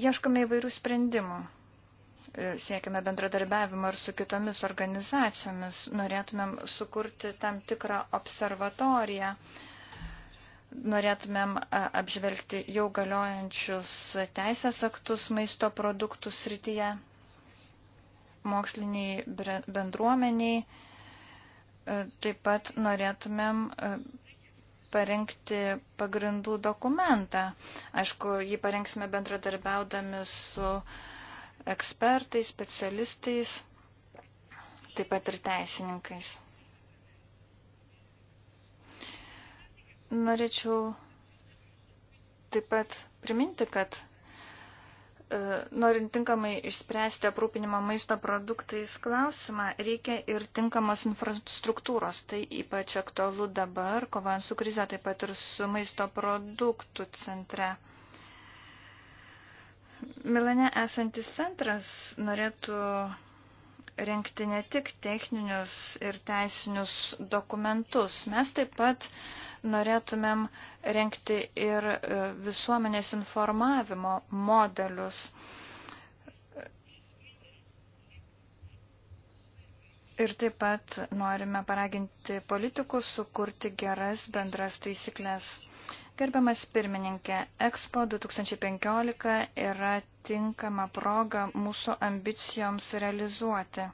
Ieškome įvairių sprendimų e, siekiame bendradarbiavimo ir su kitomis organizacijomis, norėtumėm sukurti tam tikrą observatoriją, norėtumėm e, apžvelgti jau galiojančius teisės aktus maisto produktų srityje moksliniai bendruomeniai. E, taip pat norėtumėm e, parengti pagrindų dokumentą. Aišku, jį parengsime bendradarbiaudami su ekspertais, specialistais, taip pat ir teisininkais. Norėčiau taip pat priminti, kad E, norint tinkamai išspręsti aprūpinimą maisto produktais klausimą, reikia ir tinkamos infrastruktūros. Tai ypač aktualu dabar, kovant su krize, taip pat ir su maisto produktų centre. Milane esantis centras norėtų renkti ne tik techninius ir teisinius dokumentus. Mes taip pat uh, norėtumėm renkti ir e, visuomenės informavimo modelius. Ir taip pat norime paraginti politikus sukurti geras bendras taisyklės. Gerbiamas pirmininkė, Expo 2015 yra tinkama proga mūsų ambicijoms realizuoti.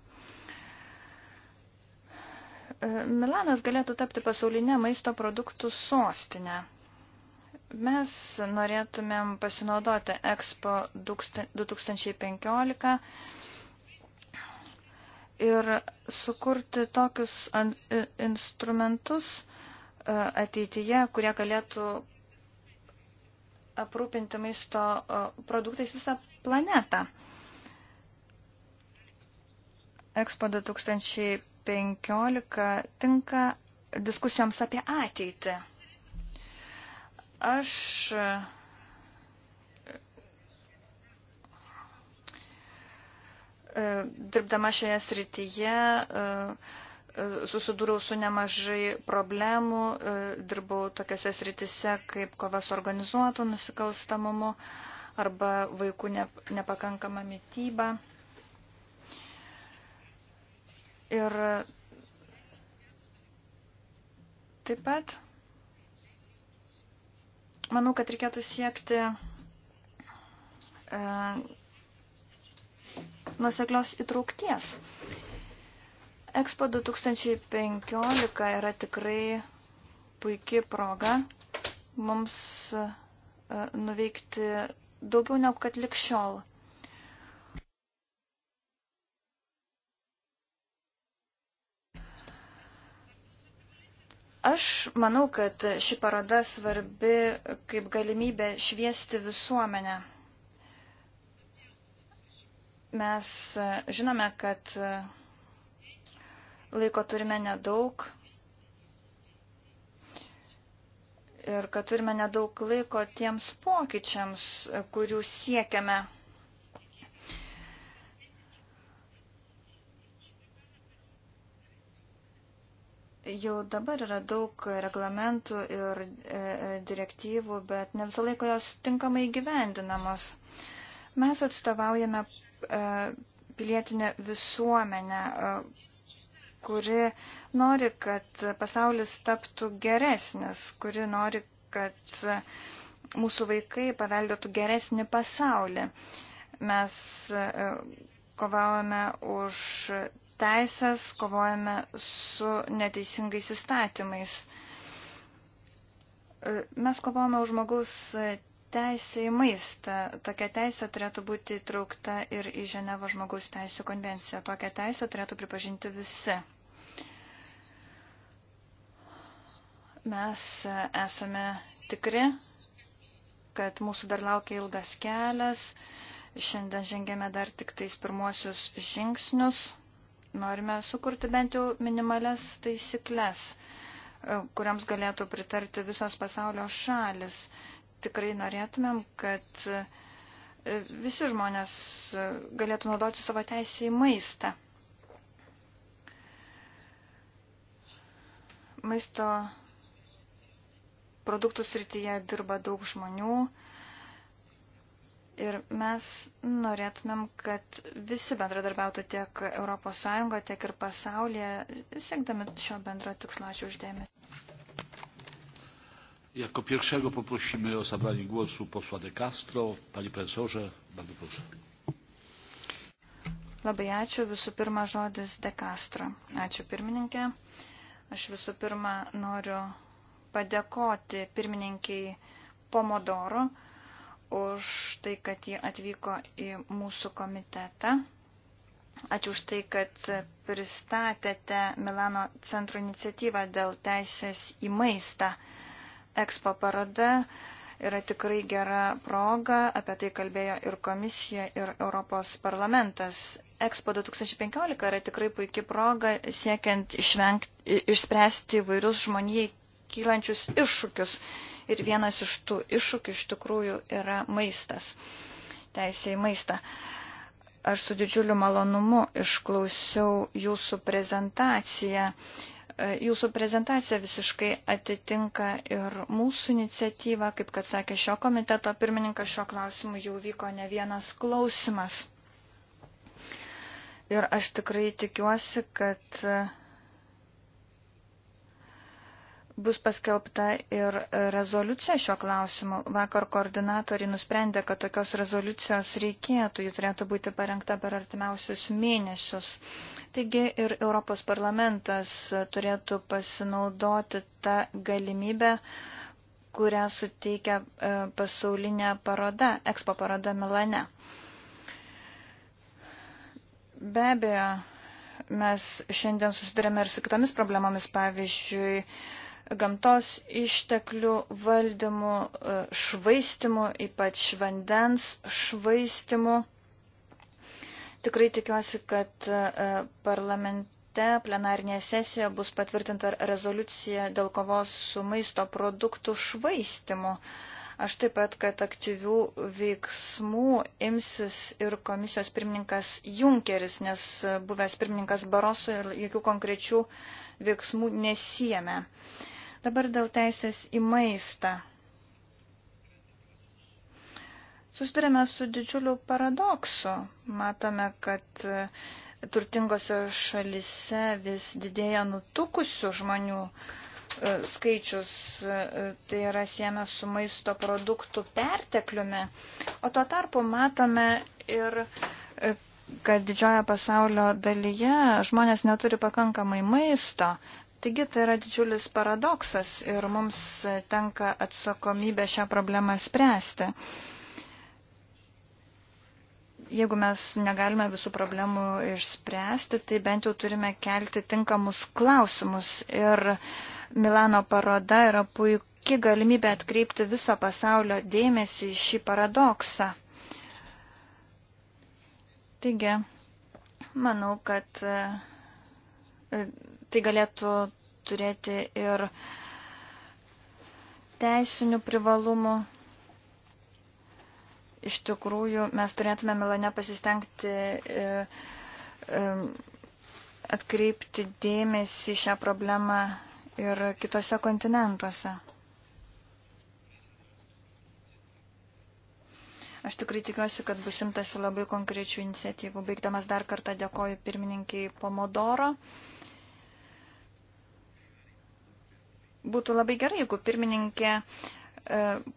E, Milanas galėtų tapti pasaulinę maisto produktų sostinę. Mes norėtumėm pasinaudoti Expo 2015 ir sukurti tokius instrumentus e, ateityje, kurie galėtų aprūpinti maisto e, produktais visą planetą. Expo 2015 15 tinka diskusijoms apie ateitį. Aš e, dirbdama šioje srityje e, e, susidūriau su nemažai problemų, dirbau tokiose srityse kaip kova su organizuotu nusikalstamumu arba vaikų nepakankama mytyba. Ir taip pat manau, kad reikėtų siekti e, nuseklios įtraukties. Expo 2015 yra tikrai puikiai proga mums e, nuveikti daugiau negu kad likščiol. šiol Aš manau, kad ši paroda svarbi kaip galimybė šviesti visuomenę. Mes žinome, kad laiko turime nedaug ir kad turime nedaug laiko tiems pokyčiams, kurių siekiame Jau dabar yra daug reglamentų ir e, e, direktyvų, bet ne visą laiką jos tinkamai gyvendinamos. Mes atstovaujame e, pilietinę visuomenę, e, kuri nori, kad pasaulis taptų geresnis, kuri nori, kad e, mūsų vaikai paveldėtų geresnį pasaulį. Mes e, kovavome už teisės, kovojame su neteisingais įstatymais. E, mes kovojame už žmogaus teisę į maistą. Tokia teisė turėtų būti įtraukta ir į Ženevo žmogaus teisų konvenciją. Tokią teisę turėtų pripažinti visi. Mes esame tikri, kad mūsų dar laukia ilgas kelias. Šiandien žengėme dar tik tais pirmuosius žingsnius Norime sukurti bent jau minimales taisyklės, e, kuriams galėtų pritarti visos pasaulio šalis. Tikrai norėtumėm, kad e, visi žmonės e, galėtų naudoti savo teisę į maistą. Maisto produktų srityje dirba daug žmonių Ir mes norėtumėm, kad visi bendradarbiautų tiek ES, tiek ir pasaulyje, siekdami šio bendro tikslo. Ačiū uždėmesi. Jako pierwszego poprosimy o zabranie głosu posła De Castro. Panie profesorze, bardzo proszę. Labai ačiū. Visų pirma, žodis De Castro. Ačiū pirmininkė. Aš visų pirma noriu padėkoti pirmininkiai Pomodoro už tai, kad jie atvyko į mūsų komitetą. Ačiū už tai, kad pristatėte Milano centro iniciatyvą dėl teisės į maistą. Ekspo paroda yra tikrai gera proga, apie tai kalbėjo ir komisija, ir Europos parlamentas. Expo 2015 yra tikrai puikia proga siekiant išvengti, išspręsti vairius žmonijai kylančius iššūkius. Ir vienas iš tų iššūkių iš tikrųjų yra maistas, teisė į maistą. Aš su didžiuliu malonumu išklausiau jūsų prezentaciją. E, jūsų prezentacija visiškai atitinka ir mūsų iniciatyvą, kaip kad sakė šio komiteto pirmininkas, šio klausimu jau vyko ne vienas klausimas. Ir aš tikrai tikiuosi, kad bus paskelbta ir rezoliucija šio klausimu. Vakar koordinatoriai nusprendė, kad tokios rezoliucijos reikėtų, ji turėtų būti parengta per artimiausius mėnesius. Taigi ir Europos parlamentas turėtų pasinaudoti tą galimybę kurią suteikia e, pasaulinė paroda, ekspo paroda Milane. Be abejo, mes šiandien susidurėme ir su kitomis problemomis, pavyzdžiui, gamtos išteklių valdymu, e, švaistimu, ypač vandens švaistimu. Tikrai tikiuosi, kad e, parlamente plenarnėje sesijoje bus patvirtinta rezoliucija dėl kovos su maisto produktų švaistimu. Aš taip pat, kad aktyvių veiksmų imsis ir komisijos pirmininkas Junkeris, nes buvęs pirmininkas Baroso ir jokių konkrečių veiksmų nesijėmė. Uh, Dabar dėl teisės į maistą. Susidurime su didžiuliu paradoksu. Matome, kad e, turtingose šalise vis didėja nutukusių žmonių e, skaičius, e, tai yra siemę su maisto produktų pertekliumi. O tuo tarpu matome ir, kad didžiojo pasaulio dalyje žmonės neturi pakankamai maisto. Taigi tai yra didžiulis paradoksas ir mums tenka atsakomybė šią problemą spręsti. Jeigu mes negalime visų problemų išspręsti, tai bent jau turime kelti tinkamus klausimus. Ir Milano paroda yra puikia galimybė atkreipti viso pasaulio dėmesį į šį paradoksą. Taigi, manau, kad tai galėtų turėti ir teisinių privalumų. Iš tikrųjų, mes turėtume Milane pasistengti e, e, atkreipti dėmesį šią problemą ir kitose kontinentuose. Aš tikrai tikiuosi, kad bus imtasi labai konkrečių iniciatyvų. Baigdamas dar kartą dėkoju pirmininkiai Pomodoro. Būtų labai gerai, jeigu pirmininkė e,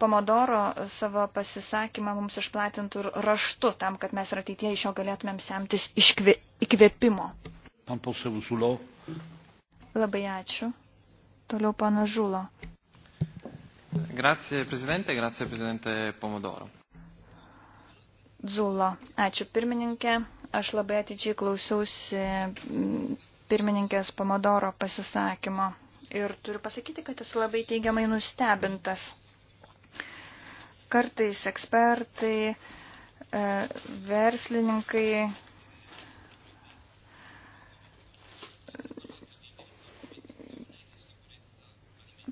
Pomodoro savo pasisakymą mums išplatintų ir raštu, tam, kad mes ir ateitie iš jo galėtumėm semtis iškvė, įkvėpimo. Labai ačiū. Toliau pana Žulo. Grazie, prezidente, grazie, prezidente Pomodoro. Zulo. Ačiū pirmininkė. Aš labai atidžiai klausiausi pirmininkės Pomodoro pasisakymo ir turiu pasakyti, kad esu labai teigiamai nustebintas. Kartais ekspertai, e, verslininkai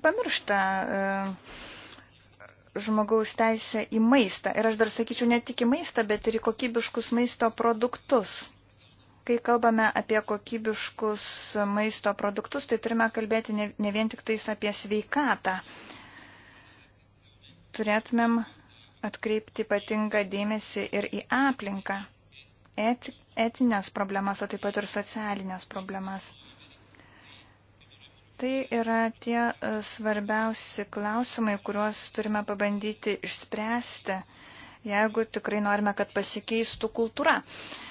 pamiršta e, žmogaus teisę į maistą. Ir aš dar sakyčiau ne tik į maistą, bet ir į kokybiškus maisto produktus kai kalbame apie kokybiškus maisto produktus, tai turime kalbėti ne, ne vien tik tais apie sveikatą. Turėtumėm atkreipti ypatingą dėmesį ir į aplinką, et, etinės problemas, o taip pat ir socialinės problemas. Tai yra tie e, svarbiausi klausimai, kuriuos turime pabandyti išspręsti, jeigu tikrai norime, kad pasikeistų kultūra. Uh,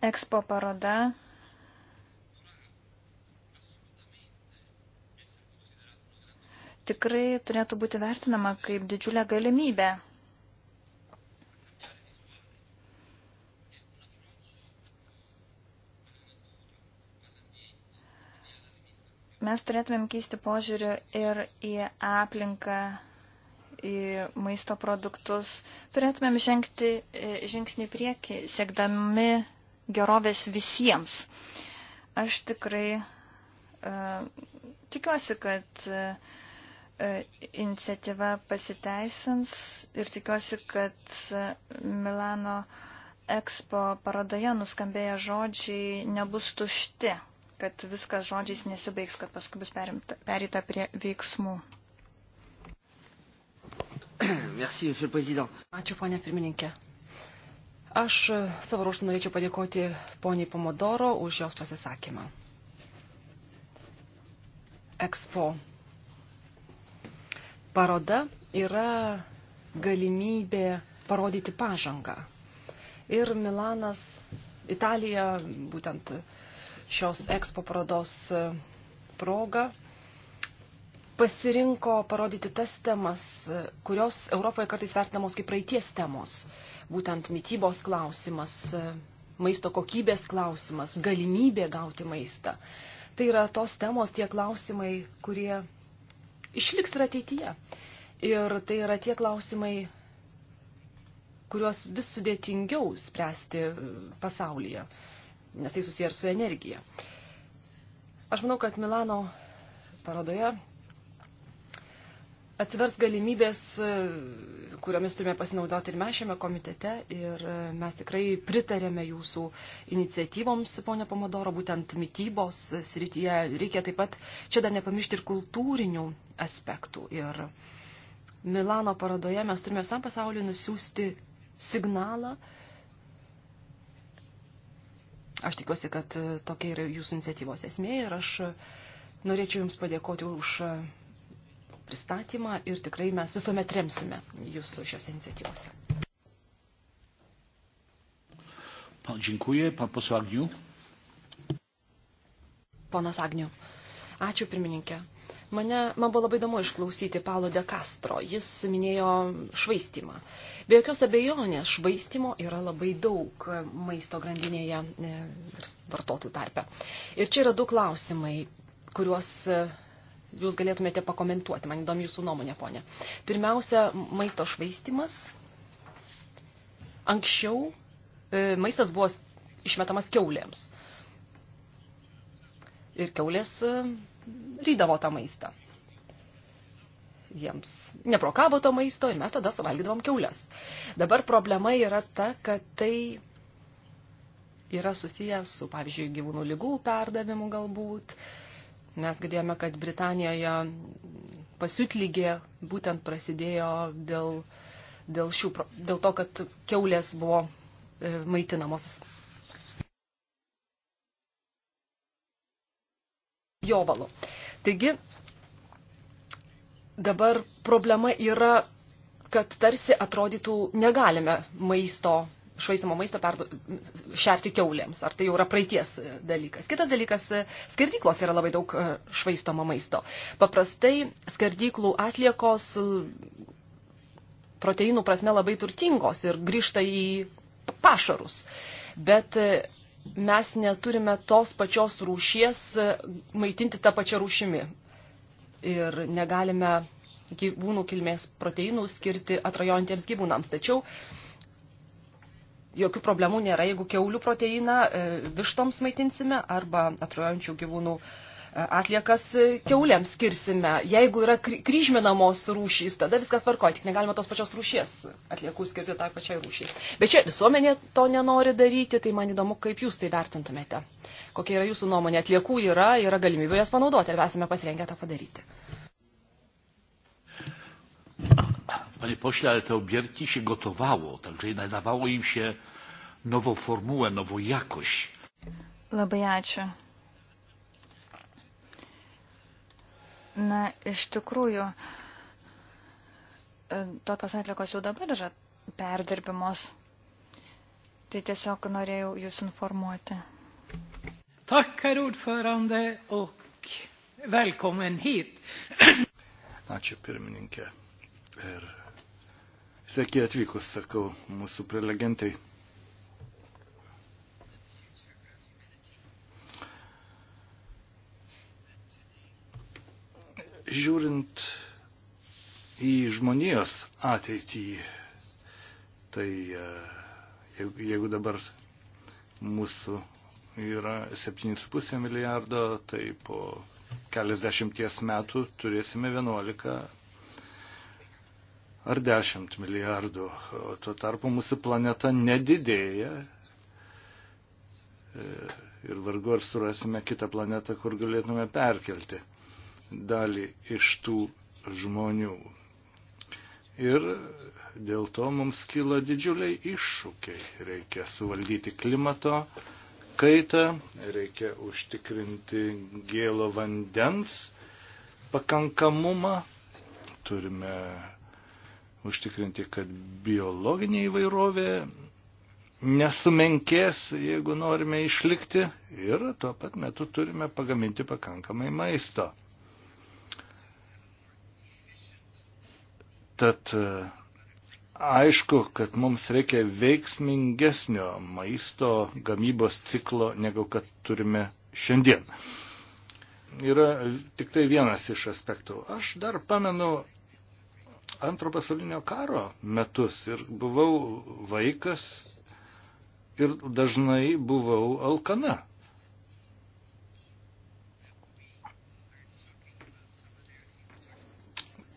Ekspo paroda tikrai turėtų būti vertinama kaip didžiulė galimybė. Mes turėtumėm keisti požiūrį ir į aplinką, į maisto produktus. Turėtumėm žengti e, žingsnį priekį, siekdami gerovės visiems. Aš tikrai e, tikiuosi, kad e, e, iniciatyva pasiteisins ir tikiuosi, kad Milano Expo parodoje nuskambėję žodžiai nebus tušti, kad viskas žodžiais nesibaigs, kad paskui bus perita prie veiksmų. Merci, Ačiū, ponė pirmininkė. Aš savo ruoštų norėčiau padėkoti poniai Pomodoro už jos pasisakymą. Expo paroda yra galimybė parodyti pažangą. Ir Milanas, Italija, būtent šios Expo parodos proga pasirinko parodyti tas temas, kurios Europoje kartais vertinamos kaip praeities temos. Būtent mytybos klausimas, maisto kokybės klausimas, galimybė gauti maistą. Tai yra tos temos, tie klausimai, kurie išliks ir ateityje. Ir tai yra tie klausimai, kuriuos vis sudėtingiau spręsti pasaulyje, nes tai susiję ir su energija. Aš manau, kad Milano parodoje atsivers galimybės, kuriomis turime pasinaudoti ir mes šiame komitete. Ir e, mes tikrai pritarėme jūsų iniciatyvoms, ponia Pomodoro, būtent mytybos srityje. Reikia taip pat čia dar nepamiršti ir kultūrinių aspektų. Ir Milano parodoje mes turime visam pasauliu nusiųsti signalą. Aš tikiuosi, kad tokia yra jūsų iniciatyvos esmė ir aš norėčiau Jums padėkoti už pristatymą ir tikrai mes visuomet remsime jūsų šiose iniciatyvose. Dziękuję. Pan poseł Agniu. Ponas Agniu. Ačiū pirmininkė. Mane, man buvo labai įdomu išklausyti Paulo de Castro. Jis minėjo švaistimą. Be jokios abejonės švaistimo yra labai daug maisto grandinėje e, ir vartotojų tarpe. Ir čia yra du klausimai, kuriuos jūs galėtumėte pakomentuoti. Man įdomi jūsų nuomonė, ponė. Pirmiausia, maisto švaistimas. Anksčiau e, maistas buvo išmetamas keulėms. Ir keulės e, rydavo tą maistą. Jiems neprokavo to maisto ir mes tada suvalgydavom keulės. Dabar problema yra ta, kad tai yra susijęs su, pavyzdžiui, gyvūnų lygų perdavimu galbūt. E, Mes girdėjome, kad Britanijoje pasiutlygė būtent prasidėjo dėl, dėl, šių, dėl to, kad keulės buvo e, maitinamos. Jovalo. Taigi, dabar problema yra, kad tarsi atrodytų negalime maisto švaistamo maisto perdu, šerti keulėms. Ar tai jau yra praeities e, dalykas? Kitas dalykas, e, skerdyklos yra labai daug e, švaistomo maisto. Paprastai skerdyklų atliekos proteinų prasme labai turtingos ir grįžta į pašarus. Bet mes neturime tos pačios rūšies maitinti tą pačią rūšimi. Ir negalime gyvūnų kilmės proteinų skirti atrajojantiems gyvūnams. Tačiau uh, jokių problemų nėra, jeigu keulių proteiną e, vištoms maitinsime arba atrojančių gyvūnų e, atliekas e, keuliams skirsime. Jeigu yra kryžminamos rūšys, tada viskas tvarkoja, tik negalima tos pačios rūšies atliekų skirti tai pačiai rūšiai. Bet čia visuomenė to nenori daryti, tai man įdomu, kaip jūs tai vertintumėte. Kokia yra jūsų nuomonė, atliekų yra, yra galimybė jas panaudoti, ar esame pasirengę tą padaryti. Panie pośle, ale te obierki się gotowało, także nadawało im się nową formułę, nową jakość. Labai ačiū. Na, iš tikrųjų, e, tokios atlikos jau dabar yra perdirbimos. Tai tiesiog norėjau jūs informuoti. Tak, herr ordförande, och välkommen hit. Ačiū pirmininkė ir Sveiki atvykus, sakau, mūsų prelegentai. Žiūrint į žmonijos ateitį, tai e, jeigu dabar mūsų yra 7,5 milijardo, tai po keliasdešimties metų turėsime 11 ar 10 milijardų. O tuo tarpu mūsų planeta nedidėja e, ir vargu ar surasime kitą planetą, kur galėtume perkelti dalį iš tų žmonių. Ir dėl to mums kyla didžiuliai iššūkiai. Reikia suvaldyti klimato kaitą, reikia užtikrinti gėlo vandens pakankamumą, turime užtikrinti, kad biologinė įvairovė nesumenkės, jeigu norime išlikti ir tuo pat metu turime pagaminti pakankamai maisto. Tad aišku, kad mums reikia veiksmingesnio maisto gamybos ciklo, negu kad turime šiandien. Yra tik tai vienas iš aspektų. Aš dar pamenu antro pasaulinio karo metus ir buvau vaikas ir dažnai buvau alkana.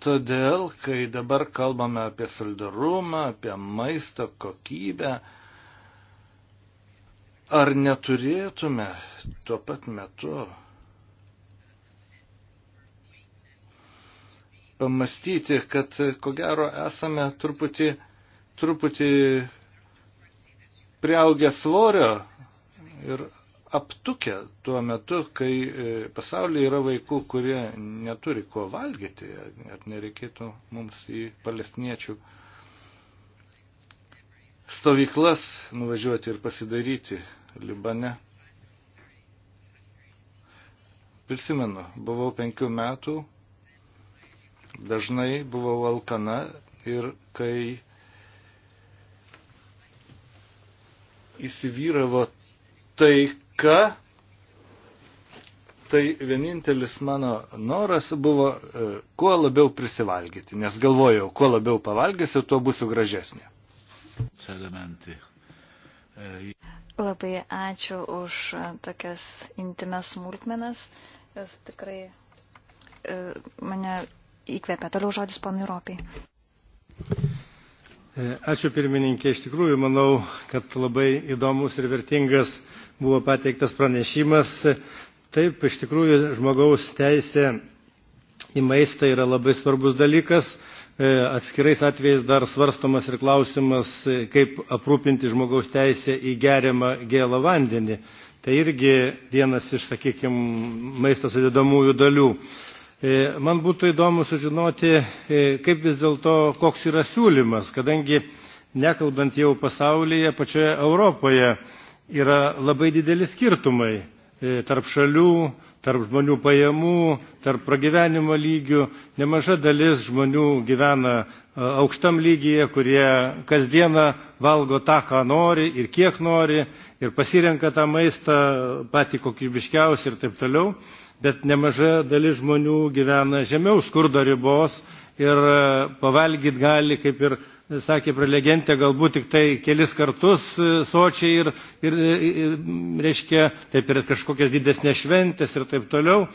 Todėl, kai dabar kalbame apie solidarumą, apie maisto kokybę, ar neturėtume tuo pat metu pamastyti, kad ko gero esame truputį, truputį prieaugę svorio ir aptukę tuo metu, kai e, pasaulyje yra vaikų, kurie neturi ko valgyti, ar nereikėtų mums į palestiniečių stovyklas nuvažiuoti ir pasidaryti Libane. Prisimenu, buvau penkių metų Dažnai buvau alkana ir kai įsivyravo taika, tai vienintelis mano noras buvo e, kuo labiau prisivalgyti, nes galvojau, kuo labiau pavalgysiu, tuo būsiu gražesnė. E, Labai ačiū už e, tokias intimes smulkmenas, jos tikrai e, mane įkvėpė. Toliau žodis ponui Europiai. E, ačiū pirmininkė, iš tikrųjų manau, kad labai įdomus ir vertingas buvo pateiktas pranešimas. Taip, iš tikrųjų žmogaus teisė į maistą yra labai svarbus dalykas. E, atskirais atvejais dar svarstomas ir klausimas, e, kaip aprūpinti žmogaus teisę į geriamą gėlą vandenį. Tai irgi vienas iš, sakykime, maisto sudėdamųjų dalių. E, man būtų įdomu sužinoti, e, kaip vis dėlto, koks yra siūlymas, kadangi nekalbant jau pasaulyje, pačioje Europoje yra labai dideli skirtumai e, tarp šalių, tarp žmonių pajamų, tarp pragyvenimo lygių. Nemaža dalis žmonių gyvena aukštam lygyje, kurie kasdieną valgo tą, ką nori ir kiek nori ir pasirenka tą maistą patį kokybiškiausią ir taip toliau bet nemaža dalis žmonių gyvena žemiau skurdo ribos ir e, pavalgyti gali, kaip ir e, sakė prelegentė, galbūt tik tai kelis kartus e, sočiai ir, ir, ir reiškia, taip ir kažkokias didesnės šventės ir taip toliau.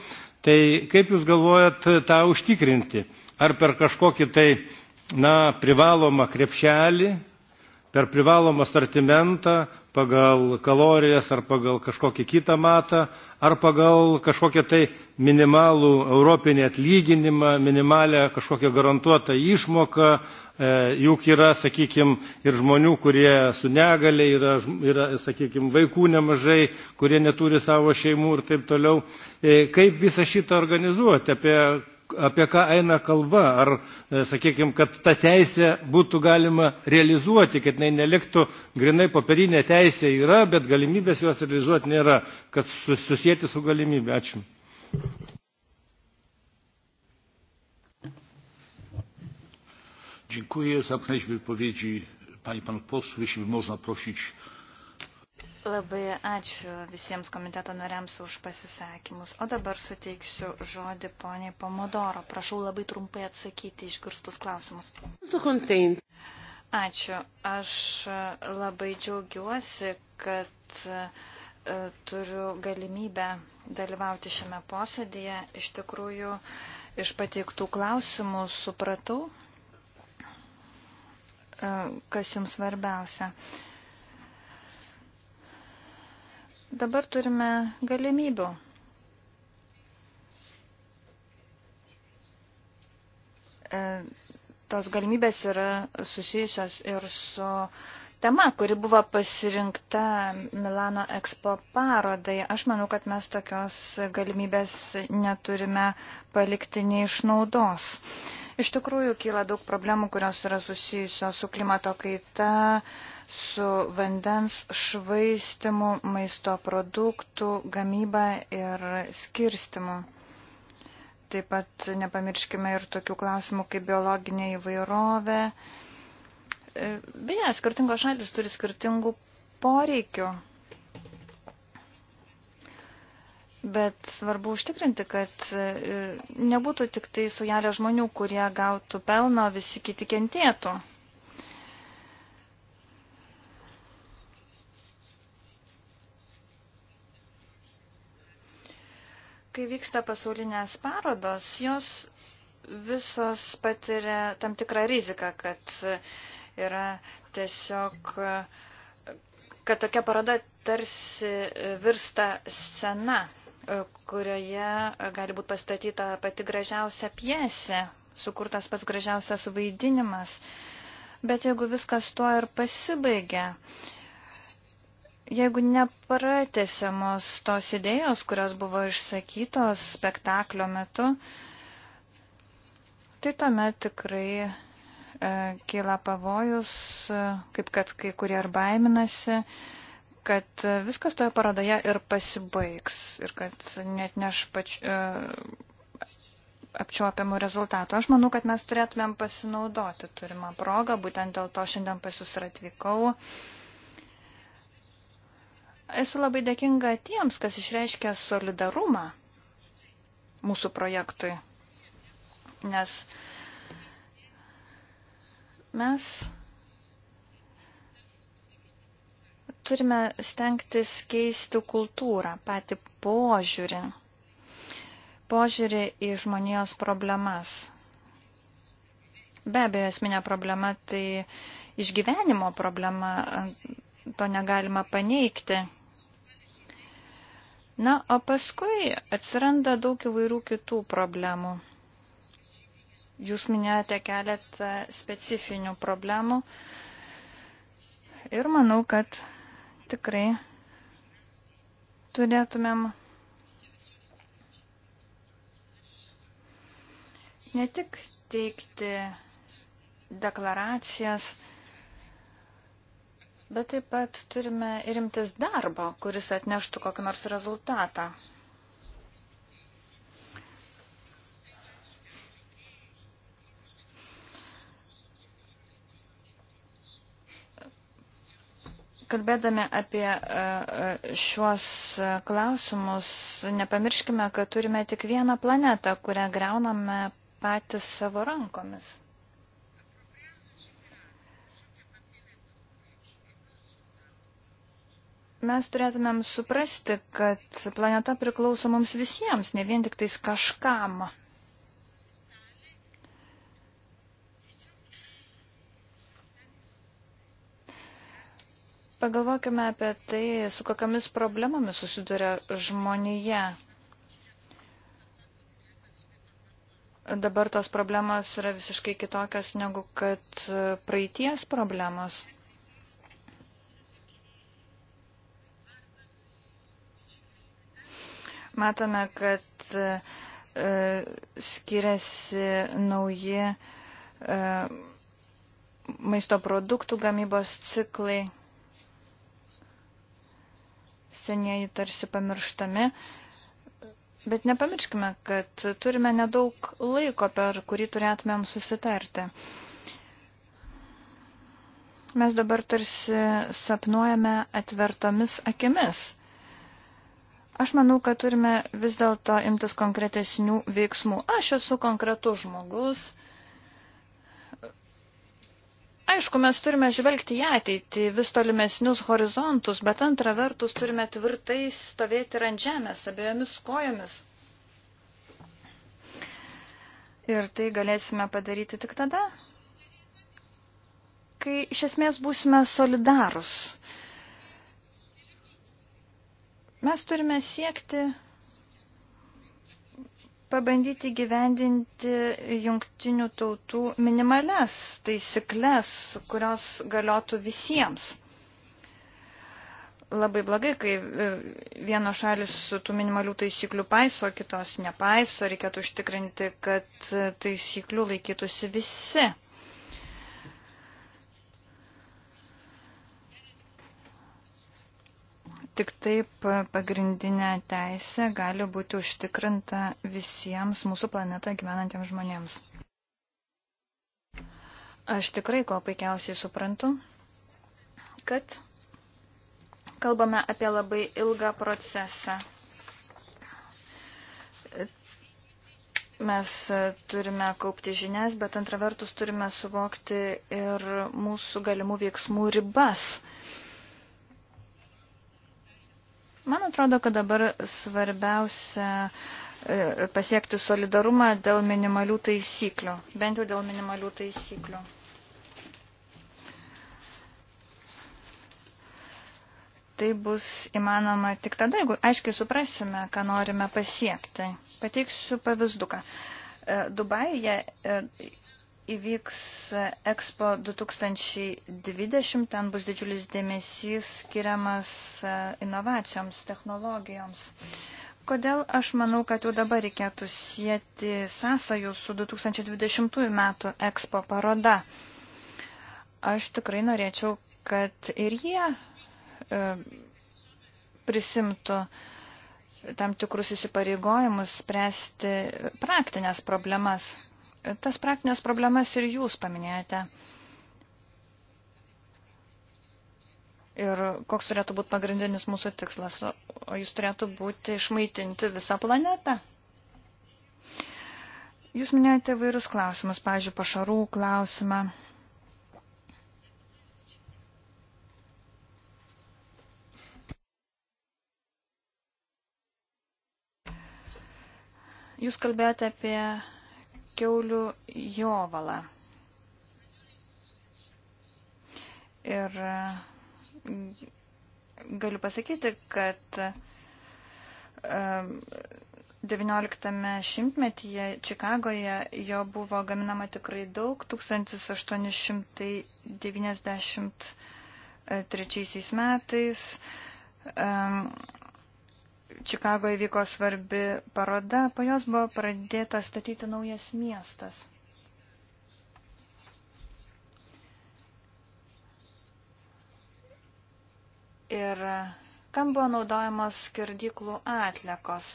Tai kaip Jūs galvojat tą užtikrinti? Ar per kažkokį tai, na, privalomą krepšelį, per privalomą sortimentą pagal kalorijas ar pagal kažkokį kitą matą ar pagal kažkokią tai minimalų europinį atlyginimą minimalią kažkokią garantuotą išmoką e, juk yra sakykime ir žmonių kurie su negalia yra, yra sakykime vaikų nemažai kurie neturi savo šeimų ir taip toliau e, kaip visą šitą organizuoti apie apie ką eina kalba, ar, e, sakykime, kad tą teisę būtų galima realizuoti, kad jinai neliktų grinai popierinė teisė yra, bet galimybės juos realizuoti nėra, kad susijęti su galimybė. Ačiū. Dziękuję. Zamknęliśmy wypowiedzi pani i panów posłów. Jeśli można prosić Labai ačiū visiems komiteto nariams už pasisakymus. O dabar suteiksiu žodį poniai Pomodoro. Prašau labai trumpai atsakyti išgirstus klausimus. Ačiū. Aš labai džiaugiuosi, kad e, turiu galimybę dalyvauti šiame posėdėje. Iš tikrųjų, iš pateiktų klausimų supratau, e, kas jums svarbiausia. Dabar turime galimybių. E, tos galimybės yra susijusios ir su uh, tema, kuri buvo pasirinkta Milano Expo parodai. Aš manau, kad mes tokios galimybės neturime palikti neišnaudos. Iš tikrųjų, kyla daug problemų, kurios yra susijusios su klimato kaita, su vandens švaistimu, maisto produktų gamyba ir skirstimu. Taip pat nepamirškime ir tokių klausimų kaip biologinė įvairovė Beje, skirtingos šalis turi skirtingų poreikių. Bet svarbu užtikrinti, kad e, nebūtų tik tai sujelę žmonių, kurie gautų pelno, visi kiti kentėtų. Kai vyksta pasaulinės parodos, jos visos patiria tam tikrą riziką, kad yra tiesiog, kad tokia paroda tarsi virsta scena, kurioje gali būti pastatyta pati gražiausia piesė, sukurtas pats gražiausias vaidinimas. Bet jeigu viskas tuo ir pasibaigia, jeigu nepratesiamos tos idėjos, kurios buvo išsakytos spektaklio metu, tai tame tikrai E, kyla pavojus, e, kaip kad kai kurie ir baiminasi, kad e, viskas toje parodoje ir pasibaigs ir kad net neš pač, apčiuopiamų rezultatų. Aš manau, kad mes turėtumėm pasinaudoti turimą progą, būtent dėl to šiandien pas jūs ir atvykau. Esu labai dėkinga tiems, kas išreiškia solidarumą mūsų projektui, nes uh, Mes turime stengtis keisti kultūrą, patį požiūrį, požiūrį į žmonijos problemas. Be abejo, esminė problema tai išgyvenimo problema, to negalima paneigti. Na, o paskui atsiranda daug įvairių kitų problemų. Jūs minėjote keletą specifinių problemų ir manau, kad tikrai turėtumėm ne tik teikti deklaracijas, bet taip pat turime rimtis darbą, kuris atneštų kokį nors rezultatą. Kalbėdami apie e, e, šiuos e, klausimus, nepamirškime, kad turime tik vieną planetą, kurią greuname patys savo rankomis. Mes turėtumėm suprasti, kad planeta priklauso mums visiems, ne vien tik tais kažkam. Pagalvokime apie tai, su kokiamis problemomis susiduria žmonija. Dabar tos problemos yra visiškai kitokios negu kad praeities problemos. Matome, kad e, skiriasi nauji e, maisto produktų gamybos ciklai senieji tarsi pamirštami. Bet nepamirškime, kad turime nedaug laiko, per kurį turėtumėm susitarti. Mes dabar tarsi sapnuojame atvertomis akimis. Aš manau, kad turime vis dėlto imtis konkretesnių veiksmų. Aš esu konkretus žmogus, Aišku, mes turime žvelgti į ateitį, vis tolimesnius horizontus, bet antra vertus turime tvirtai stovėti ir ant žemės, abiejomis kojomis. Ir tai galėsime padaryti tik tada, kai iš esmės būsime solidarus. Mes turime siekti pabandyti gyvendinti jungtinių tautų minimales taisyklės, kurios galiotų visiems. Labai blogai, kai e, vienos šalis tų minimalių taisyklių paiso, kitos nepaiso, reikėtų užtikrinti, kad e, taisyklių laikytųsi visi. Tik taip pagrindinė teisė gali būti užtikrinta visiems mūsų planetoje gyvenantiems žmonėms. Aš tikrai ko puikiausiai suprantu, kad kalbame apie labai ilgą procesą. Mes turime kaupti žinias, bet antra vertus turime suvokti ir mūsų galimų veiksmų ribas. Man atrodo, kad dabar svarbiausia e, pasiekti solidarumą dėl minimalių taisyklių, bent jau dėl minimalių taisyklių. Tai bus įmanoma tik tada, jeigu aiškiai suprasime, ką norime pasiekti. Pateiksiu pavyzduką. E, Dubajuje e, įvyks Expo 2020, ten bus didžiulis dėmesys skiriamas e, inovacijoms, technologijoms. Kodėl aš manau, kad jau dabar reikėtų sieti sąsajų su 2020 metų Expo paroda? Aš tikrai norėčiau, kad ir jie e, prisimtų tam tikrus įsipareigojimus spręsti praktinės problemas. Tas praktinės problemas ir jūs paminėjote. Ir koks turėtų būti pagrindinis mūsų tikslas, o jis turėtų būti išmaitinti visą planetą. Jūs minėjote vairūs klausimus, pavyzdžiui, pašarų klausimą. Jūs kalbėjote apie keulių jovalą. Ir mm, galiu pasakyti, kad 19 mm, šimtmetyje Čikagoje jo buvo gaminama tikrai daug. 1893 metais mm, Čikagoje vyko svarbi paroda, po jos buvo pradėtas statyti naujas miestas. Ir tam buvo naudojamos skirdyklų atlekos.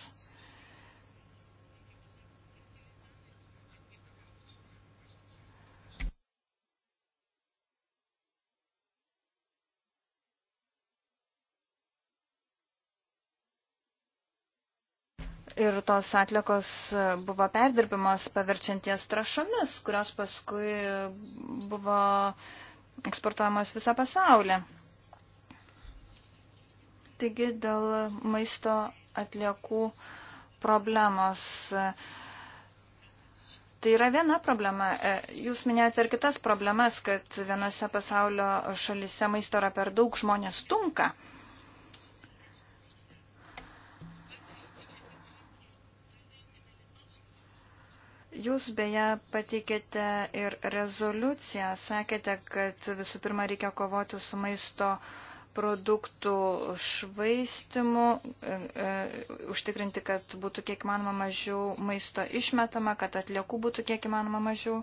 ir tos atlikos buvo perdirbimos paverčianties trašomis, kurios paskui buvo eksportuojamos visą pasaulį. Taigi dėl maisto atliekų problemos. Tai yra viena problema. Jūs minėjote ir kitas problemas, kad vienose pasaulio šalise maisto yra per daug, žmonės tunka. Jūs beje pateikėte ir rezoliuciją, sakėte, kad visų pirma reikia kovoti su maisto produktų švaistimu, e, e, užtikrinti, kad būtų kiek manoma mažiau maisto išmetama, kad atliekų būtų kiek įmanoma mažiau.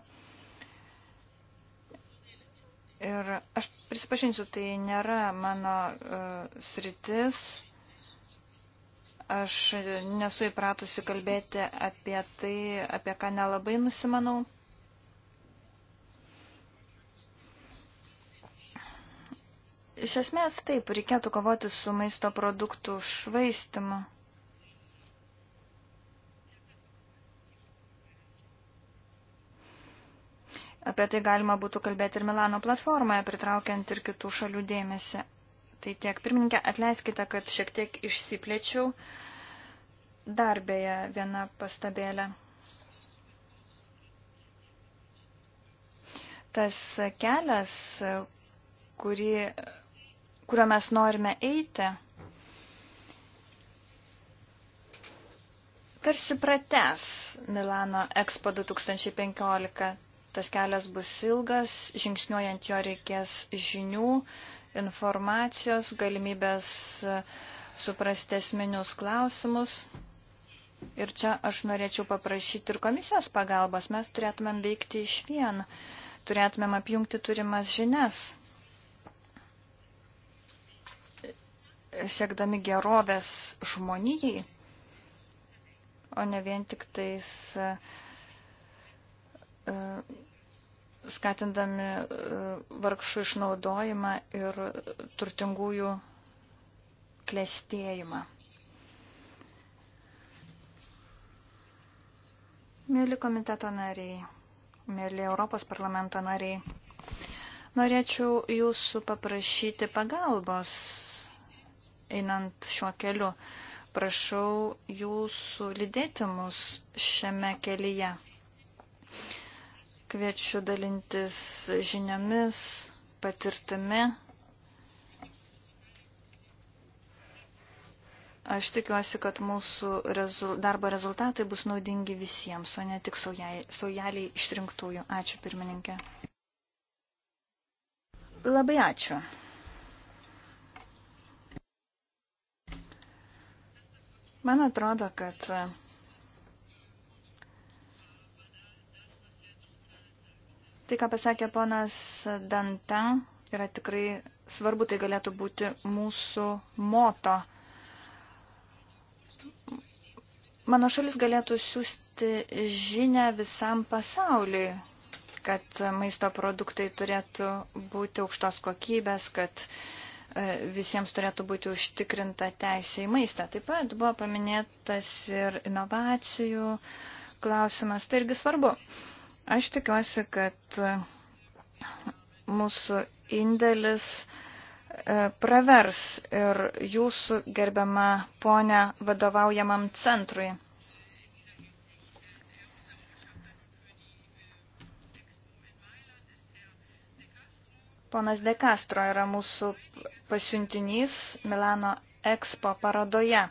Ir aš prisipažinsiu, tai nėra mano uh, sritis, Aš nesu įpratusi kalbėti apie tai, apie ką nelabai nusimanau. Iš esmės taip, reikėtų kovoti su maisto produktų švaistimu. Apie tai galima būtų kalbėti ir Milano platformoje, pritraukiant ir kitų šalių dėmesį. Tai tiek, pirmininkė, atleiskite, kad šiek tiek išsiplėčiau. Dar beje viena pastabėlė. Tas kelias, kurį, kurio mes norime eiti, tarsi prates Milano Expo 2015. Tas kelias bus ilgas, žingsniuojant jo reikės žinių, informacijos, galimybės suprasti esminius klausimus. Ir čia aš norėčiau paprašyti ir komisijos pagalbos. Mes turėtumėm veikti iš vien, turėtumėm apjungti turimas žinias, siekdami gerovės žmonijai, o ne vien tik tais uh, skatindami e, vargšų išnaudojimą ir turtingųjų klėstėjimą. Mėly komiteto nariai, mėly Europos parlamento nariai, norėčiau jūsų paprašyti pagalbos einant šiuo keliu. Prašau jūsų lydėti mus šiame kelyje. Kviečiu dalintis žiniomis, patirtimi. Aš tikiuosi, kad mūsų rezul darbo rezultatai bus naudingi visiems, o ne tik saujeliai išrinktųjų. Ačiū, pirmininkė. Labai ačiū. Man atrodo, kad Tai, ką pasakė ponas Dantan, yra tikrai svarbu, tai galėtų būti mūsų moto. Mano šalis galėtų siūsti žinę visam pasauliui, kad maisto produktai turėtų būti aukštos kokybės, kad e, visiems turėtų būti užtikrinta teisė į maistą. Taip pat buvo paminėtas ir inovacijų klausimas, tai irgi svarbu. Uh, Aš tikiuosi, kad e, mūsų indėlis e, pravers ir jūsų gerbiama ponia vadovaujamam centrui. Ponas De Castro yra mūsų pasiuntinys Milano Expo parodoje.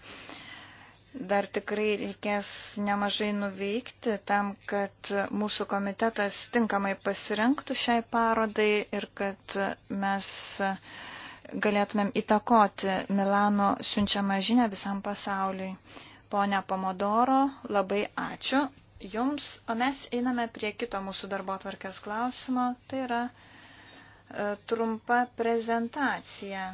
Dar tikrai reikės nemažai nuveikti tam, kad mūsų komitetas tinkamai pasirenktų šiai parodai ir kad mes galėtumėm įtakoti Milano siunčiamą žinę visam pasauliui. Pone Pomodoro, labai ačiū Jums, o mes einame prie kito mūsų darbo tvarkės klausimo, tai yra e, trumpa prezentacija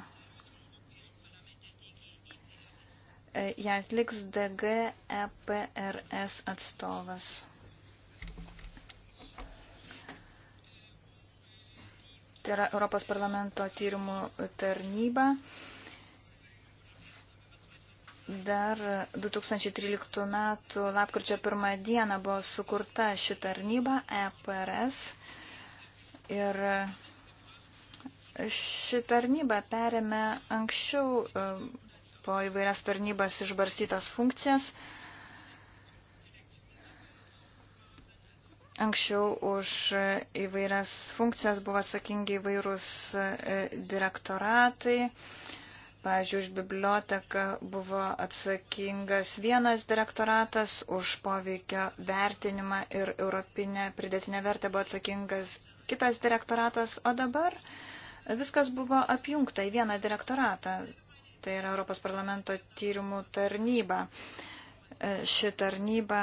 ją atliks DG EPRS atstovas. Tai yra Europos parlamento tyrimų tarnyba. Dar 2013 m. lapkričio 1 dieną buvo sukurta ši tarnyba EPRS ir ši tarnyba perėmė anksčiau po įvairias tarnybas išbarstytas funkcijas. Anksčiau už įvairias funkcijas buvo atsakingi įvairūs e, direktoratai. Pavyzdžiui, už biblioteką buvo atsakingas vienas direktoratas, už poveikio vertinimą ir europinę pridėtinę vertę buvo atsakingas kitas direktoratas, o dabar viskas buvo apjungta į vieną direktoratą tai yra Europos parlamento tyrimų tarnyba. E, ši tarnyba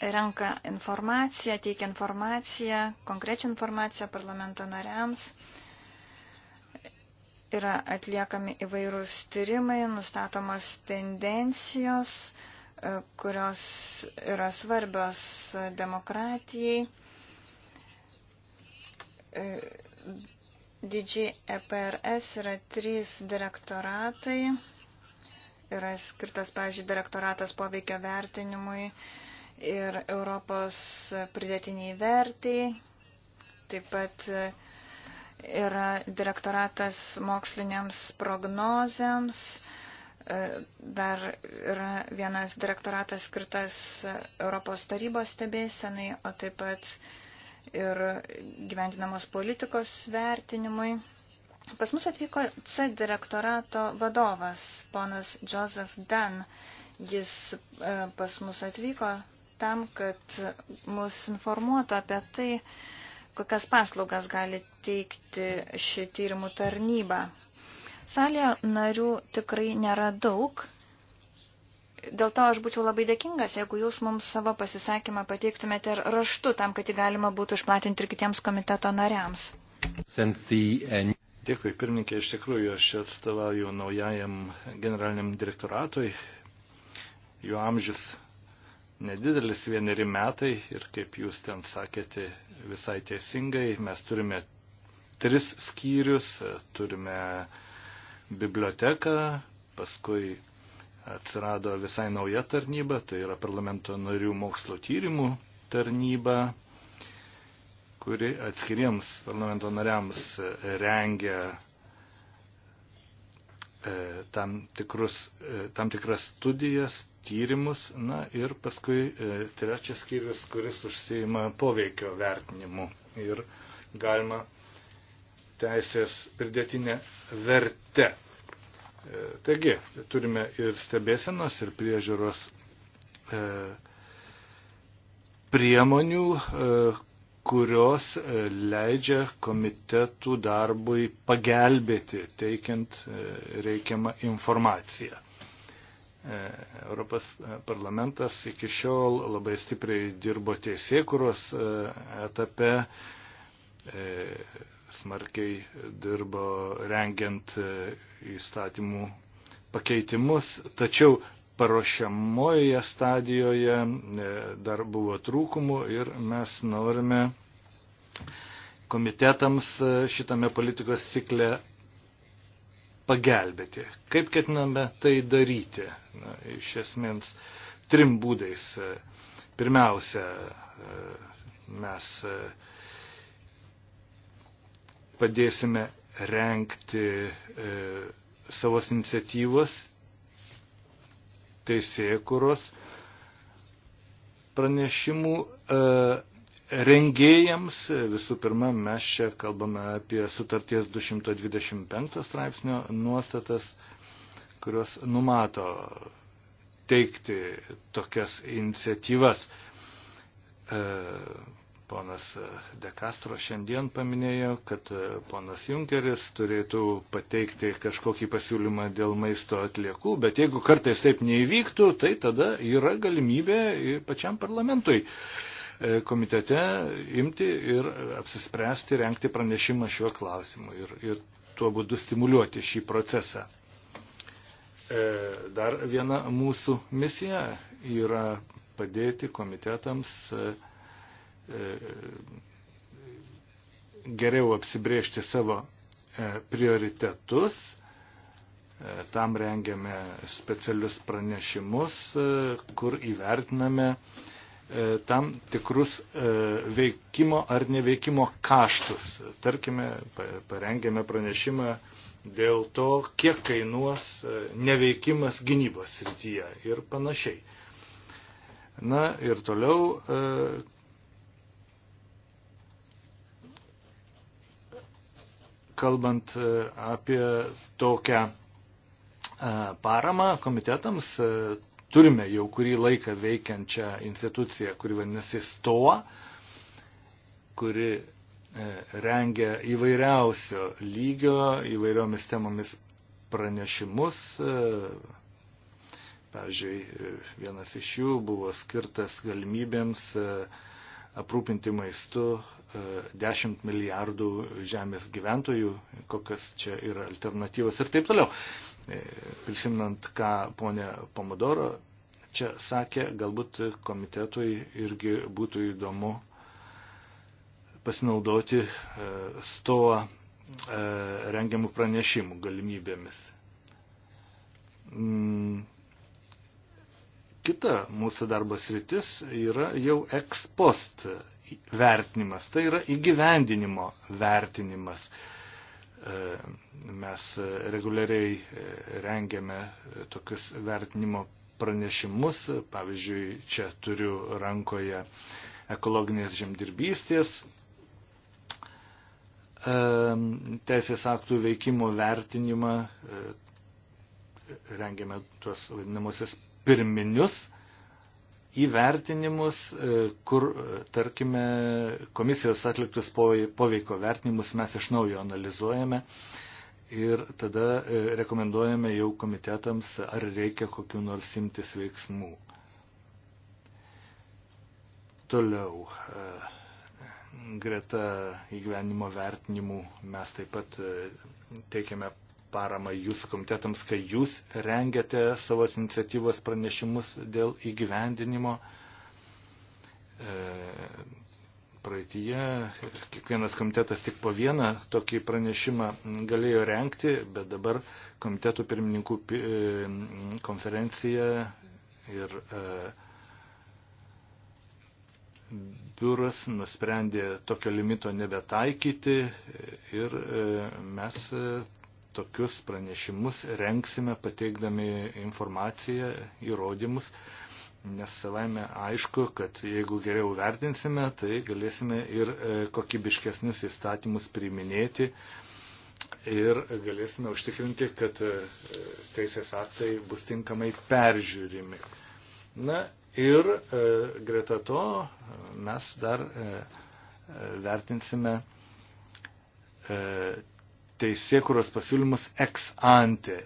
renka informaciją, teikia informaciją, konkrečią informaciją parlamento nariams. Yra atliekami įvairūs tyrimai, nustatomos tendencijos, e, kurios yra svarbios demokratijai e, Didžiai EPRS yra trys direktoratai. Yra skirtas, pavyzdžiui, direktoratas poveikio vertinimui ir Europos pridėtiniai vertai. Taip pat yra direktoratas moksliniams prognozėms. Dar yra vienas direktoratas skirtas Europos tarybos stebėsenai, o taip pat ir gyventinamos politikos vertinimui. Pas mus atvyko C direktorato vadovas, ponas Joseph Dan. Jis e, pas mus atvyko tam, kad mus informuotų apie tai, kokias paslaugas gali teikti ši tyrimų tarnyba. Salėje narių tikrai nėra daug, dėl to aš būčiau labai dėkingas, jeigu jūs mums savo pasisakymą pateiktumėte ir raštu, tam, kad jį galima būtų išplatinti ir kitiems komiteto nariams. Dėkui, pirmininkė, iš tikrųjų aš atstovauju naujajam generaliniam direktoratui. Jų amžius nedidelis vieneri metai ir kaip jūs ten sakėte visai teisingai, mes turime tris skyrius, turime biblioteką, paskui atsirado visai nauja tarnyba, tai yra parlamento narių mokslo tyrimų tarnyba, kuri atskiriems parlamento nariams rengia e, tam, tikrus, e, tam tikras studijas, tyrimus, na ir paskui e, trečias skyrius, kuris užsieima poveikio vertinimu ir galima teisės pridėtinę vertę E, taigi, turime ir stebėsenos, ir priežiūros e, priemonių, e, kurios e, leidžia komitetų darbui pagelbėti, teikiant e, reikiamą informaciją. Europos parlamentas iki šiol labai stipriai dirbo teisėkuros etape, smarkiai dirbo rengiant e, įstatymų pakeitimus, tačiau paruošiamoje stadijoje e, dar buvo trūkumų ir mes norime komitetams e, šitame politikos cikle pagelbėti. Kaip ketiname tai daryti? Na, iš esmės trim būdais. Pirmiausia, mes padėsime renkti e, savas iniciatyvas, teisėkuros pranešimų e, rengėjams. Visų pirma, mes čia kalbame apie sutarties 225 straipsnio nuostatas, kurios numato teikti tokias iniciatyvas. E, Ponas e, De Castro šiandien paminėjo, kad e, ponas Junkeris turėtų pateikti kažkokį pasiūlymą dėl maisto atliekų, bet jeigu kartais taip neįvyktų, tai tada yra galimybė pačiam parlamentui e, komitete imti ir apsispręsti, renkti pranešimą šiuo klausimu ir, ir tuo būdu stimuliuoti šį procesą. Dar viena mūsų misija yra padėti komitetams geriau apsibriežti savo e, prioritetus. E, tam rengiame specialius pranešimus, e, kur įvertiname tam tikrus veikimo ar neveikimo kaštus. Tarkime, parengėme pranešimą dėl to, kiek kainuos neveikimas gynybos srityje ir panašiai. Na ir toliau kalbant e, apie tokią e, paramą komitetams, e, turime jau kurį laiką veikiančią instituciją, kuri vadinasi STOA, kuri rengia įvairiausio lygio, įvairiomis temomis pranešimus. Pavyzdžiui, vienas iš jų buvo skirtas galimybėms uh, aprūpinti maistu 10 e, milijardų žemės gyventojų, kokias čia yra alternatyvas ir taip toliau. E, prisimnant, ką ponė Pomodoro čia sakė, galbūt komitetui irgi būtų įdomu pasinaudoti e, stoa rengiamų pranešimų galimybėmis. Mm, Kita mūsų darbos rytis yra jau ekspost vertinimas, tai yra įgyvendinimo vertinimas. E, mes reguliariai e, rengiame e, tokius vertinimo pranešimus, pavyzdžiui, čia turiu rankoje ekologinės žemdirbystės teisės aktų veikimo vertinimą, rengiame tuos vadinamosios pirminius įvertinimus, e, kur, e, tarkime, komisijos atliktus poveiko vertinimus mes iš naujo analizuojame ir tada e, rekomenduojame jau komitetams, ar reikia kokiu nors imtis veiksmų. Toliau, greta įgyvenimo vertinimų mes taip pat teikiame paramą jūsų komitetams, kai jūs rengiate savo iniciatyvos pranešimus dėl įgyvendinimo. E, Praeitie kiekvienas komitetas tik po vieną tokį pranešimą galėjo renkti, bet dabar komitetų pirmininkų e, konferencija ir e, biuras nusprendė tokio limito nebetaikyti ir mes tokius pranešimus renksime pateikdami informaciją, įrodymus, nes savaime aišku, kad jeigu geriau vertinsime, tai galėsime ir e, kokybiškesnius įstatymus priiminėti ir galėsime užtikrinti, kad e, teisės aktai bus tinkamai peržiūrimi. Na ir e, greta to mes dar vertinsime teisėkuros pasiūlymus ex ante.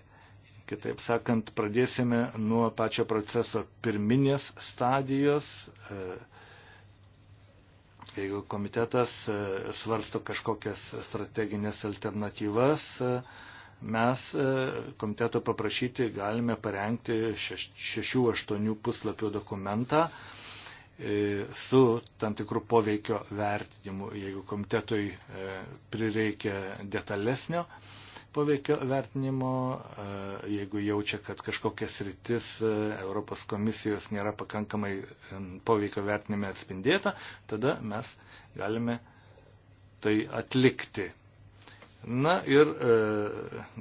Kitaip sakant, pradėsime nuo pačio proceso pirminės stadijos. E, jeigu komitetas e, svarsto kažkokias strateginės alternatyvas, e, mes komiteto paprašyti galime parengti 6-8 puslapio dokumentą, E, su tam tikrų poveikio vertinimu. Jeigu komitetui e, prireikia detalesnio poveikio vertinimo, e, jeigu jaučia, kad kažkokias rytis Europos komisijos nėra pakankamai poveikio vertinime atspindėta, tada mes galime tai atlikti. Na ir e,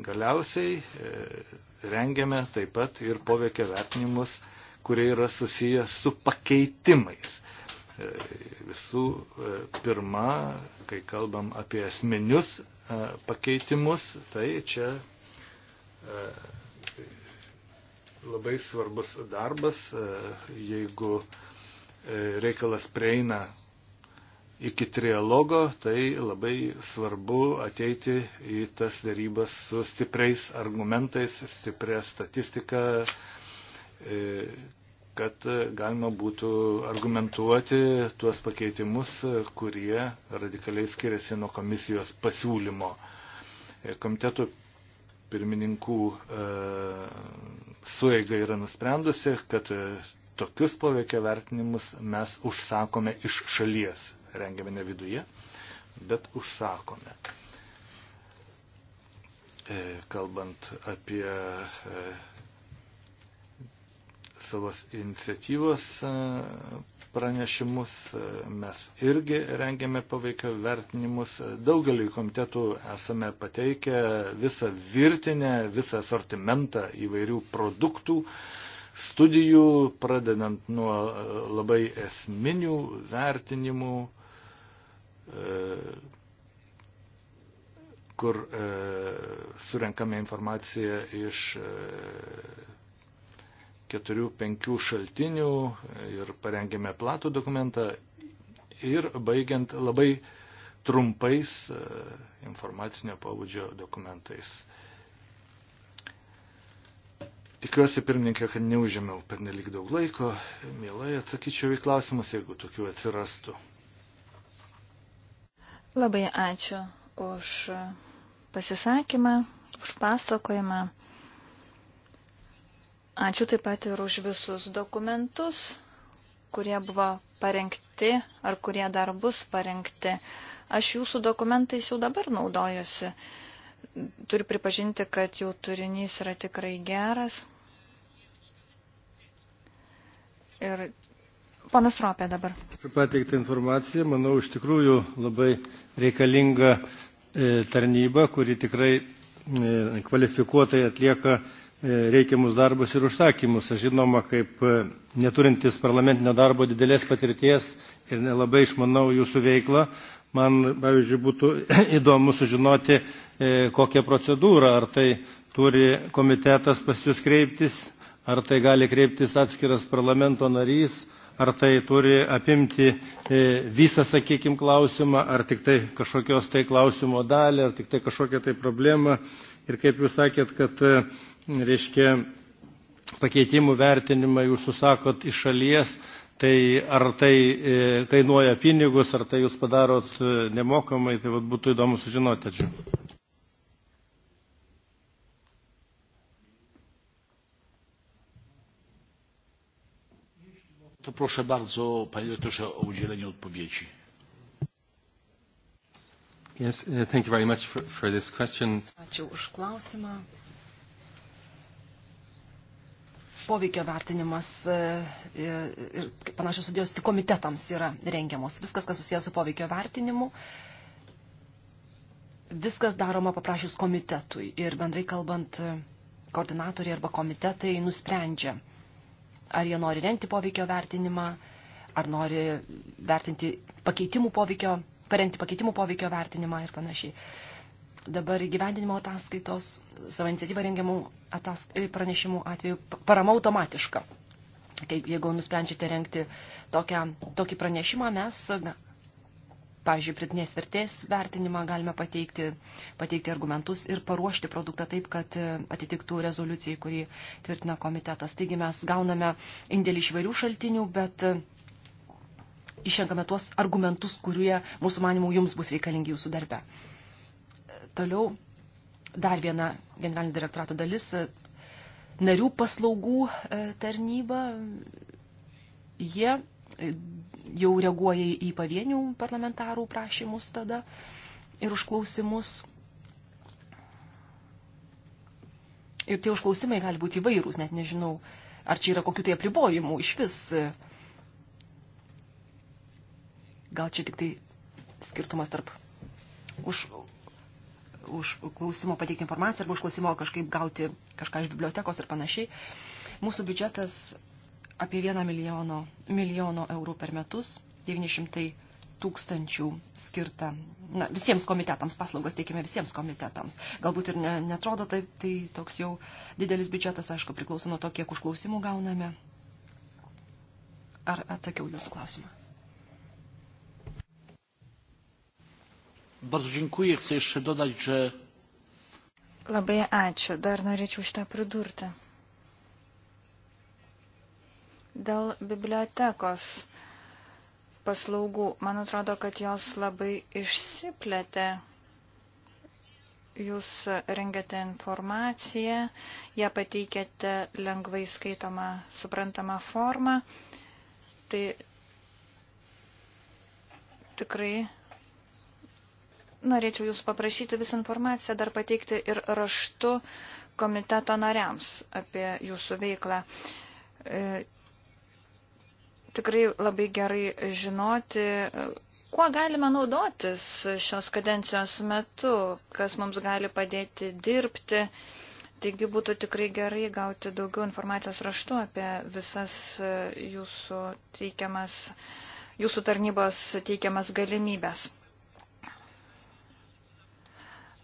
galiausiai e, rengiame taip pat ir poveikio vertinimus e, kurie yra susiję su pakeitimais. E, visų e, pirma, kai kalbam apie esminius e, pakeitimus, tai čia labai svarbus darbas, jeigu reikalas prieina iki trialogo, tai labai svarbu ateiti į tas darybas su stipriais argumentais, stipria statistika, E, kad galima būtų argumentuoti tuos pakeitimus, kurie radikaliai skiriasi nuo komisijos pasiūlymo. E, komitetų pirmininkų e, sueiga yra nusprendusi, kad tokius poveikio vertinimus mes užsakome iš šalies. Rengiame ne viduje, bet užsakome kalbant apie savos iniciatyvos e, pranešimus, e, mes irgi rengėme poveikio vertinimus, e, daugeliu komitetų esame pateikę visą virtinę, visą asortimentą įvairių produktų, studijų, pradedant nuo labai esminių vertinimų, kur surenkame informaciją iš keturių, penkių šaltinių ir parengėme platų dokumentą ir baigiant labai trumpais e, informacinio pavudžio dokumentais. Tikiuosi, pirmininkė, kad neužėmiau per nelik daug laiko. Mielai atsakyčiau į klausimus, jeigu tokių atsirastų. Labai ačiū už pasisakymą, už pasakojimą. Ačiū taip pat ir už visus dokumentus, kurie buvo parengti ar kurie dar bus parengti. Aš jūsų dokumentais jau dabar naudojuosi. Turiu pripažinti, kad jų turinys yra tikrai geras. Ir Ponas Ropė dabar. Pateiktą informaciją, manau, iš tikrųjų labai reikalinga e, tarnyba, kuri tikrai e, kvalifikuotai atlieka E, reikiamus darbus ir užsakymus. Aš žinoma, kaip e, neturintis parlamentinio darbo didelės patirties ir nelabai išmanau jūsų veiklą, man, pavyzdžiui, būtų įdomu sužinoti, e, kokią procedūrą, ar tai turi komitetas pas jūs kreiptis, ar tai gali kreiptis atskiras parlamento narys, ar tai turi apimti visą, sakykime, klausimą, ar tik tai kažkokios tai klausimo dalį, ar tik tai kažkokią tai problemą. Ir kaip jūs sakėt, kad reiškia, pakeitimų vertinimą jūs užsakot iš šalies, tai ar tai e, kainuoja pinigus, ar tai jūs padarot e, nemokamai, tai vat, būtų įdomu sužinoti. Ačiū. To proszę bardzo, panie dyrektorze, o udzielenie odpowiedzi. Yes, uh, thank you very much for, for this question. Ačiū už klausimą poveikio vertinimas e, e, ir panašios studijos tik komitetams yra rengiamos. Viskas, kas susijęs su poveikio vertinimu, viskas daroma paprašius komitetui ir bendrai kalbant koordinatoriai arba komitetai nusprendžia, ar jie nori rengti poveikio vertinimą, ar nori vertinti pakeitimų poveikio, parengti pakeitimų poveikio vertinimą ir panašiai dabar įgyvendinimo ataskaitos, savo iniciatyvą rengiamų atask... pranešimų atveju parama automatiška. Jeigu nusprendžiate rengti tokią, tokį pranešimą, mes, na, pavyzdžiui, pritinės vertės vertinimą galime pateikti, pateikti argumentus ir paruošti produktą taip, kad e, atitiktų rezoliucijai, kurį tvirtina komitetas. Taigi mes gauname indėlį iš vairių šaltinių, bet e, išrenkame tuos argumentus, kurie mūsų manimų jums bus reikalingi jūsų darbe. Toliau dar viena generalinio direktorato dalis e, – narių paslaugų e, tarnyba. Jie e, jau reaguoja į pavienių parlamentarų prašymus tada ir užklausimus. Ir tie užklausimai gali būti įvairūs, net nežinau, ar čia yra kokių tai apribojimų iš vis. Gal čia tik tai skirtumas tarp už už klausimo pateikti informaciją arba už klausimo kažkaip gauti kažką iš bibliotekos ir panašiai. Mūsų biudžetas apie 1 milijono, milijono eurų per metus, 900 tūkstančių skirta na, visiems komitetams, paslaugas teikime visiems komitetams. Galbūt ir ne, netrodo taip, tai toks jau didelis biudžetas, aišku, priklauso nuo to, kiek užklausimų gauname. Ar atsakiau jūsų klausimą? Bardzo dziękuję. Chcę jeszcze dodać, że. Labai ačiū. Dar norėčiau šitą pridurti. Dėl bibliotekos paslaugų, man atrodo, kad jos labai išsiplėtė. Jūs rengiate informaciją, ją pateikėte lengvai skaitomą, suprantamą formą. Tai tikrai norėčiau Jūsų paprašyti visą informaciją dar pateikti ir raštu komiteto nariams apie Jūsų veiklą. E, tikrai labai gerai žinoti, e, kuo galime naudotis šios kadencijos metu, kas mums gali padėti dirbti. Taigi būtų tikrai gerai gauti daugiau informacijos raštu apie visas e, jūsų teikiamas, jūsų tarnybos teikiamas galimybės.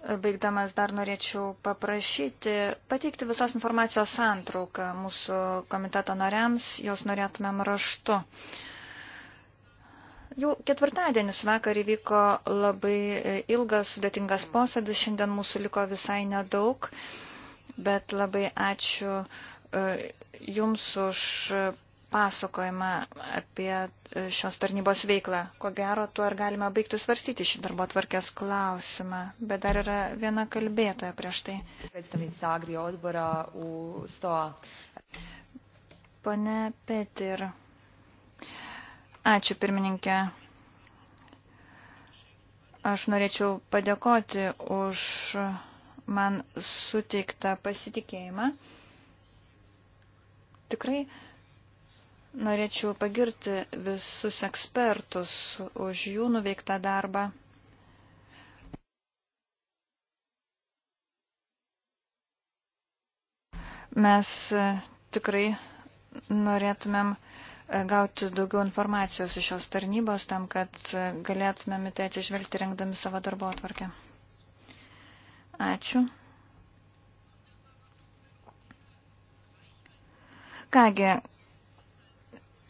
Baigdamas dar norėčiau paprašyti pateikti visos informacijos santrauką mūsų komiteto nariams, jos norėtumėm raštu. Jau ketvirtadienis vakar įvyko labai ilgas, sudėtingas posėdis, šiandien mūsų liko visai nedaug, bet labai ačiū e, Jums už pasakojimą apie e, šios tarnybos veiklą. Ko gero, tuo ir galime baigti svarstyti šį darbo tvarkės klausimą, bet dar yra viena kalbėtoja prieš tai. Pane Petir. Ačiū, pirmininkė. Aš norėčiau padėkoti už man suteiktą pasitikėjimą. Tikrai Norėčiau pagirti visus ekspertus už jų nuveiktą darbą. Mes e, tikrai norėtumėm e, gauti daugiau informacijos iš šios tarnybos tam, kad e, galėtumėm į tai atsižvelgti rengdami savo darbo atvarkę. Ačiū. Kągi,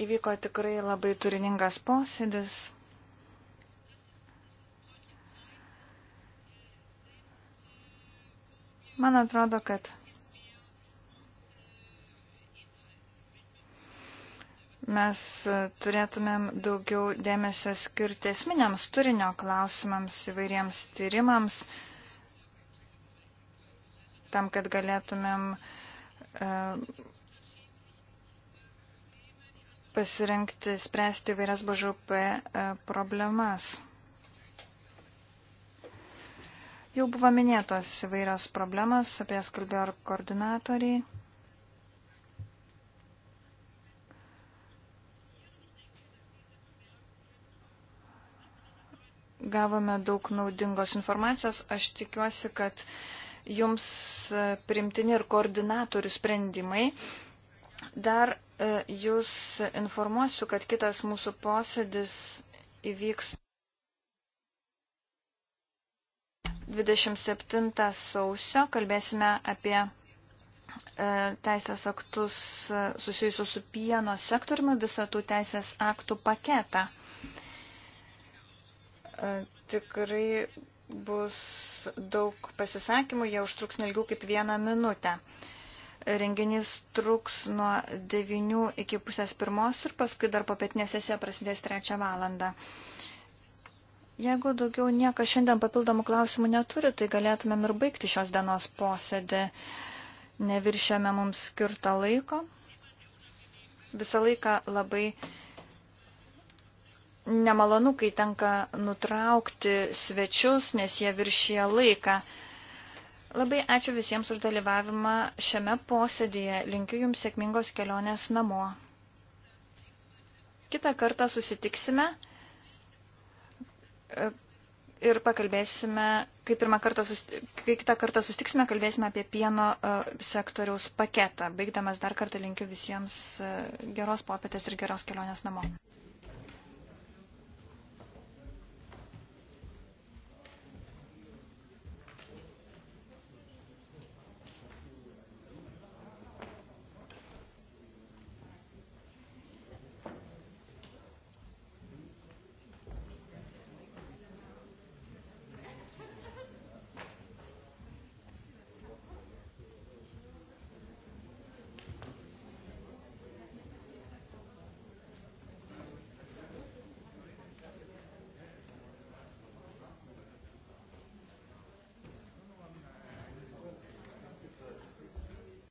Įvyko tikrai labai turiningas posėdis. Man atrodo, kad mes turėtumėm daugiau dėmesio skirti esminiams turinio klausimams, įvairiems tyrimams, tam, kad galėtumėm e, pasirengti spręsti vairias BŽP e, problemas. Jau buvo minėtos įvairios problemos, apie jas kalbėjo ir koordinatoriai. Gavome daug naudingos informacijos. Aš tikiuosi, kad jums primtini ir koordinatorių sprendimai dar E, jūs informuosiu, kad kitas mūsų posėdis įvyks 27 sausio. Kalbėsime apie e, teisės aktus e, susijusius su pieno sektoriumi, visą tų teisės aktų paketą. Tikrai bus daug pasisakymų, jie užtruks nelgiau kaip vieną minutę. Renginys truks nuo 9 iki pusės pirmos ir paskui dar popietinė sesija prasidės 3 valandą. Jeigu daugiau niekas šiandien papildomų klausimų neturi, tai galėtumėm ir baigti šios dienos posėdį. Neviršėme mums skirtą laiko. Visą laiką labai nemalonu, kai tenka nutraukti svečius, nes jie viršyje laiką. Labai ačiū visiems už dalyvavimą šiame posėdėje. Linkiu Jums sėkmingos kelionės namo. Kita kartą susitiksime e, ir pakalbėsime, kai, pirmą kartą, kai kitą kartą susitiksime, kalbėsime apie pieno e, sektoriaus paketą. Baigdamas dar kartą linkiu visiems e, geros popietės ir geros kelionės namo.